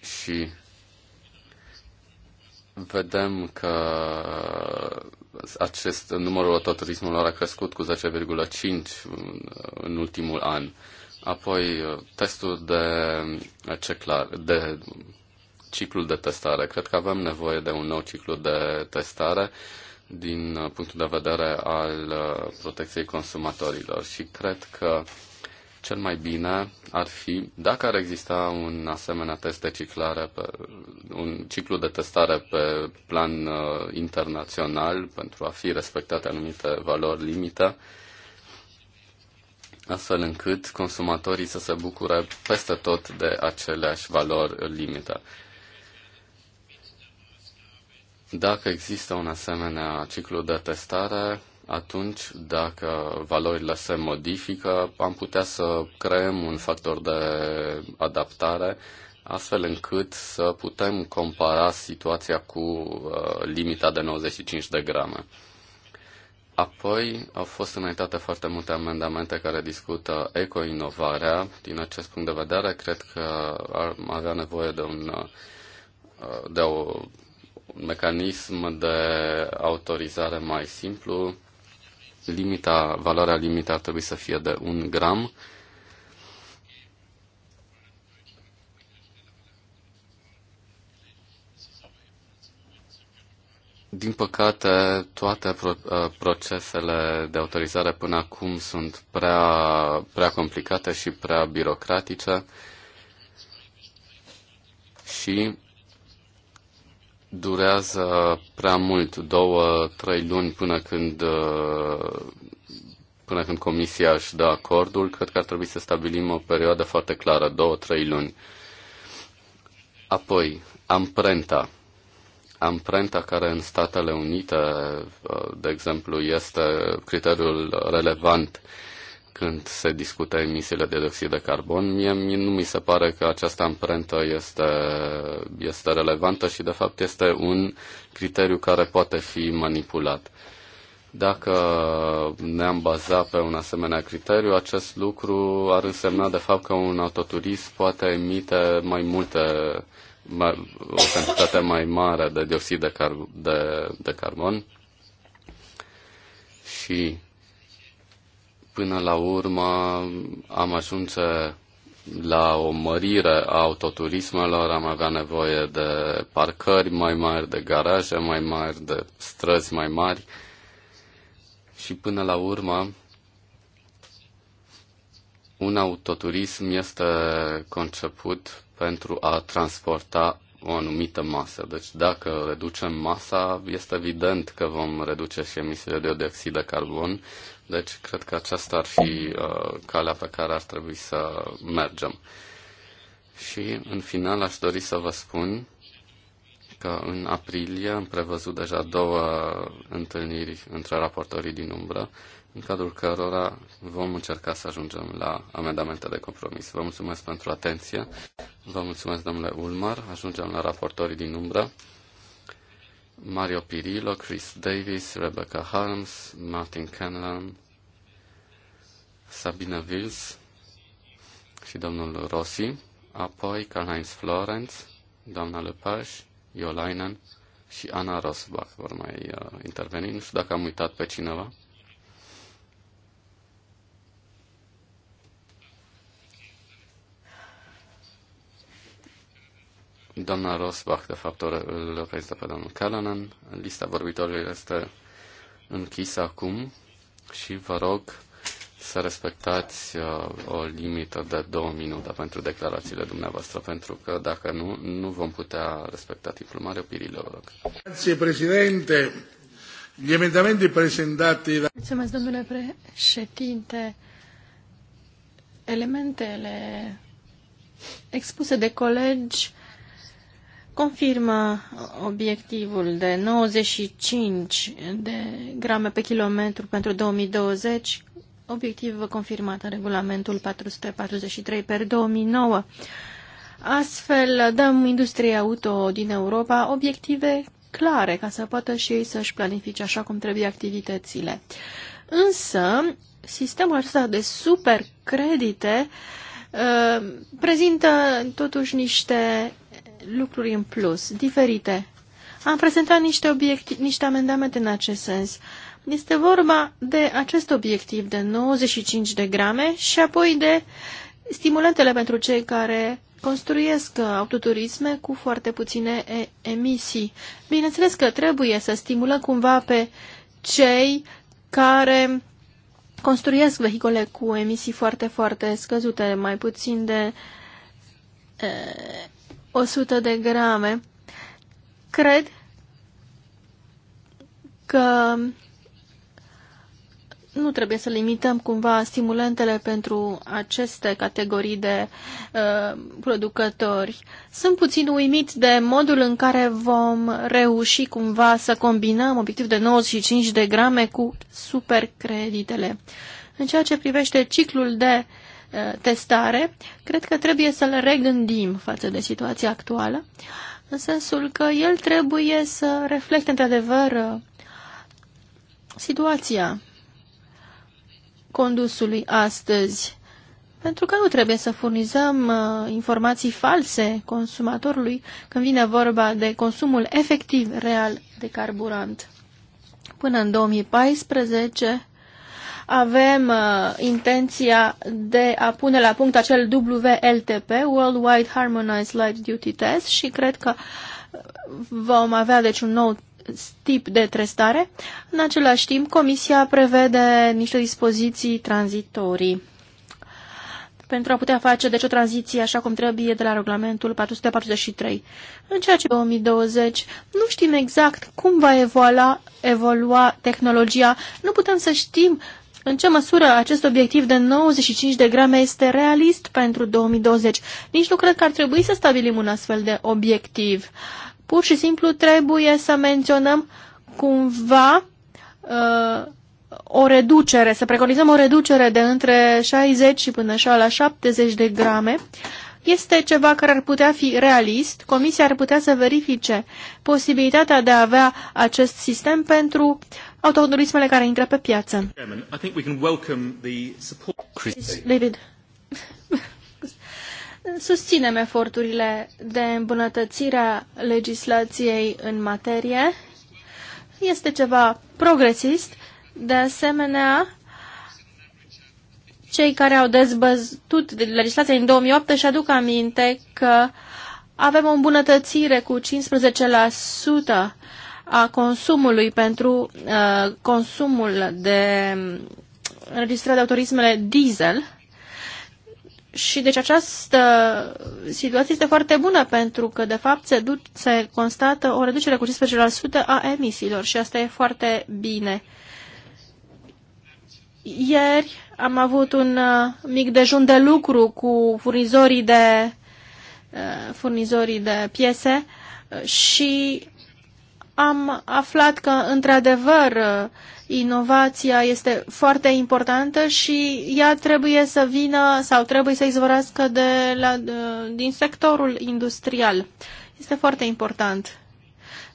Și vedem că acest numărul autoturismelor a crescut cu 10,5 în ultimul an. Apoi testul de clar de ciclul de testare. Cred că avem nevoie de un nou ciclu de testare din punctul de vedere al uh, protecției consumatorilor și cred că uh, cel mai bine ar fi dacă ar exista un asemenea test de ciclare, pe, un ciclu de testare pe plan uh, internațional pentru a fi respectate anumite valori limită, astfel încât consumatorii să se bucure peste tot de aceleași valori limită. Dacă există un asemenea ciclu de testare, atunci dacă valorile se modifică, am putea să creăm un factor de adaptare astfel încât să putem compara situația cu uh, limita de 95 de grame. Apoi au fost înaintate foarte multe amendamente care discută ecoinovarea. Din acest punct de vedere, cred că ar avea nevoie de un, uh, de o, un mecanism de autorizare mai simplu, limita, valoarea limită ar trebui să fie de un gram. Din păcate, toate pro- ă, procesele de autorizare până acum sunt prea, prea complicate și prea birocratice și durează prea mult, două, trei luni până când, uh, până când comisia își dă acordul, cred că ar trebui să stabilim o perioadă foarte clară, două, trei luni. Apoi, amprenta. Amprenta care în Statele Unite, uh, de exemplu, este criteriul relevant uh, când se discută emisiile de dioxid de carbon. Mie, mie nu mi se pare că această amprentă este, este relevantă și, de fapt, este un criteriu care poate fi manipulat. Dacă ne-am bazat pe un asemenea criteriu, acest lucru ar însemna, de fapt, că un autoturist poate emite mai multe mai, o cantitate mai mare de dioxid de, car- de, de carbon și Până la urmă am ajuns la o mărire a autoturismelor, am avea nevoie de parcări mai mari, de garaje mai mari, de străzi mai mari și până la urmă un autoturism este conceput pentru a transporta o anumită masă. Deci dacă reducem masa, este evident că vom reduce și emisiile de dioxid de carbon deci, cred că aceasta ar fi uh, calea pe care ar trebui să mergem. Și, în final, aș dori să vă spun că în aprilie am prevăzut deja două întâlniri între raportorii din umbră, în cadrul cărora vom încerca să ajungem la amendamente de compromis. Vă mulțumesc pentru atenție, vă mulțumesc, domnule Ulmar, ajungem la raportorii din umbră. Mario Pirillo, Chris Davis, Rebecca Harms, Martin Canlan, Sabina Wills și domnul Rossi, apoi Karl-Heinz Florence, doamna Lepage, Iolainen și Ana Rosbach vor mai uh, interveni. Nu știu dacă am uitat pe cineva. Doamna Rosbach, de fapt, o reprezintă pe domnul Callanan. Lista vorbitorilor este închisă acum și vă rog să respectați uh, o limită de două minute pentru declarațiile dumneavoastră, pentru că dacă nu, nu vom putea respecta timpul. mare opirilor. vă rog. Grazie, președinte. Gli emendamenti presentati da... Mulțumesc, domnule președinte. Elementele expuse de colegi confirmă obiectivul de 95 de grame pe kilometru pentru 2020, obiectiv confirmat în regulamentul 443 per 2009. Astfel, dăm industriei auto din Europa obiective clare ca să poată și ei să-și planifice așa cum trebuie activitățile. Însă, sistemul acesta de supercredite uh, prezintă totuși niște lucruri în plus, diferite. Am prezentat niște, obiecti- niște amendamente în acest sens. Este vorba de acest obiectiv de 95 de grame și apoi de stimulantele pentru cei care construiesc autoturisme cu foarte puține emisii. Bineînțeles că trebuie să stimulăm cumva pe cei care construiesc vehicole cu emisii foarte, foarte scăzute, mai puțin de 100 de grame. Cred că nu trebuie să limităm cumva stimulentele pentru aceste categorii de uh, producători. Sunt puțin uimit de modul în care vom reuși cumva să combinăm obiectiv de 95 de grame cu supercreditele. În ceea ce privește ciclul de uh, testare, cred că trebuie să-l regândim față de situația actuală, în sensul că el trebuie să reflecte într-adevăr situația condusului astăzi, pentru că nu trebuie să furnizăm uh, informații false consumatorului când vine vorba de consumul efectiv real de carburant. Până în 2014, avem uh, intenția de a pune la punct acel WLTP, Worldwide Harmonized Light Duty Test, și cred că vom avea deci un nou tip de trestare. În același timp, Comisia prevede niște dispoziții tranzitorii pentru a putea face deci o tranziție așa cum trebuie de la regulamentul 443. În ceea ce 2020 nu știm exact cum va evolua, evolua tehnologia, nu putem să știm în ce măsură acest obiectiv de 95 de grame este realist pentru 2020? Nici nu cred că ar trebui să stabilim un astfel de obiectiv. Pur și simplu trebuie să menționăm cumva uh, o reducere, să preconizăm o reducere de între 60 și până așa la 70 de grame. Este ceva care ar putea fi realist. Comisia ar putea să verifice posibilitatea de a avea acest sistem pentru uh, autoturismele care intră pe piață. David, susținem eforturile de îmbunătățire a legislației în materie. Este ceva progresist. De asemenea, cei care au dezbăzut legislația în 2008 își aduc aminte că avem o îmbunătățire cu 15% a consumului pentru uh, consumul de um, înregistrări de autorismele diesel. Și deci această situație este foarte bună pentru că, de fapt, se, du- se constată o reducere cu 15% a emisiilor și asta e foarte bine. Ieri am avut un uh, mic dejun de lucru cu furnizorii de, uh, furnizorii de piese uh, și am aflat că, într-adevăr, inovația este foarte importantă și ea trebuie să vină sau trebuie să izvorască de la, de, din sectorul industrial. Este foarte important.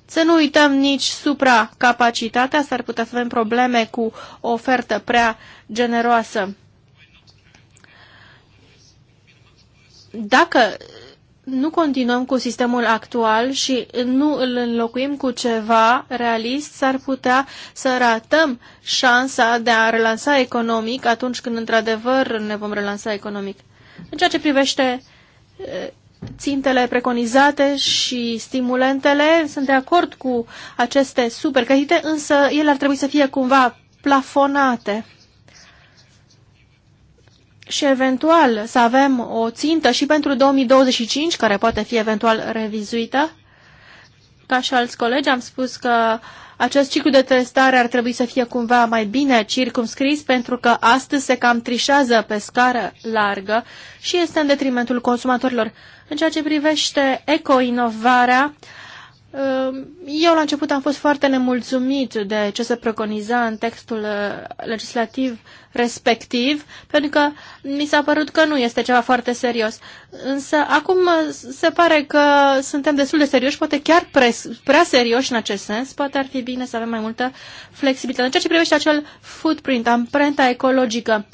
Să nu uităm nici supracapacitatea, s-ar putea să avem probleme cu o ofertă prea generoasă. Dacă nu continuăm cu sistemul actual și nu îl înlocuim cu ceva realist, s-ar putea să ratăm șansa de a relansa economic atunci când într-adevăr ne vom relansa economic. În ceea ce privește țintele preconizate și stimulentele, sunt de acord cu aceste supercredite, însă ele ar trebui să fie cumva plafonate și eventual să avem o țintă și pentru 2025, care poate fi eventual revizuită. Ca și alți colegi am spus că acest ciclu de testare ar trebui să fie cumva mai bine circumscris pentru că astăzi se cam trișează pe scară largă și este în detrimentul consumatorilor. În ceea ce privește ecoinovarea, uh, Ehm, eu la început am fost foarte nemulțumit de ce se preconiza în textul uh, legislativ respectiv, pentru că mi s-a părut că nu este ceva foarte serios. Însă acum uh, se pare că suntem destul de serioși, poate chiar pre, prea serioși în acest sens, poate ar fi bine să avem mai multă flexibilitate. În ceea ce privește acel footprint, amprenta ecologică,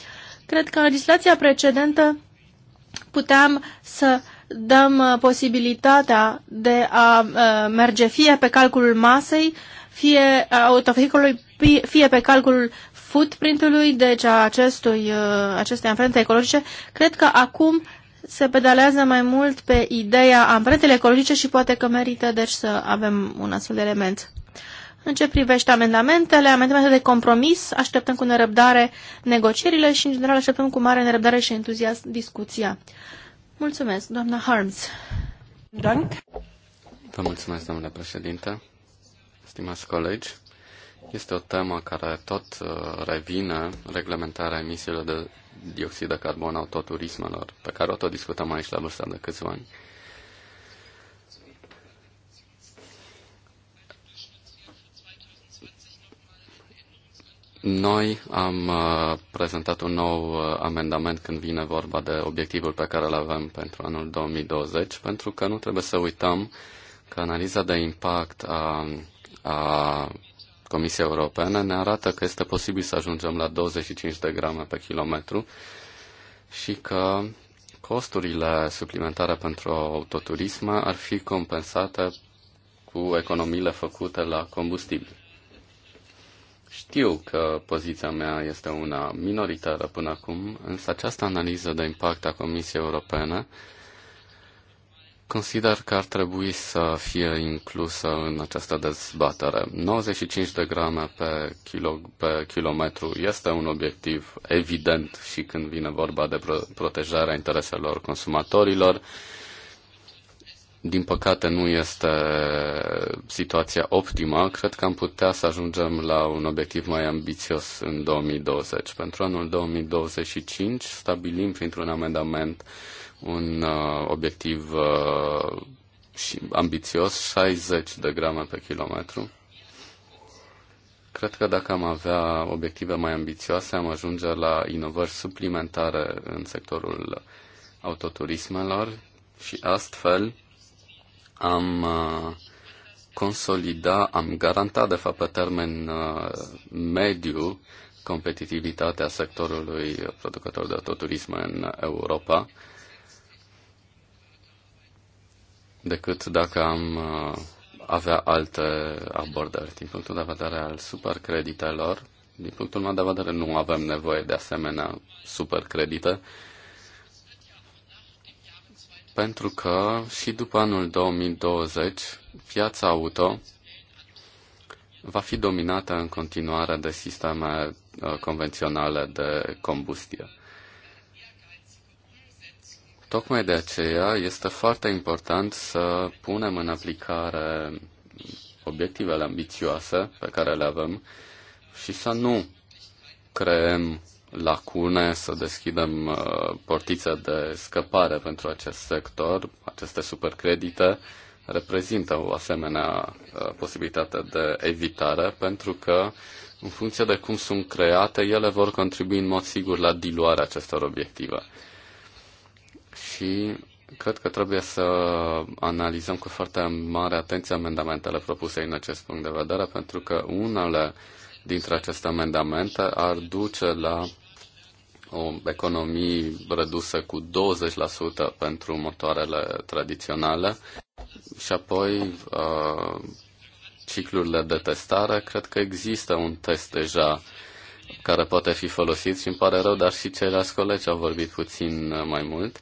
cred că în legislația precedentă puteam să uh, dăm uh, posibilitatea de a uh, merge fie pe calculul masei, fie autovehiculului, fie pe calculul footprintului, deci a acestui, uh, acestei amprente ecologice, cred că acum se pedalează mai mult pe ideea amprentele ecologice și poate că merită deci să avem un astfel de element. În ce privește amendamentele, amendamentele de compromis, așteptăm cu nerăbdare negocierile și, în general, așteptăm cu mare nerăbdare și entuziasm discuția. Mulțumesc, doamna Harms. Dank. Vă mulțumesc, domnule președinte. Stimați colegi, este o temă care tot uh, revine, reglementarea emisiilor de dioxid de carbon autoturismelor, pe care o tot discutăm aici la Bursa de câțiva ani. Noi am uh, prezentat un nou uh, amendament când vine vorba de obiectivul pe care îl avem pentru anul 2020, pentru că nu trebuie să uităm că analiza de impact a, a Comisiei Europene ne arată că este posibil să ajungem la 25 de grame pe kilometru și că costurile suplimentare pentru autoturisme ar fi compensate cu economiile făcute la combustibil. Știu că poziția mea este una minoritară până acum, însă această analiză de impact a Comisiei Europene consider că ar trebui să fie inclusă în această dezbatere. 95 de grame pe, kilo, pe kilometru este un obiectiv evident și când vine vorba de pro- protejarea intereselor consumatorilor din păcate nu este situația optimă, cred că am putea să ajungem la un obiectiv mai ambițios în 2020. Pentru anul 2025 stabilim printr-un amendament un uh, obiectiv uh, și ambițios, 60 de grame pe kilometru. Cred că dacă am avea obiective mai ambițioase, am ajunge la inovări suplimentare în sectorul autoturismelor și astfel am uh, consolida, am garantat, de fapt, pe termen uh, mediu, competitivitatea sectorului producător de autoturisme în Europa, decât dacă am uh, avea alte abordări. Din punctul de vedere al supercreditelor, din punctul meu de vedere, nu avem nevoie de asemenea supercredite pentru că și după anul 2020 piața auto va fi dominată în continuare de sisteme uh, convenționale de combustie. Tocmai de aceea este foarte important să punem în aplicare obiectivele ambițioase pe care le avem și să nu creăm lacune, să deschidem uh, portițe de scăpare pentru acest sector. Aceste supercredite reprezintă o asemenea uh, posibilitate de evitare, pentru că, în funcție de cum sunt create, ele vor contribui în mod sigur la diluarea acestor obiective. Și cred că trebuie să analizăm cu foarte mare atenție amendamentele propuse în acest punct de vedere, pentru că unele dintre aceste amendamente ar duce la o economie redusă cu 20% pentru motoarele tradiționale și apoi uh, ciclurile de testare. Cred că există un test deja care poate fi folosit și îmi pare rău, dar și ceilalți colegi au vorbit puțin mai mult.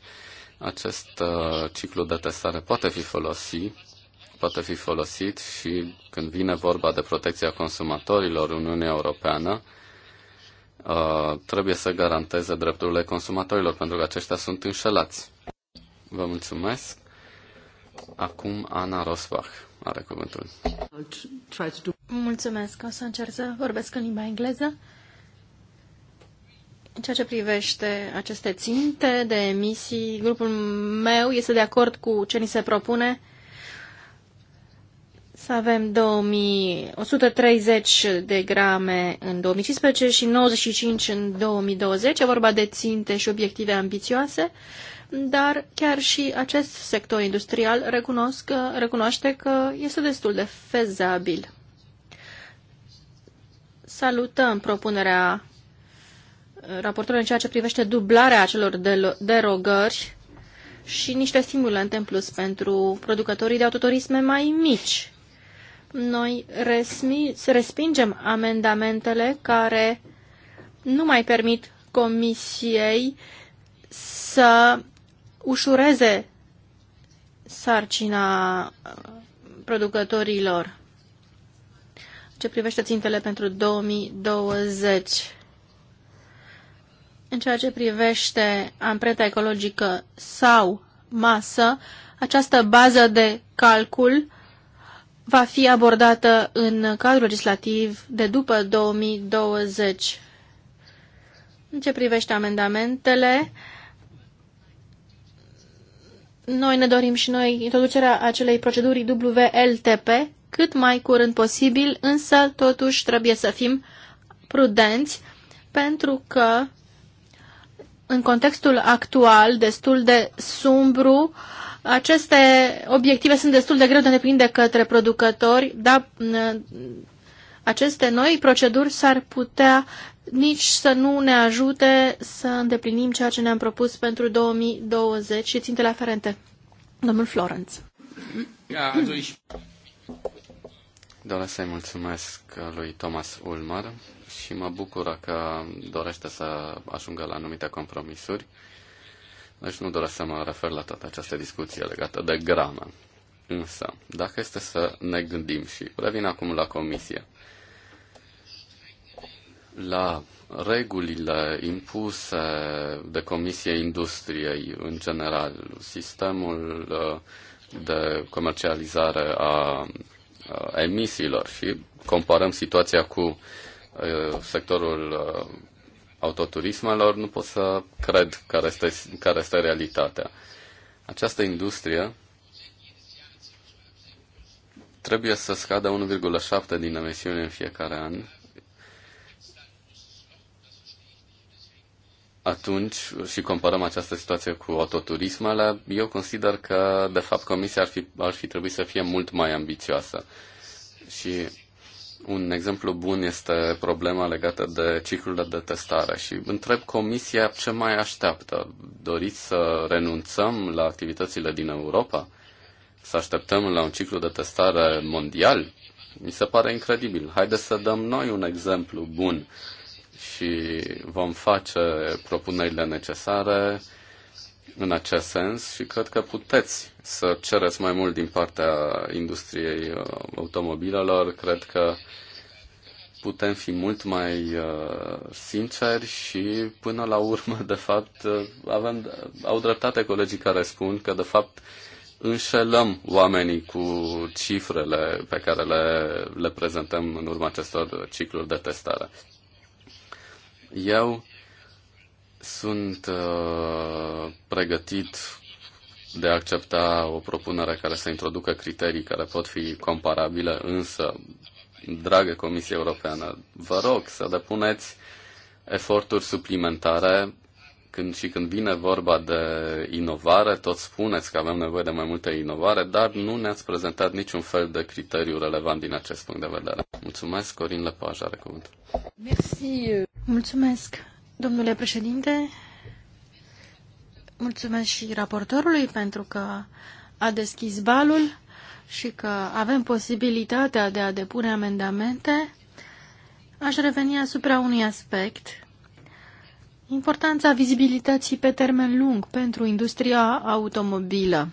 Acest uh, ciclu de testare poate fi folosit poate fi folosit și când vine vorba de protecția consumatorilor Uniunea Europeană, Uh, trebuie să garanteze drepturile consumatorilor, pentru că aceștia sunt înșelați. Vă mulțumesc. Acum Ana Rosbach are cuvântul. Mulțumesc. O să încerc să vorbesc în limba engleză. În ceea ce privește aceste ținte de emisii, grupul meu este de acord cu ce ni se propune să avem 2130 de grame în 2015 și 95 în 2020. E vorba de ținte și obiective ambițioase, dar chiar și acest sector industrial recunosc, recunoaște că este destul de fezabil. Salutăm propunerea raportorului în ceea ce privește dublarea acelor derogări și niște stimulante în plus pentru producătorii de autoturisme mai mici noi respingem amendamentele care nu mai permit Comisiei să ușureze sarcina uh, producătorilor ce privește țintele pentru 2020. În ceea ce privește amprenta ecologică sau masă, această bază de calcul va fi abordată în cadrul legislativ de după 2020. În ce privește amendamentele, noi ne dorim și noi introducerea acelei proceduri WLTP cât mai curând posibil, însă totuși trebuie să fim prudenți pentru că în contextul actual destul de sumbru uh, aceste obiective sunt destul de greu de îndeplinit de către producători, dar mm, aceste noi proceduri s-ar putea nici să nu ne ajute să îndeplinim ceea ce ne-am propus pentru 2020 și țintele aferente. Domnul Florence. Doresc să-i mulțumesc lui Thomas Ulmer și mă bucură că dorește să ajungă la anumite compromisuri deci nu doresc să mă refer la toată această discuție legată de gramă. Însă, dacă este să ne gândim și revin acum la comisie, la regulile impuse de Comisia Industriei în general, sistemul uh, de comercializare a uh, emisiilor și comparăm situația cu uh, sectorul autoturismelor, nu pot să cred care este, care este realitatea. Această industrie trebuie să scadă 1,7 din emisiune în fiecare an. Atunci, și comparăm această situație cu autoturismele, eu consider că, de fapt, Comisia ar fi, ar fi trebuit să fie mult mai ambițioasă. Și un exemplu bun este problema legată de ciclurile de testare și întreb Comisia ce mai așteaptă. Doriți să renunțăm la activitățile din Europa? Să așteptăm la un ciclu de testare mondial? Mi se pare incredibil. Haideți să dăm noi un exemplu bun și vom face propunerile necesare în acest sens și cred că puteți să cereți mai mult din partea industriei uh, automobilelor. Cred că putem fi mult mai uh, sinceri și până la urmă, de fapt, uh, avem, au dreptate colegii care spun că, de fapt, înșelăm oamenii cu cifrele pe care le, le prezentăm în urma acestor cicluri de testare. Eu sunt uh, pregătit de a accepta o propunere care să introducă criterii care pot fi comparabile, însă, dragă Comisie Europeană, vă rog să depuneți eforturi suplimentare când și când vine vorba de inovare, tot spuneți că avem nevoie de mai multă inovare, dar nu ne-ați prezentat niciun fel de criteriu relevant din acest punct de vedere. Mulțumesc, Corin Lepaj are cuvântul. Euh. Mulțumesc, Domnule președinte, mulțumesc și raportorului pentru că a deschis balul și că avem posibilitatea de a depune amendamente. Aș reveni asupra unui aspect. Importanța vizibilității pe termen lung pentru industria automobilă.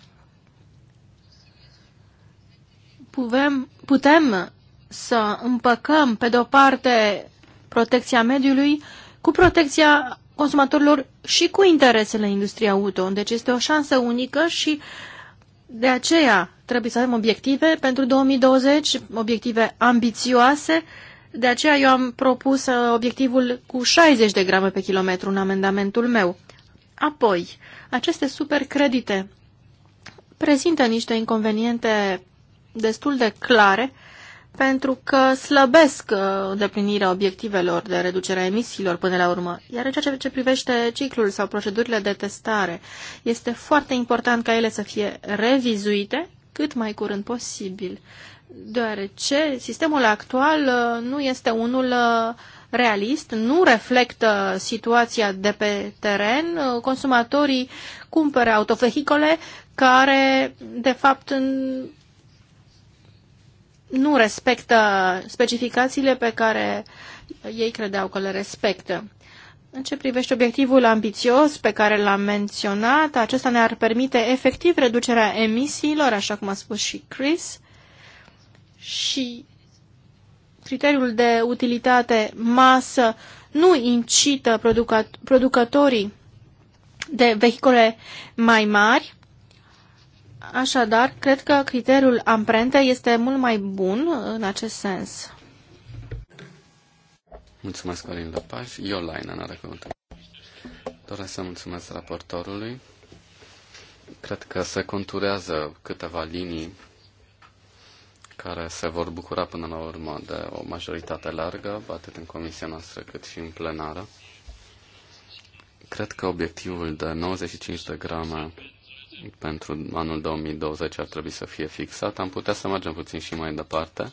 Putem, putem să împăcăm, pe de-o parte, protecția mediului cu protecția consumatorilor și cu interesele industriei auto. Deci este o șansă unică și de aceea trebuie să avem obiective pentru 2020, obiective ambițioase. De aceea eu am propus uh, obiectivul cu 60 de grame pe kilometru în amendamentul meu. Apoi, aceste supercredite prezintă niște inconveniente destul de clare pentru că slăbesc uh, îndeplinirea obiectivelor de reducere a emisiilor până la urmă. Iar în ceea ce privește ciclul sau procedurile de testare, este foarte important ca ele să fie revizuite cât mai curând posibil, deoarece sistemul actual uh, nu este unul uh, realist, nu reflectă situația de pe teren. Consumatorii cumpără autovehicole care, de fapt, nu respectă specificațiile pe care ei credeau că le respectă. În ce privește obiectivul ambițios pe care l-am menționat, acesta ne-ar permite efectiv reducerea emisiilor, așa cum a spus și Chris, și criteriul de utilitate masă nu incită producătorii de vehicule mai mari Așadar, cred că criteriul amprente este mult mai bun în acest sens. Mulțumesc, Corin Lăpaș. Eu, Laina, n-are cuvântul. Doresc să mulțumesc raportorului. Cred că se conturează câteva linii care se vor bucura până la urmă de o majoritate largă, atât în comisia noastră cât și în plenară. Cred că obiectivul de 95 de grame pentru anul 2020 ar trebui să fie fixat. Am putea să mergem puțin și mai departe,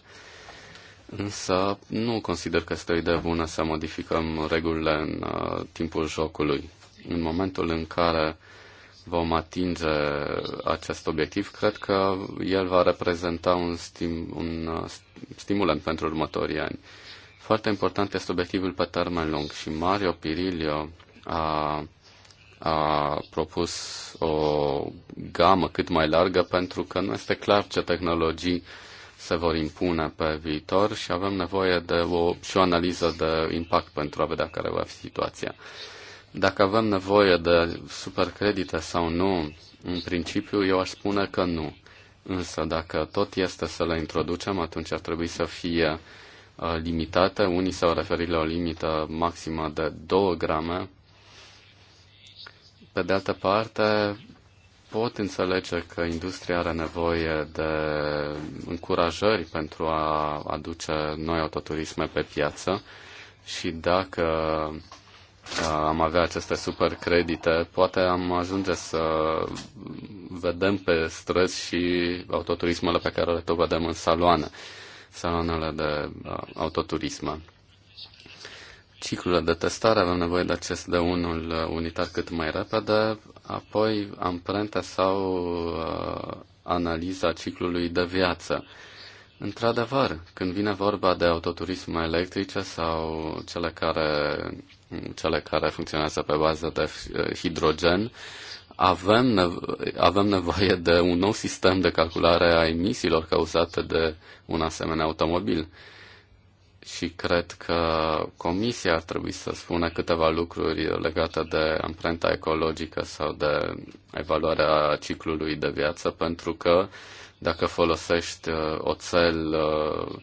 însă nu consider că este o idee bună să modificăm regulile în uh, timpul jocului. În momentul în care vom atinge acest obiectiv, cred că el va reprezenta un, stim, un uh, stimulant pentru următorii ani. Foarte important este obiectivul pe termen lung și Mario Pirilio a a propus o gamă cât mai largă pentru că nu este clar ce tehnologii se vor impune pe viitor și avem nevoie de o, și o analiză de impact pentru a vedea care va fi situația. Dacă avem nevoie de supercredite sau nu, în principiu eu aș spune că nu. Însă dacă tot este să le introducem, atunci ar trebui să fie uh, limitate. Unii s-au referit la o limită maximă de 2 grame pe de altă parte, pot înțelege că industria are nevoie de încurajări pentru a aduce noi autoturisme pe piață și dacă am avea aceste super credite, poate am ajunge să vedem pe străzi și autoturismele pe care le tot vedem în saloane, saloanele de autoturisme ciclurile de testare, avem nevoie de acest de unul uh, unitar cât mai repede, apoi amprenta sau uh, analiza ciclului de viață. Într-adevăr, când vine vorba de autoturisme electrice sau cele care, cele care funcționează pe bază de uh, hidrogen, avem, nevo- avem nevoie de un nou sistem de calculare a emisiilor cauzate de un asemenea automobil. Uh, și cred că Comisia ar trebui să spună câteva lucruri legate de amprenta ecologică sau de evaluarea ciclului de viață, pentru că dacă folosești uh, oțel, uh,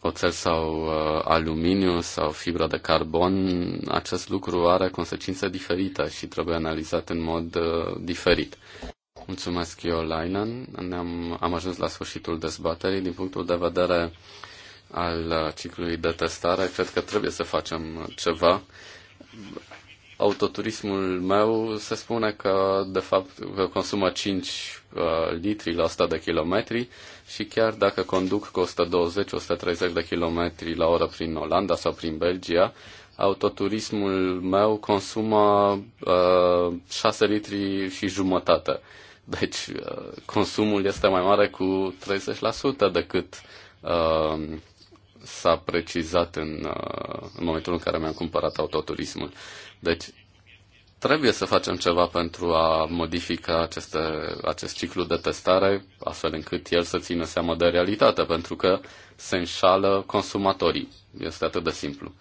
oțel sau uh, aluminiu sau fibra de carbon, acest lucru are consecințe diferite și trebuie analizat în mod diferit. Mulțumesc eu, Lainan. Ne-am, am ajuns la sfârșitul dezbaterii. Din punctul de vedere al uh, ciclului de testare, cred că trebuie să facem uh, ceva. Autoturismul meu se spune că, de fapt, consumă 5 uh, litri la 100 de kilometri și chiar dacă conduc cu 120-130 de kilometri la oră prin Olanda sau prin Belgia, autoturismul meu consumă uh, 6 litri și jumătate. Deci uh, consumul este mai mare cu 30% decât uh, s-a precizat în, uh, în momentul în care mi-am cumpărat autoturismul. Deci, trebuie să facem ceva pentru a modifica aceste, acest ciclu de testare, astfel încât el să țină seama de realitate, pentru că se înșală consumatorii. Este atât de simplu.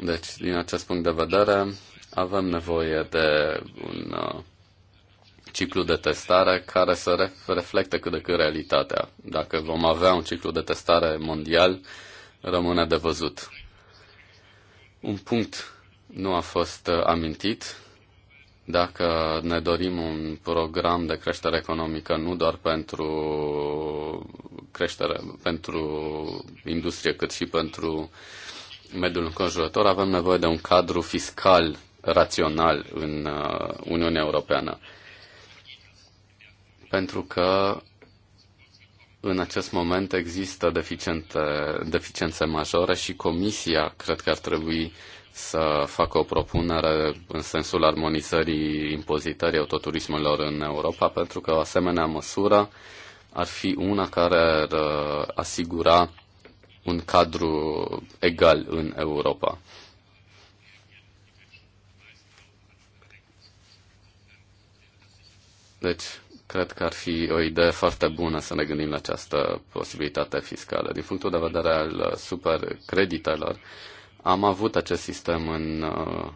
Deci, din acest punct de vedere, avem nevoie de un uh, ciclu de testare care să reflecte cât de cât realitatea. Dacă vom avea un ciclu de testare mondial, rămâne de văzut. Un punct nu a fost uh, amintit. Dacă ne dorim un program de creștere economică nu doar pentru creștere, pentru industrie, cât și pentru mediul înconjurător, avem nevoie de un cadru fiscal rațional în uh, Uniunea Europeană pentru că în acest moment există deficiențe majore și Comisia cred că ar trebui să facă o propunere în sensul armonizării impozitării autoturismelor în Europa, pentru că o asemenea măsură ar fi una care ar uh, asigura un cadru egal în Europa. Deci, Cred că ar fi o idee foarte bună să ne gândim la această posibilitate fiscală. Din punctul de vedere al supercreditelor, am avut acest sistem în uh,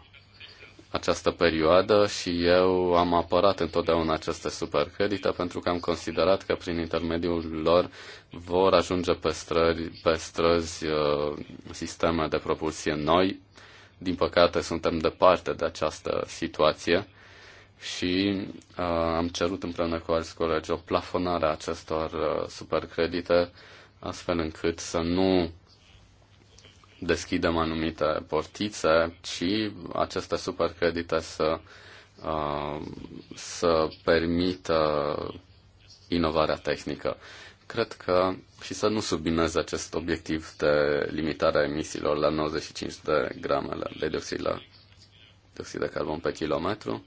această perioadă și eu am apărat întotdeauna aceste supercredite pentru că am considerat că prin intermediul lor vor ajunge pe, străzi, pe străzi uh, sisteme de propulsie noi. Din păcate suntem departe de această situație și uh, am cerut împreună cu alți colegi o plafonare a acestor uh, supercredite, astfel încât să nu deschidem anumite portițe, ci aceste supercredite să, uh, să permită inovarea tehnică. Cred că și să nu submineze acest obiectiv de limitare a emisiilor la 95 de grame de dioxid, la, dioxid de carbon pe kilometru, uh,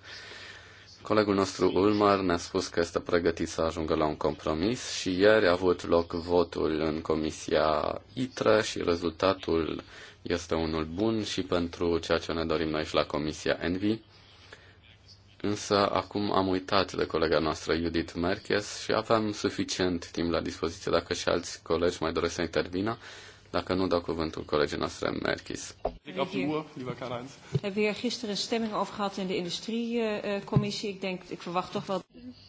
Colegul nostru Ulmar ne-a spus că este pregătit să ajungă la un compromis și ieri a avut loc votul în Comisia ITRE și rezultatul este unul bun și pentru ceea ce ne dorim noi și la Comisia ENVI. Însă acum am uitat de colega noastră Judith Merkes și avem suficient timp la dispoziție dacă și alți colegi mai doresc să intervină. Dacă nu, dau cuvântul colegii noastre, Merkis.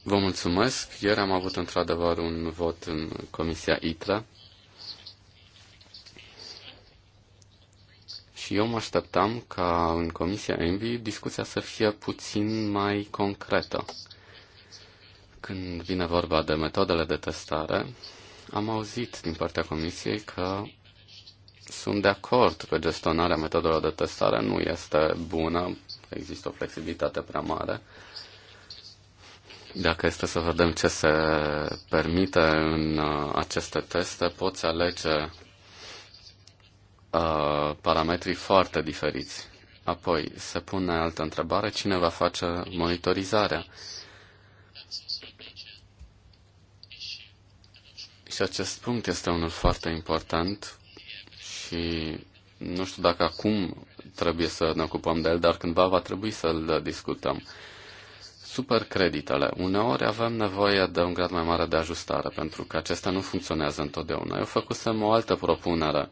Vă mulțumesc. Ieri am avut într-adevăr un vot în Comisia ITRA. Și eu mă așteptam ca în Comisia ENVI discuția să fie puțin mai concretă. Când vine vorba de metodele de testare, am auzit din partea Comisiei că sunt de acord că gestionarea metodelor de testare nu este bună, există o flexibilitate prea mare. Dacă este să vedem ce se permite în uh, aceste teste, poți alege uh, parametrii foarte diferiți. Apoi se pune altă întrebare, cine va face monitorizarea? Și acest punct este unul foarte important și nu știu dacă acum trebuie să ne ocupăm de el, dar cândva va trebui să-l discutăm. Supercreditele. Uneori avem nevoie de un grad mai mare de ajustare, pentru că acestea nu funcționează întotdeauna. Eu făcusem o altă propunere.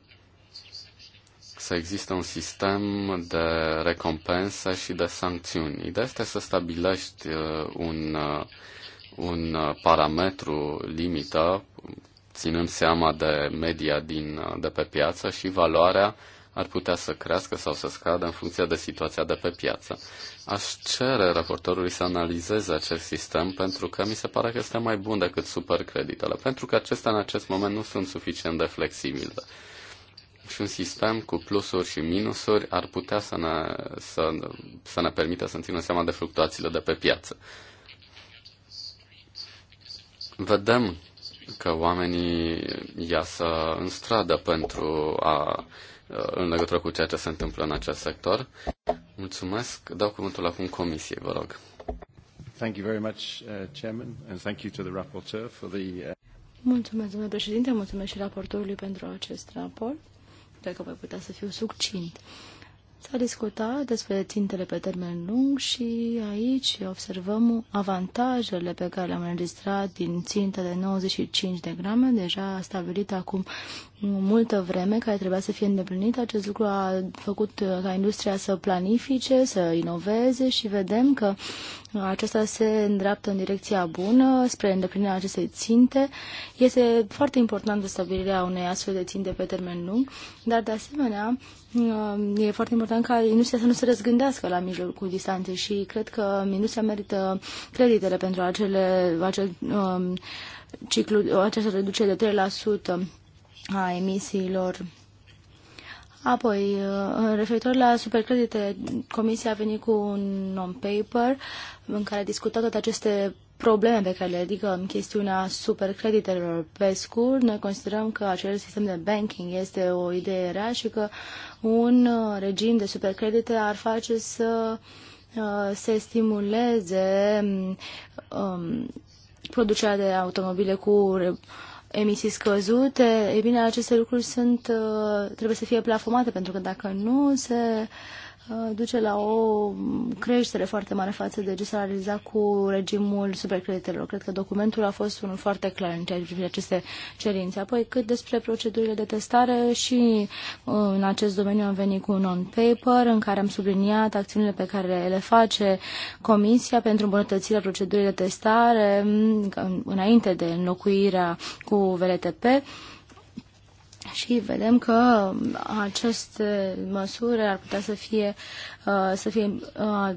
Să există un sistem de recompensă și de sancțiuni. Ideea este să stabilești uh, un, uh, un uh, parametru limită ținând seama de media din, de pe piață și valoarea ar putea să crească sau să scadă în funcție de situația de pe piață. Aș cere raportorului să analizeze acest sistem pentru că mi se pare că este mai bun decât supercreditele, pentru că acestea în acest moment nu sunt suficient de flexibile. Și un sistem cu plusuri și minusuri ar putea să ne, să, să ne permită să ținem seama de fluctuațiile de pe piață. Vedem că oamenii iasă în stradă pentru a în legătură cu ceea ce se întâmplă în acest sector. Mulțumesc. Dau cuvântul acum Comisiei, vă rog. Thank you very much, uh, Chairman, and thank you to the rapporteur for the... Uh... Mulțumesc, domnule președinte, mulțumesc și raportorului pentru acest raport. Cred că voi putea să fiu succint. Uh, S-a discutat despre țintele pe termen lung și aici observăm avantajele pe care le-am înregistrat din țintă de 95 de grame, deja stabilită acum multă vreme, care trebuia să fie îndeplinită. Acest lucru a făcut ca industria să planifice, să inoveze și vedem că acesta se îndreaptă în direcția bună spre îndeplinirea acestei ținte. Este foarte importantă stabilirea unei astfel de ținte pe termen lung, dar de asemenea e foarte important ca industria să nu se răzgândească la mijlocul distanței și cred că industria merită creditele pentru acele, acel um, ciclu, această reducere de 3% a emisiilor. Apoi, uh, referitor la supercredite, Comisia a venit cu un non-paper în care discutat toate aceste probleme pe care le ridică chestiunea supercreditelor. Pe scurt, noi considerăm că acel sistem de banking este o idee rea și că un uh, regim de supercredite ar face să uh, se stimuleze um, um, producerea de automobile cu emisii scăzute, e bine, aceste lucruri sunt, uh, trebuie să fie plafomate, pentru că dacă nu, se Uh, duce la o creștere foarte mare față de ce s-a realizat cu regimul supercreditelor. Cred că documentul a fost unul foarte clar în ceea ce privește aceste cerințe. Apoi, cât despre procedurile de testare și uh, în acest domeniu am venit cu un non-paper în care am subliniat acțiunile pe care le face Comisia pentru îmbunătățirea procedurii de testare mm, înainte de înlocuirea cu VLTP și vedem că uh, aceste măsuri ar putea să fie, uh, să fie uh,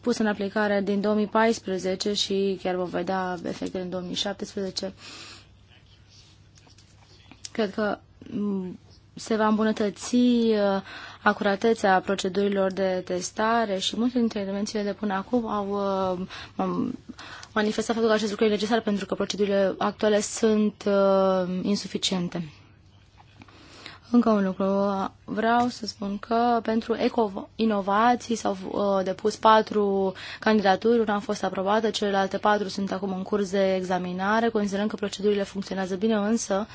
pus în aplicare din 2014 și chiar vom vedea efectele în 2017. Cred că mm, se va îmbunătăți acuratețea procedurilor de testare și multe dintre intervențiile de până acum au manifestat faptul că acest lucru e necesar pentru că procedurile actuale sunt insuficiente. Încă un lucru. Vreau să spun că pentru eco-inovații s-au uh, depus patru candidaturi, una a fost aprobată, celelalte patru sunt acum în curs de examinare. considerând că procedurile funcționează bine, însă uh,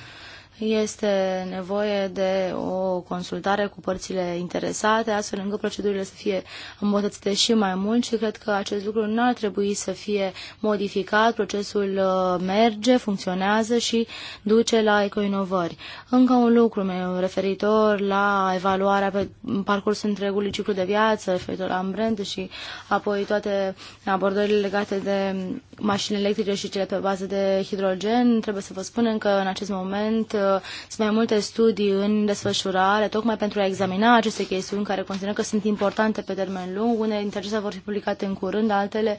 este nevoie de o consultare cu părțile interesate, astfel încât procedurile să fie îmbunătățite și mai mult și cred că acest lucru nu ar trebui să fie modificat, procesul uh, merge, funcționează și duce la ecoinovări. Încă un lucru meu referitor la evaluarea pe parcursul întregului ciclu de viață, referitor la ambrent și apoi toate abordările legate de mașini electrice și cele pe bază de hidrogen, trebuie să vă spunem că în acest moment Uh, sunt mai multe studii în desfășurare, tocmai pentru a examina aceste chestiuni care considerăm că sunt importante pe termen lung. Unele dintre acestea vor fi publicate în curând, altele,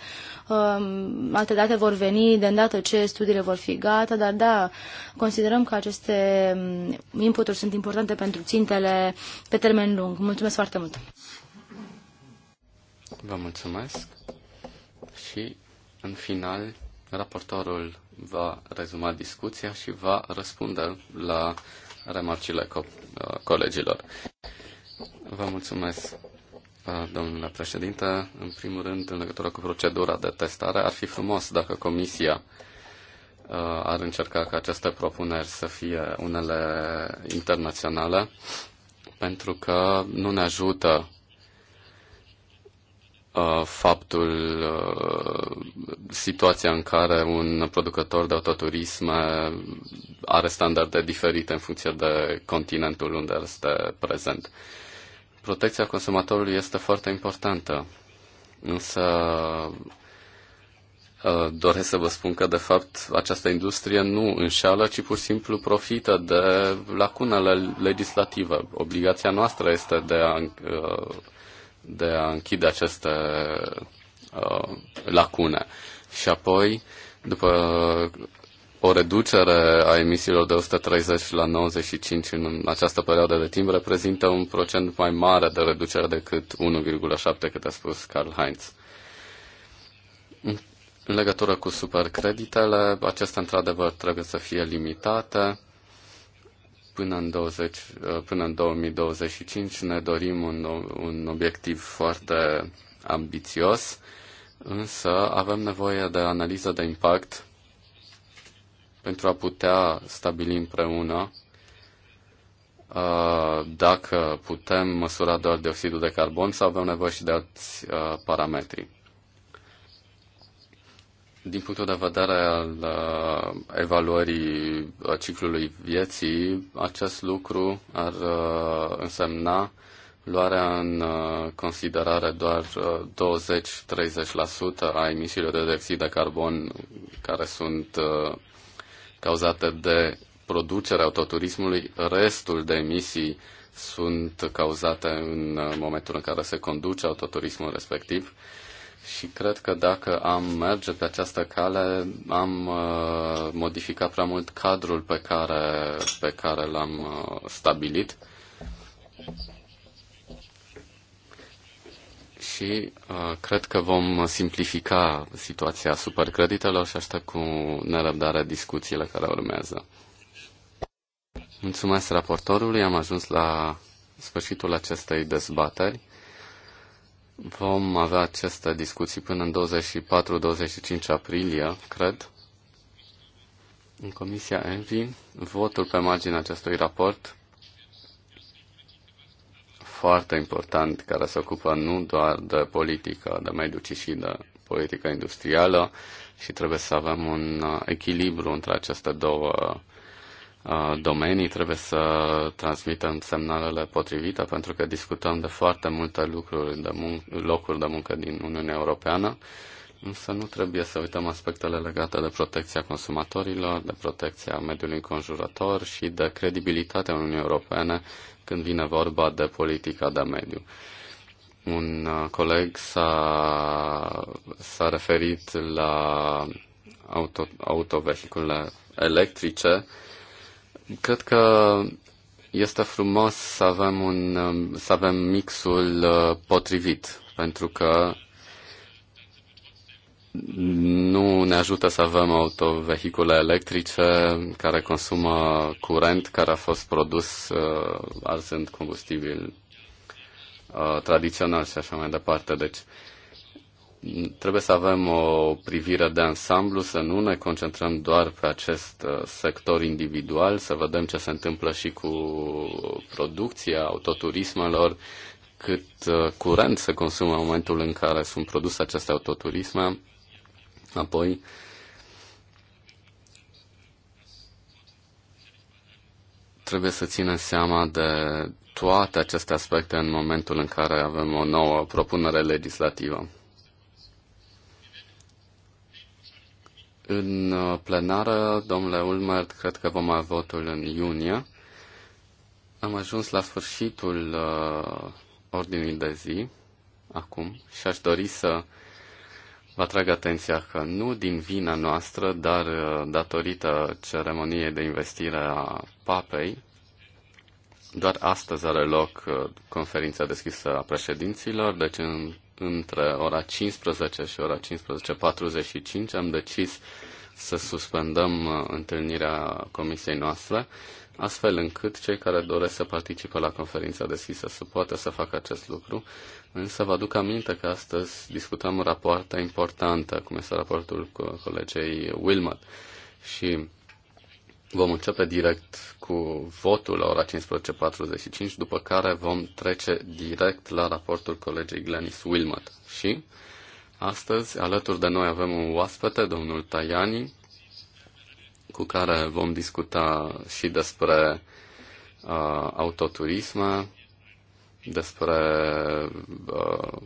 um, alte date vor veni de îndată ce studiile vor fi gata, dar da, considerăm că aceste um, inputuri sunt importante pentru țintele pe termen lung. Mulțumesc foarte mult! Vă mulțumesc și în final Raportorul va rezuma discuția și va răspunde la remarcile co- uh, colegilor. Vă mulțumesc, uh, domnule președinte. În primul rând, în legătură cu procedura de testare, ar fi frumos dacă Comisia uh, ar încerca ca aceste propuneri să fie unele internaționale, pentru că nu ne ajută Uh, faptul, uh, situația în care un producător de autoturism are standarde diferite în funcție de continentul unde este prezent. Protecția consumatorului este foarte importantă, însă uh, doresc să vă spun că, de fapt, această industrie nu înșală, ci pur și simplu profită de lacunele legislative. Obligația noastră este de a de a închide aceste lacună uh, lacune. Și apoi, după o reducere a emisiilor de 130 la 95 în această perioadă de timp reprezintă un procent mai mare de reducere decât 1,7 cât a spus Karl Heinz. În legătură cu supercreditele, acestea într-adevăr trebuie să fie limitate Până în, 20, uh, până în 2025 ne dorim un, un obiectiv foarte ambițios, însă avem nevoie de analiză de impact pentru a putea stabili împreună uh, dacă putem măsura doar dioxidul de carbon sau avem nevoie și de alți uh, parametri. Din punctul de vedere al uh, evaluării uh, ciclului vieții, acest lucru ar uh, însemna luarea în considerare doar 20-30% a emisiilor de dioxid de carbon care sunt cauzate de producerea autoturismului, restul de emisii sunt cauzate în momentul în care se conduce autoturismul respectiv și cred că dacă am merge pe această cale, am uh, modificat prea mult cadrul pe care, pe care l-am uh, stabilit. Și uh, cred că vom simplifica situația supercreditelor și aștept cu nerăbdare discuțiile care urmează. Mulțumesc raportorului, am ajuns la sfârșitul acestei dezbateri. Vom avea aceste discuții până în 24-25 aprilie, cred. În Comisia Envi, votul pe marginea acestui raport foarte important, care se ocupă nu doar de politică, de mediu, ci și de politică industrială și trebuie să avem un echilibru între aceste două Uh, domenii, trebuie să transmitem semnalele potrivite pentru că discutăm de foarte multe lucruri, de mun- locuri de muncă din Uniunea Europeană, însă nu trebuie să uităm aspectele legate de protecția consumatorilor, de protecția mediului înconjurător și de credibilitatea Uniunii Europene când vine vorba de politica de mediu. Un uh, coleg s-a, s-a referit la auto, autovehiculele electrice Cred că este frumos să avem, un, um, să avem mixul uh, potrivit, pentru că nu ne ajută să avem autovehicule electrice care consumă curent care a fost produs uh, arzând combustibil uh, tradițional și așa mai departe. Deci, trebuie să avem o privire de ansamblu, să nu ne concentrăm doar pe acest uh, sector individual, să vedem ce se întâmplă și cu producția autoturismelor, cât uh, curent se consumă în momentul în care sunt produse aceste autoturisme, apoi trebuie să ținem seama de toate aceste aspecte în momentul în care avem o nouă propunere legislativă. În uh, plenară, domnule Ulmert, cred că vom avea votul în iunie. Am ajuns la sfârșitul uh, ordinii de zi acum și aș dori să vă atrag atenția că nu din vina noastră, dar uh, datorită ceremoniei de investire a papei, doar astăzi are loc uh, conferința deschisă a președinților, deci în între ora 15 și ora 15.45 am decis să suspendăm uh, întâlnirea comisiei noastre, astfel încât cei care doresc să participe la conferința deschisă să poată să facă acest lucru. Însă vă aduc aminte că astăzi discutăm rapoarte importante, cum este raportul cu colegei Wilmot. Și Vom începe direct cu votul la ora 15.45, după care vom trece direct la raportul colegii Glenis Wilmot. Și astăzi, alături de noi, avem un oaspete, domnul Tajani, cu care vom discuta și despre uh, autoturisme, despre uh,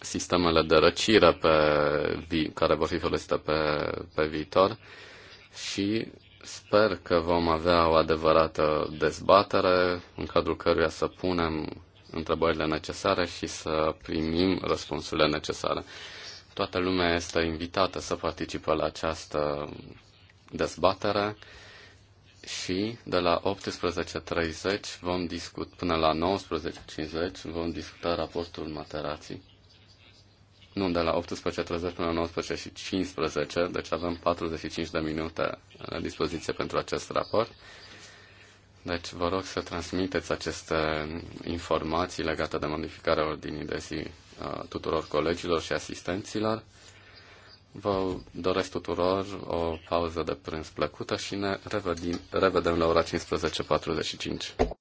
sistemele de răcire pe vi- care vor fi folosite pe, pe viitor și Sper că vom avea o adevărată dezbatere în cadrul căruia să punem întrebările necesare și să primim răspunsurile necesare. Toată lumea este invitată să participe la această dezbatere și de la 18.30 vom discuta până la 19.50 vom discuta raportul Materații nu, de la 18.30 până la 19.15, deci avem 45 de minute la dispoziție pentru acest raport. Deci vă rog să transmiteți aceste informații legate de modificarea ordinii de zi uh, tuturor colegilor și asistenților. Vă doresc tuturor o pauză de prânz plăcută și ne revedim, revedem la ora 15.45.